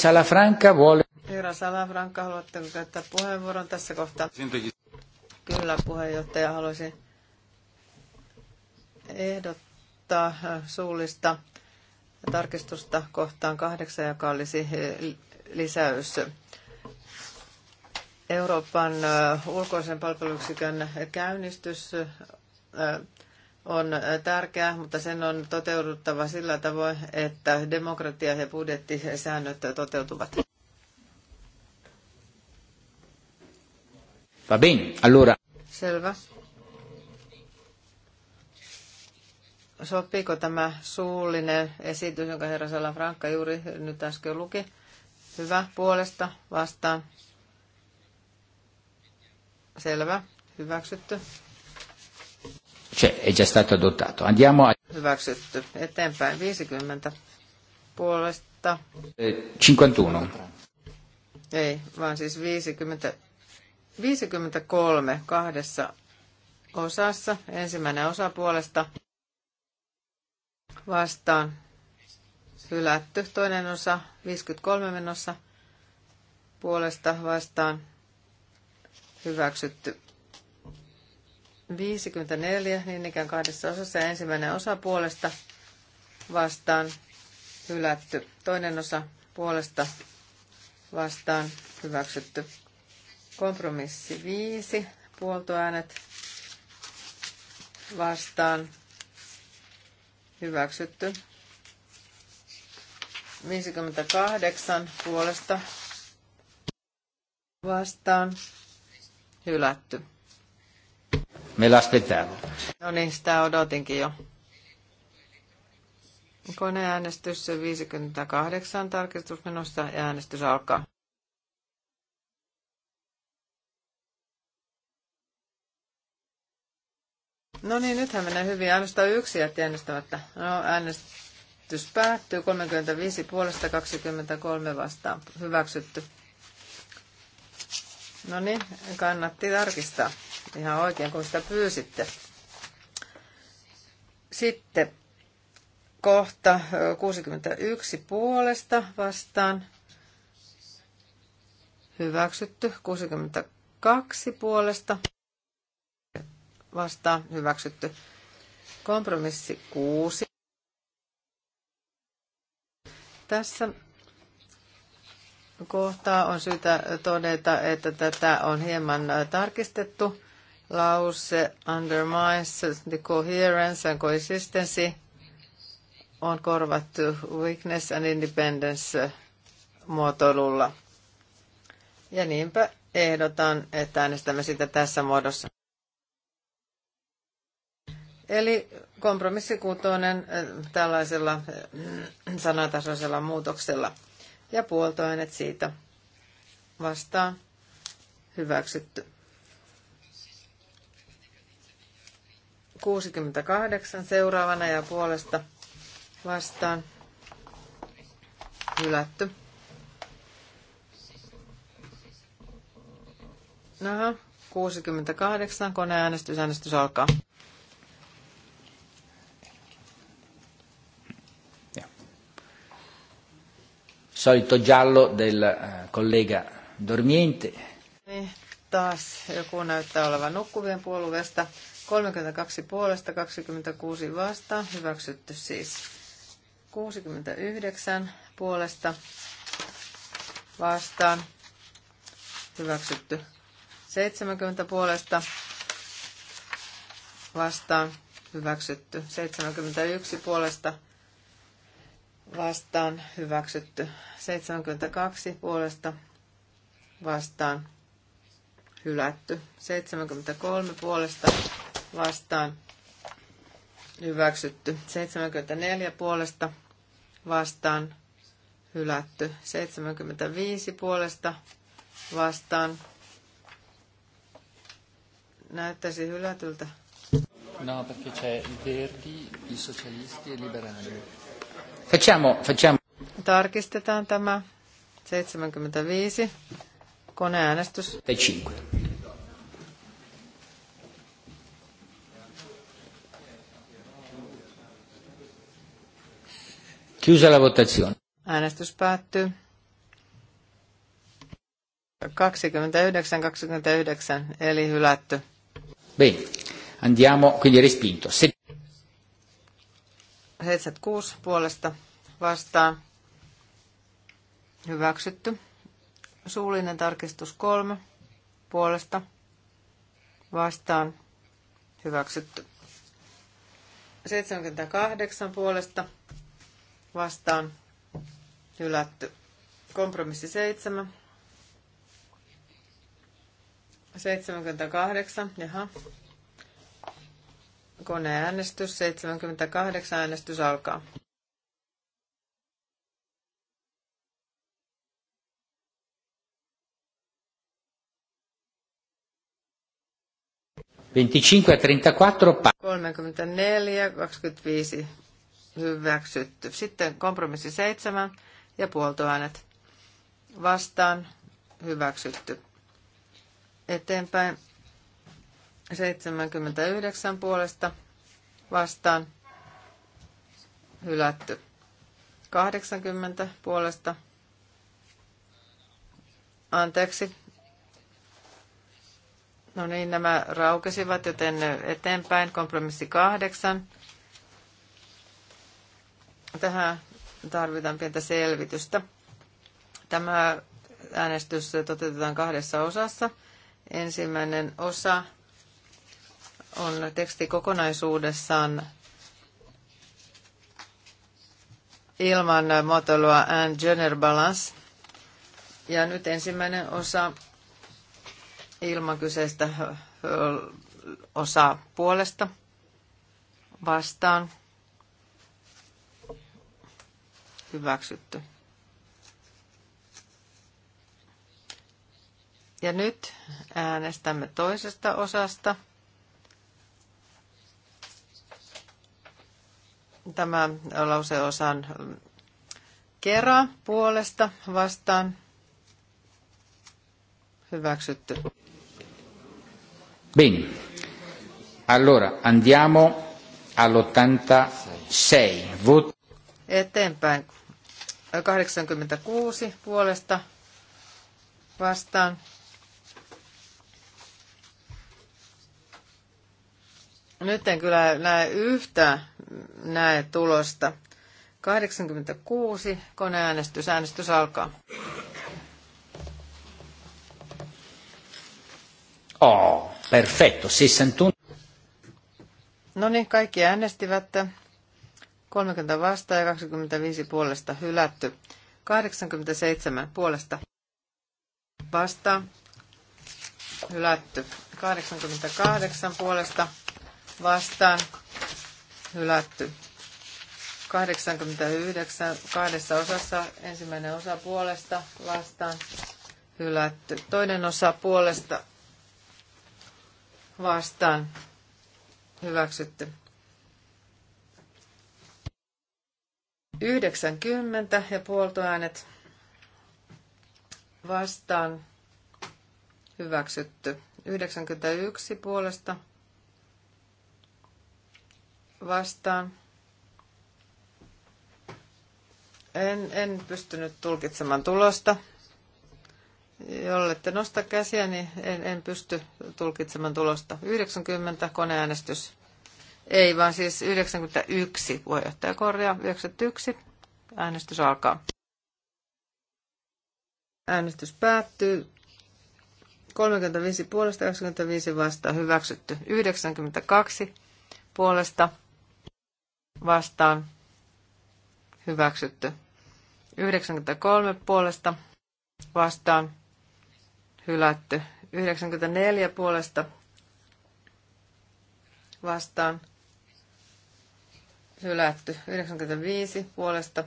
Salafranca vuole. Herra Salafranca, haluatteko käyttää puheenvuoron tässä kohtaa? Kyllä, puheenjohtaja, haluaisin ehdottaa suullista tarkistusta kohtaan kahdeksan, joka olisi eh, lisäys. Euroopan eh, ulkoisen palveluyksikön käynnistys eh, on tärkeää, mutta sen on toteuduttava sillä tavoin, että demokratia ja budjettisäännöt toteutuvat. Va bene, allora. Selvä. Sopiiko tämä suullinen esitys, jonka herra Sala Frankka juuri nyt äsken luki? Hyvä, puolesta, vastaan. Selvä, hyväksytty. Se ei già stato adottato. Andiamo a... Hyväksytty. Eteenpäin 50 puolesta. 51. Eh, ei, vaan siis 50, 53 kahdessa osassa. Ensimmäinen osa puolesta Vastaan. Hylätty. Toinen osa. 53 menossa. Puolesta vastaan. Hyväksytty. 54, niin ikään kahdessa osassa. Ensimmäinen osa puolesta vastaan hylätty. Toinen osa puolesta vastaan hyväksytty. Kompromissi 5, puoltoäänet vastaan hyväksytty. 58 puolesta vastaan hylätty. Me lasketaan. No niin, sitä odotinkin jo. Koneäänestys 58 tarkistus minusta ja äänestys alkaa. No niin, nythän menee hyvin. Ainoastaan yksi jätti äänestämättä. No, äänestys päättyy. 35 puolesta 23 vastaan. Hyväksytty. No niin, kannatti tarkistaa. Ihan oikein, kun sitä pyysitte. Sitten kohta 61 puolesta vastaan. Hyväksytty. 62 puolesta vastaan hyväksytty. Kompromissi 6. Tässä kohtaa on syytä todeta, että tätä on hieman tarkistettu. Lause undermines the coherence and consistency on korvattu weakness and independence muotoilulla. Ja niinpä ehdotan, että äänestämme sitä tässä muodossa. Eli kompromissikuutoinen äh, tällaisella äh, sanatasoisella muutoksella ja puoltoaineet siitä vastaan hyväksytty. 68 seuraavana ja puolesta vastaan hylätty. Aha, 68 koneäänestys, äänestys alkaa. solito giallo del eh, collega dormiente. Niin, taas joku näyttää olevan nukkuvien puolueesta. 32 puolesta, 26 vastaan, hyväksytty siis 69 puolesta vastaan, hyväksytty 70 puolesta vastaan, hyväksytty 71 puolesta vastaan hyväksytty. 72 puolesta vastaan hylätty. 73 puolesta vastaan hyväksytty. 74 puolesta vastaan hylätty. 75 puolesta vastaan näyttäisi hylätyltä. No, perché c'è i verdi, i socialisti e liberali. Facciamo, facciamo. Tarkistetaan tämä. 75. Koneäänestys. 5. E Chiusa la votazione. Äänestys päättyy. 29-29, eli hylätty. Bene, andiamo, quindi respinto. Se... 76 puolesta vastaan hyväksytty. Suullinen tarkistus 3 puolesta vastaan hyväksytty. 78 puolesta vastaan hylätty. Kompromissi 7. 78, jaha. Koneäänestys 78. Äänestys alkaa. Venticinque 34, hyväksytty. Sitten kompromissi 7 ja puoltoäänet vastaan hyväksytty. Eteenpäin 79 puolesta vastaan hylätty. 80 puolesta anteeksi. No niin, nämä raukesivat, joten eteenpäin kompromissi kahdeksan. Tähän tarvitaan pientä selvitystä. Tämä äänestys toteutetaan kahdessa osassa. Ensimmäinen osa on teksti kokonaisuudessaan ilman muotoilua and gender balance. Ja nyt ensimmäinen osa ilman kyseistä osaa puolesta vastaan. Hyväksytty. Ja nyt äänestämme toisesta osasta. tämä lauseosan kera puolesta vastaan hyväksytty. Bene. Allora andiamo all'86. Vot- Eteenpäin. 86 puolesta vastaan Nyt en kyllä näe yhtä näe tulosta. 86, koneäänestys, äänestys alkaa. Oh, perfetto, siis sen tunt- No niin, kaikki äänestivät. 30 vastaan ja 25 puolesta hylätty. 87 puolesta vastaan hylätty. 88 puolesta vastaan hylätty. 89 kahdessa osassa ensimmäinen osa puolesta vastaan hylätty. Toinen osa puolesta vastaan hyväksytty. 90 ja puoltoäänet vastaan hyväksytty. 91 puolesta vastaan. En, en pystynyt tulkitsemaan tulosta. Jollette nosta käsiä, niin en, en pysty tulkitsemaan tulosta. 90 koneäänestys. Ei, vaan siis 91 puheenjohtaja korjaa. 91. Äänestys alkaa. Äänestys päättyy. 35 puolesta, 25 vastaan hyväksytty. 92 puolesta vastaan hyväksytty. 93 puolesta vastaan hylätty. 94 puolesta vastaan hylätty. 95 puolesta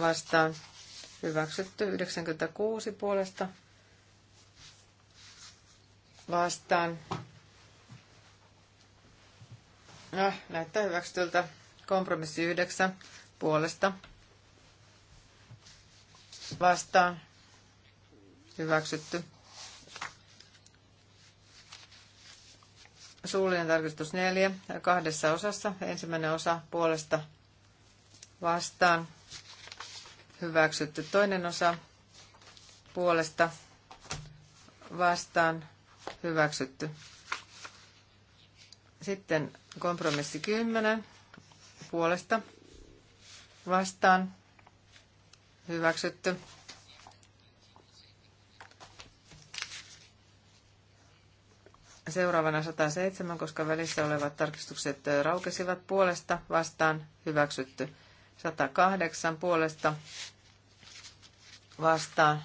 vastaan hyväksytty. 96 puolesta vastaan. No, näyttää hyväksytyltä. Kompromissi yhdeksän puolesta vastaan hyväksytty. Suullinen tarkistus neljä kahdessa osassa. Ensimmäinen osa puolesta vastaan hyväksytty. Toinen osa puolesta vastaan hyväksytty. Sitten kompromissi 10 puolesta vastaan hyväksytty. Seuraavana 107, koska välissä olevat tarkistukset raukesivat puolesta vastaan hyväksytty. 108 puolesta vastaan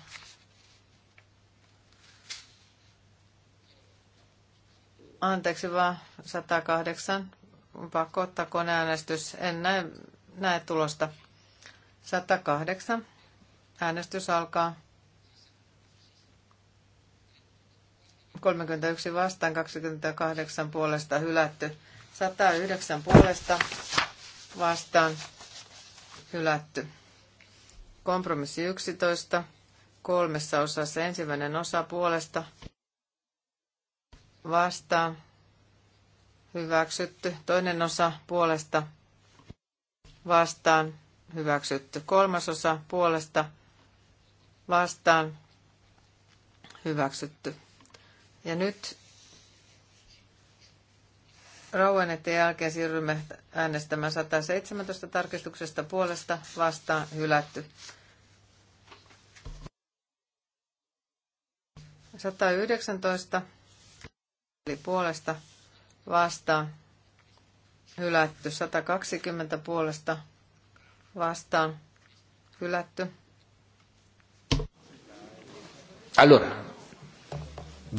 anteeksi vaan 108 Pakko ottaa koneäänestys. En näe, näe tulosta. 108. Äänestys alkaa. 31 vastaan, 28 puolesta hylätty. 109 puolesta vastaan hylätty. Kompromissi 11. Kolmessa osassa ensimmäinen osa puolesta vastaan hyväksytty. Toinen osa puolesta vastaan hyväksytty. Kolmas osa puolesta vastaan hyväksytty. Ja nyt rauennettiin jälkeen siirrymme äänestämään 117 tarkistuksesta puolesta vastaan hylätty. 119 eli puolesta vastaan hylätty. 120 puolesta vastaan hylätty. Allora,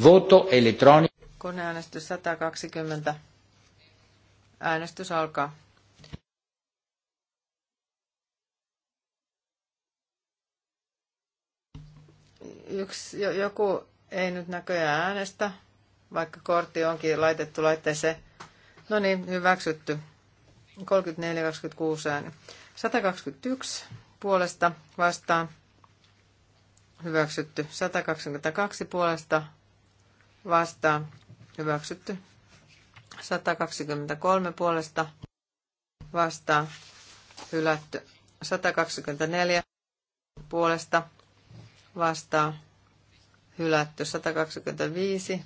voto elettronico. Koneäänestys 120. Äänestys alkaa. Yksi, joku ei nyt näköjään äänestä vaikka kortti onkin laitettu laitteeseen. No niin, hyväksytty. 34-26 ääni. 121 puolesta vastaan. Hyväksytty. 122 puolesta vastaan. Hyväksytty. 123 puolesta vastaan. Hylätty. 124 puolesta vastaan. Hylätty. 125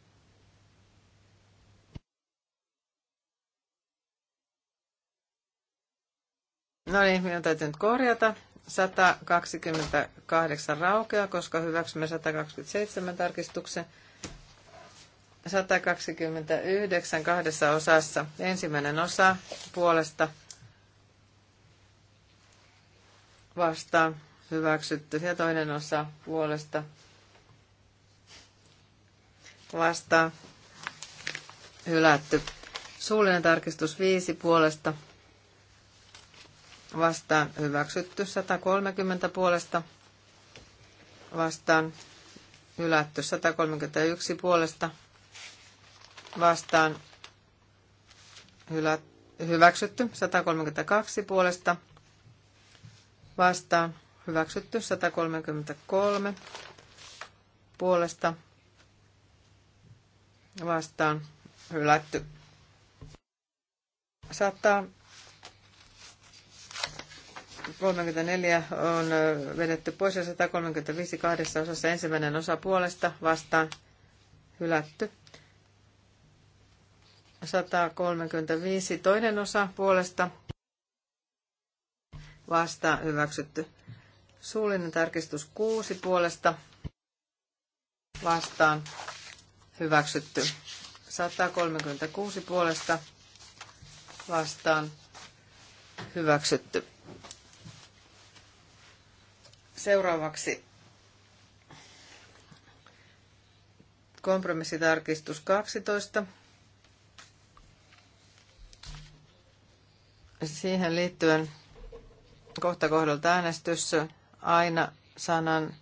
No niin, minun täytyy nyt korjata. 128 raukea, koska hyväksymme 127 tarkistuksen. 129 kahdessa osassa. Ensimmäinen osa puolesta vastaan hyväksytty ja toinen osa puolesta vastaan hylätty. Suullinen tarkistus 5 puolesta vastaan hyväksytty 130 puolesta vastaan hylätty 131 puolesta vastaan hylä, hyväksytty 132 puolesta vastaan hyväksytty 133 puolesta vastaan hylätty 100 134 on vedetty pois ja 135 kahdessa osassa ensimmäinen osa puolesta vastaan hylätty. 135 toinen osa puolesta vastaan hyväksytty. Suullinen tarkistus 6 puolesta vastaan hyväksytty. 136 puolesta vastaan hyväksytty. Seuraavaksi kompromissitarkistus 12. Siihen liittyen kohta kohdalta äänestys aina sanan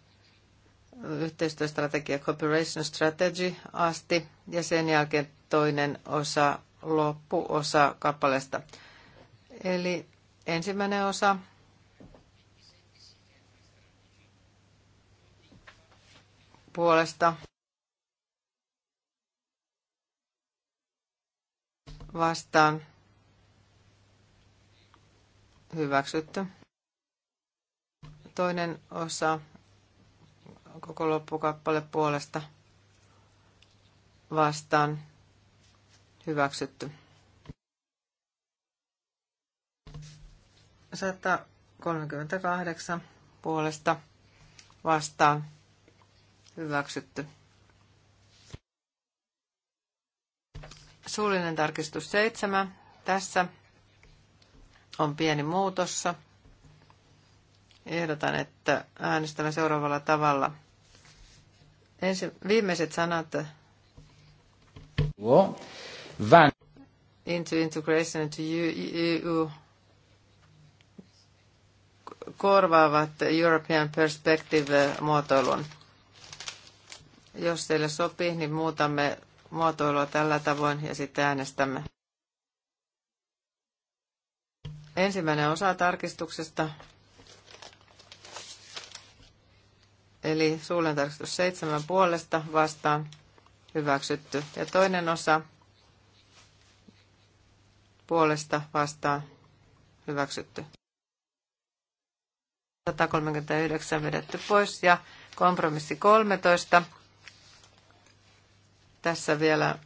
yhteistyöstrategia Cooperation Strategy asti ja sen jälkeen toinen osa loppuosa kappaleesta. Eli ensimmäinen osa puolesta vastaan hyväksytty. Toinen osa koko loppukappale puolesta vastaan hyväksytty. 138 puolesta vastaan Hyväksytty. Suullinen tarkistus 7. Tässä on pieni muutossa. Ehdotan, että äänestämme seuraavalla tavalla. Ensi, viimeiset sanat. Van. Into integration into EU korvaavat European Perspective-muotoilun. Jos teille sopii, niin muutamme muotoilua tällä tavoin ja sitten äänestämme. Ensimmäinen osa tarkistuksesta, eli suullinen tarkistus seitsemän puolesta vastaan hyväksytty. Ja toinen osa puolesta vastaan hyväksytty. 139 vedetty pois ja kompromissi 13 tässä vielä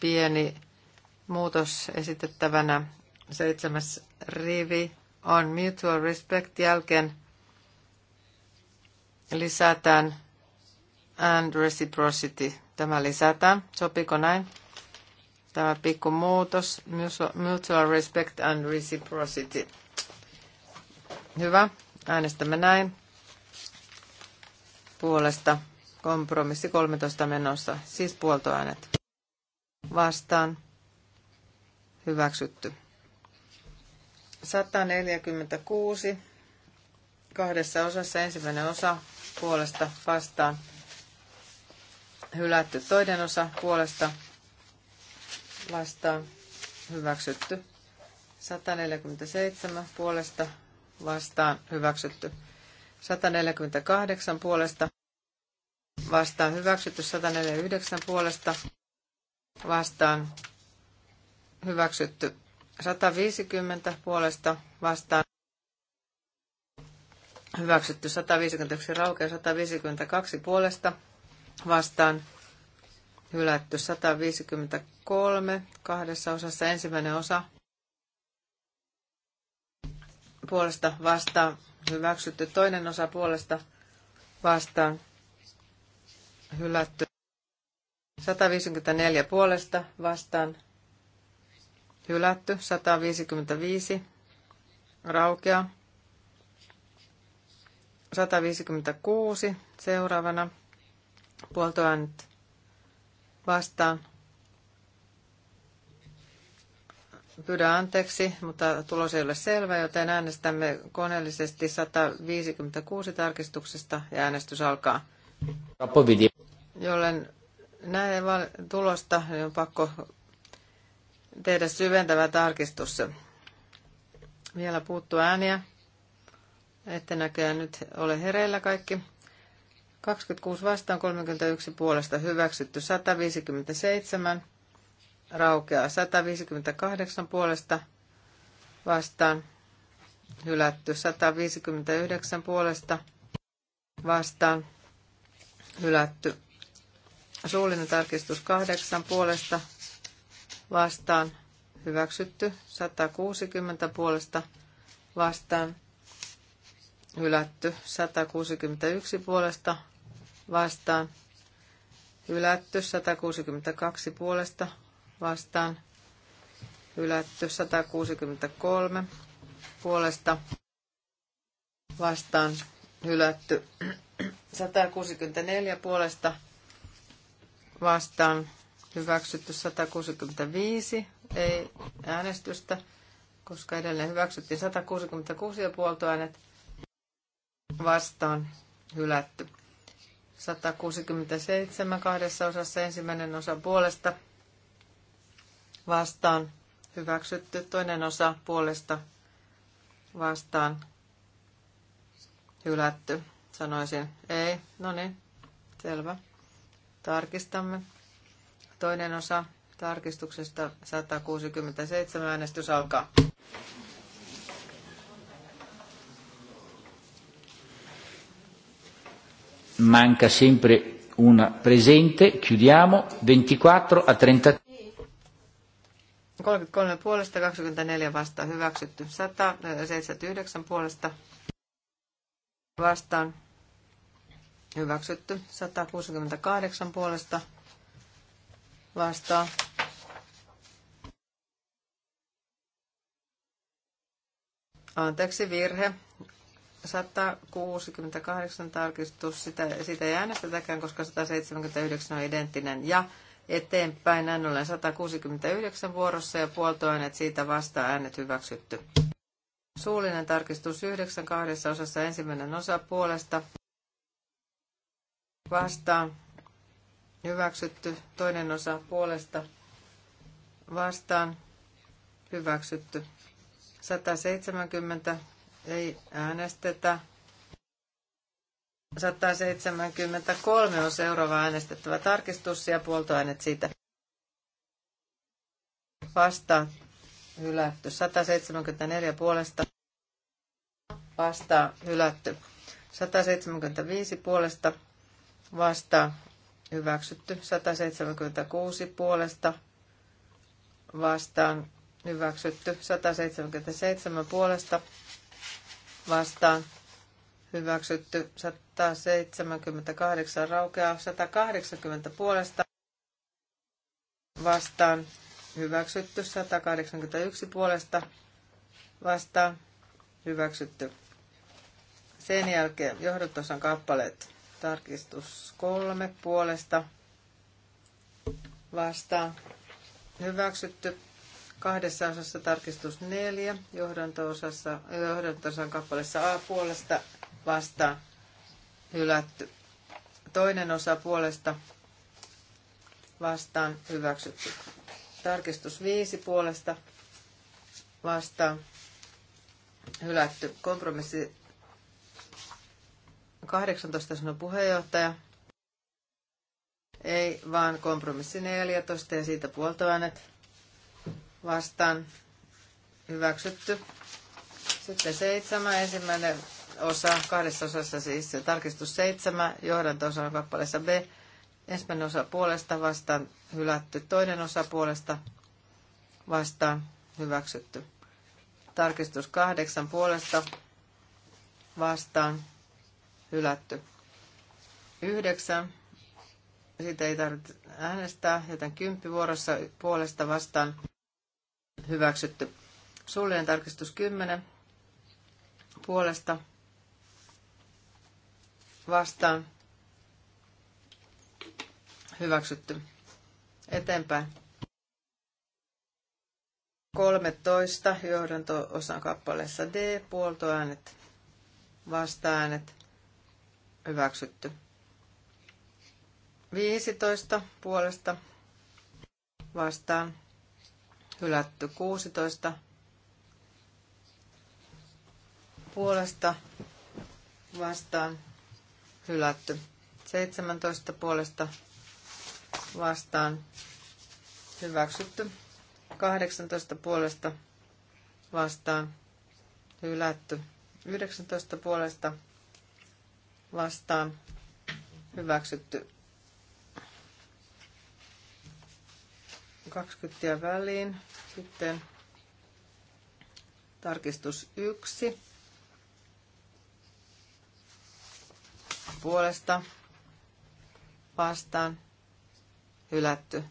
pieni muutos esitettävänä. Seitsemäs rivi on mutual respect jälkeen lisätään and reciprocity. Tämä lisätään. Sopiko näin? Tämä pikku muutos. Mutual respect and reciprocity. Hyvä. Äänestämme näin. Puolesta Kompromissi 13 menossa, siis puoltoäänet. Vastaan. Hyväksytty. 146. Kahdessa osassa ensimmäinen osa puolesta vastaan. Hylätty toinen osa puolesta vastaan. Hyväksytty. 147 puolesta vastaan hyväksytty. 148 puolesta vastaan hyväksytty 149 puolesta vastaan hyväksytty 150 puolesta vastaan hyväksytty 151 raukea 152 puolesta vastaan hylätty 153 kahdessa osassa ensimmäinen osa puolesta vastaan hyväksytty toinen osa puolesta vastaan hylätty. 154 puolesta vastaan hylätty. 155 raukea. 156 seuraavana puoltoäänet vastaan. Pyydän anteeksi, mutta tulos ei ole selvä, joten äänestämme koneellisesti 156 tarkistuksesta ja äänestys alkaa. Rapovidi. Jollen näin tulosta, niin on pakko tehdä syventävä tarkistus. Vielä puuttuu ääniä. Ette näköjään nyt ole hereillä kaikki. 26 vastaan, 31 puolesta hyväksytty, 157 raukeaa, 158 puolesta vastaan hylätty, 159 puolesta vastaan hylätty, Suullinen tarkistus kahdeksan puolesta vastaan hyväksytty. 160 puolesta vastaan hylätty. 161 puolesta vastaan hylätty. 162 puolesta vastaan hylätty. 163 puolesta vastaan hylätty. 164 puolesta vastaan hyväksytty 165, ei äänestystä, koska edelleen hyväksyttiin 166 ja puoltoäänet vastaan hylätty. 167 kahdessa osassa ensimmäinen osa puolesta vastaan hyväksytty, toinen osa puolesta vastaan hylätty. Sanoisin ei, no niin, selvä. Tarkistamme. Toinen osa tarkistuksesta 167 äänestys alkaa. Manca sempre una presente, chiudiamo 24 a 30. 33 puolesta, 24 vastaan hyväksytty. 179 eh, puolesta vastaan Hyväksytty. 168 puolesta vastaan. Anteeksi virhe. 168 tarkistus, sitä, sitä ei äänestetäkään, koska 179 on identtinen. Ja eteenpäin näin ollen 169 vuorossa ja puoltoäänet siitä vastaa äänet hyväksytty. Suullinen tarkistus 9 kahdessa osassa ensimmäinen osa puolesta vastaan hyväksytty, toinen osa puolesta vastaan hyväksytty. 170 ei äänestetä. 173 on seuraava äänestettävä tarkistus ja puoltoäänet siitä vastaan hylätty. 174 puolesta vastaan hylätty. 175 puolesta vasta hyväksytty. 176 puolesta vastaan hyväksytty. 177 puolesta vastaan hyväksytty. 178 raukeaa. 180 puolesta vastaan hyväksytty. 181 puolesta vastaan hyväksytty. Sen jälkeen johdotosan kappaleet Tarkistus kolme puolesta vastaan. Hyväksytty. Kahdessa osassa tarkistus neljä. Johdanto-osassa, johdanto kappaleessa A puolesta vastaan. Hylätty. Toinen osa puolesta vastaan. Hyväksytty. Tarkistus viisi puolesta vastaan. Hylätty. Kompromissi 18 sanoi puheenjohtaja. Ei, vaan kompromissi 14 ja siitä äänet vastaan hyväksytty. Sitten seitsemän ensimmäinen osa, kahdessa osassa siis tarkistus seitsemän, johdanto on kappaleessa B. Ensimmäinen osa puolesta vastaan hylätty, toinen osa puolesta vastaan hyväksytty. Tarkistus kahdeksan puolesta vastaan hylätty. Yhdeksän. Sitä ei tarvitse äänestää, joten kymppivuorossa puolesta vastaan hyväksytty. Suullinen tarkistus 10 puolesta vastaan hyväksytty. Eteenpäin. 13 johdanto-osan kappaleessa D, puoltoäänet, vastaäänet, Hyväksytty. 15 puolesta vastaan. Hylätty 16 puolesta vastaan. Hylätty 17 puolesta vastaan. Hyväksytty 18 puolesta vastaan. Hylätty 19 puolesta vastaan vastaan hyväksytty 20 väliin. Sitten tarkistus 1 puolesta vastaan hylätty.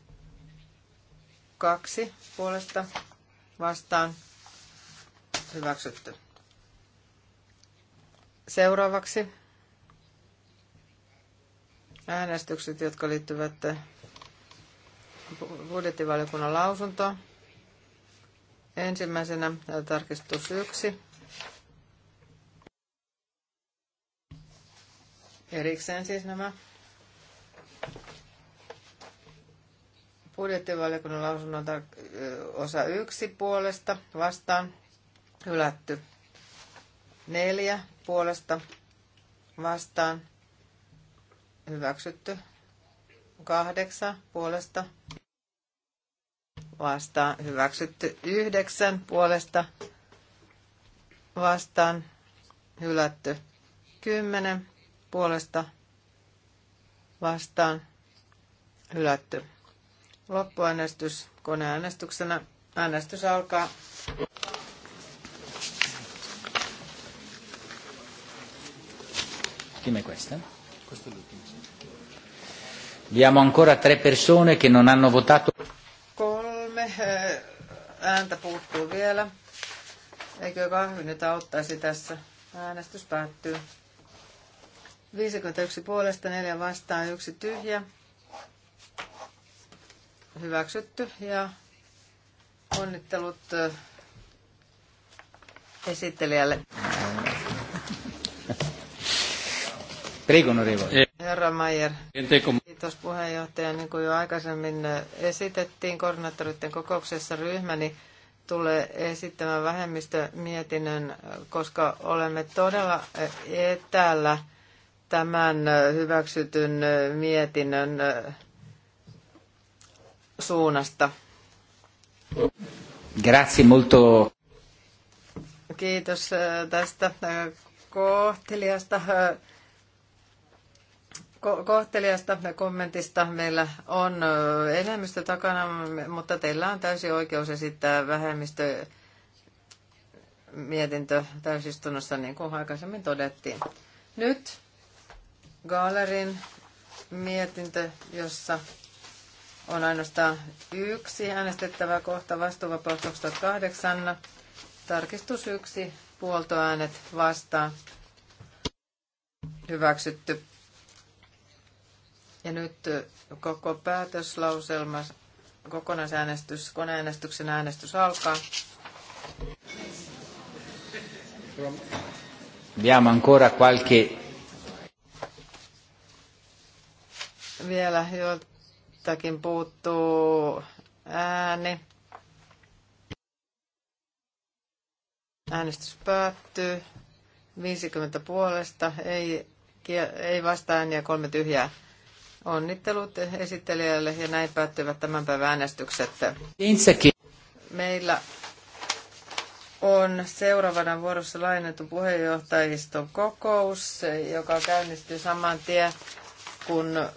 Kaksi puolesta vastaan hyväksytty. Seuraavaksi äänestykset, jotka liittyvät eh, budjettivaliokunnan lausuntoon. Ensimmäisenä eh, tarkistus 1. Erikseen siis nämä budjettivaliokunnan lausunnon eh, osa 1 puolesta vastaan hylätty. Neljä puolesta vastaan hyväksytty. Kahdeksan puolesta vastaan hyväksytty. Yhdeksän puolesta vastaan hylätty. Kymmenen puolesta vastaan hylätty. Loppuäänestys koneäänestyksenä. Äänestys alkaa. Chi è questa? Questo è l'ultimo, Abbiamo ancora tre persone che non hanno votato. Kolme eh, ääntä puuttuu vielä. Eikö kahvi nyt auttaisi tässä? Äänestys päättyy. 51 puolesta, 4 vastaan, yksi tyhjä. Hyväksytty ja onnittelut eh, esittelijälle. Prego, onorevole. Eh. Herra Mayer. Kiitos puheenjohtaja. Niin kuin jo aikaisemmin eh, esitettiin koordinaattoreiden kokouksessa, ryhmäni tulee esittämään vähemmistömietinnön, koska olemme todella eh, etäällä tämän hyväksytyn mietinnön suunnasta. Grazie molto. Kiitos tästä kohteliasta kohteliasta kommentista. Meillä on enemmistö takana, mutta teillä on täysi oikeus esittää vähemmistö mietintö täysistunnossa, niin kuin aikaisemmin todettiin. Nyt Gaalerin mietintö, jossa on ainoastaan yksi äänestettävä kohta vastuuvapaus 2008. Tarkistus yksi, puoltoäänet vastaan. Hyväksytty. Ja nyt koko päätöslauselma, kokonaisäänestys, koneäänestyksen äänestys alkaa. Diamo ancora qualche... Vielä joltakin puuttuu ääni. Äänestys päättyy. 50 puolesta, ei, ei vastaan ja kolme tyhjää. Onnittelut esittelijälle ja näin päättyvät tämän päivän äänestykset. Itsekin. Meillä on seuraavana vuorossa lainattu puheenjohtajiston kokous, joka käynnistyy saman tien, kun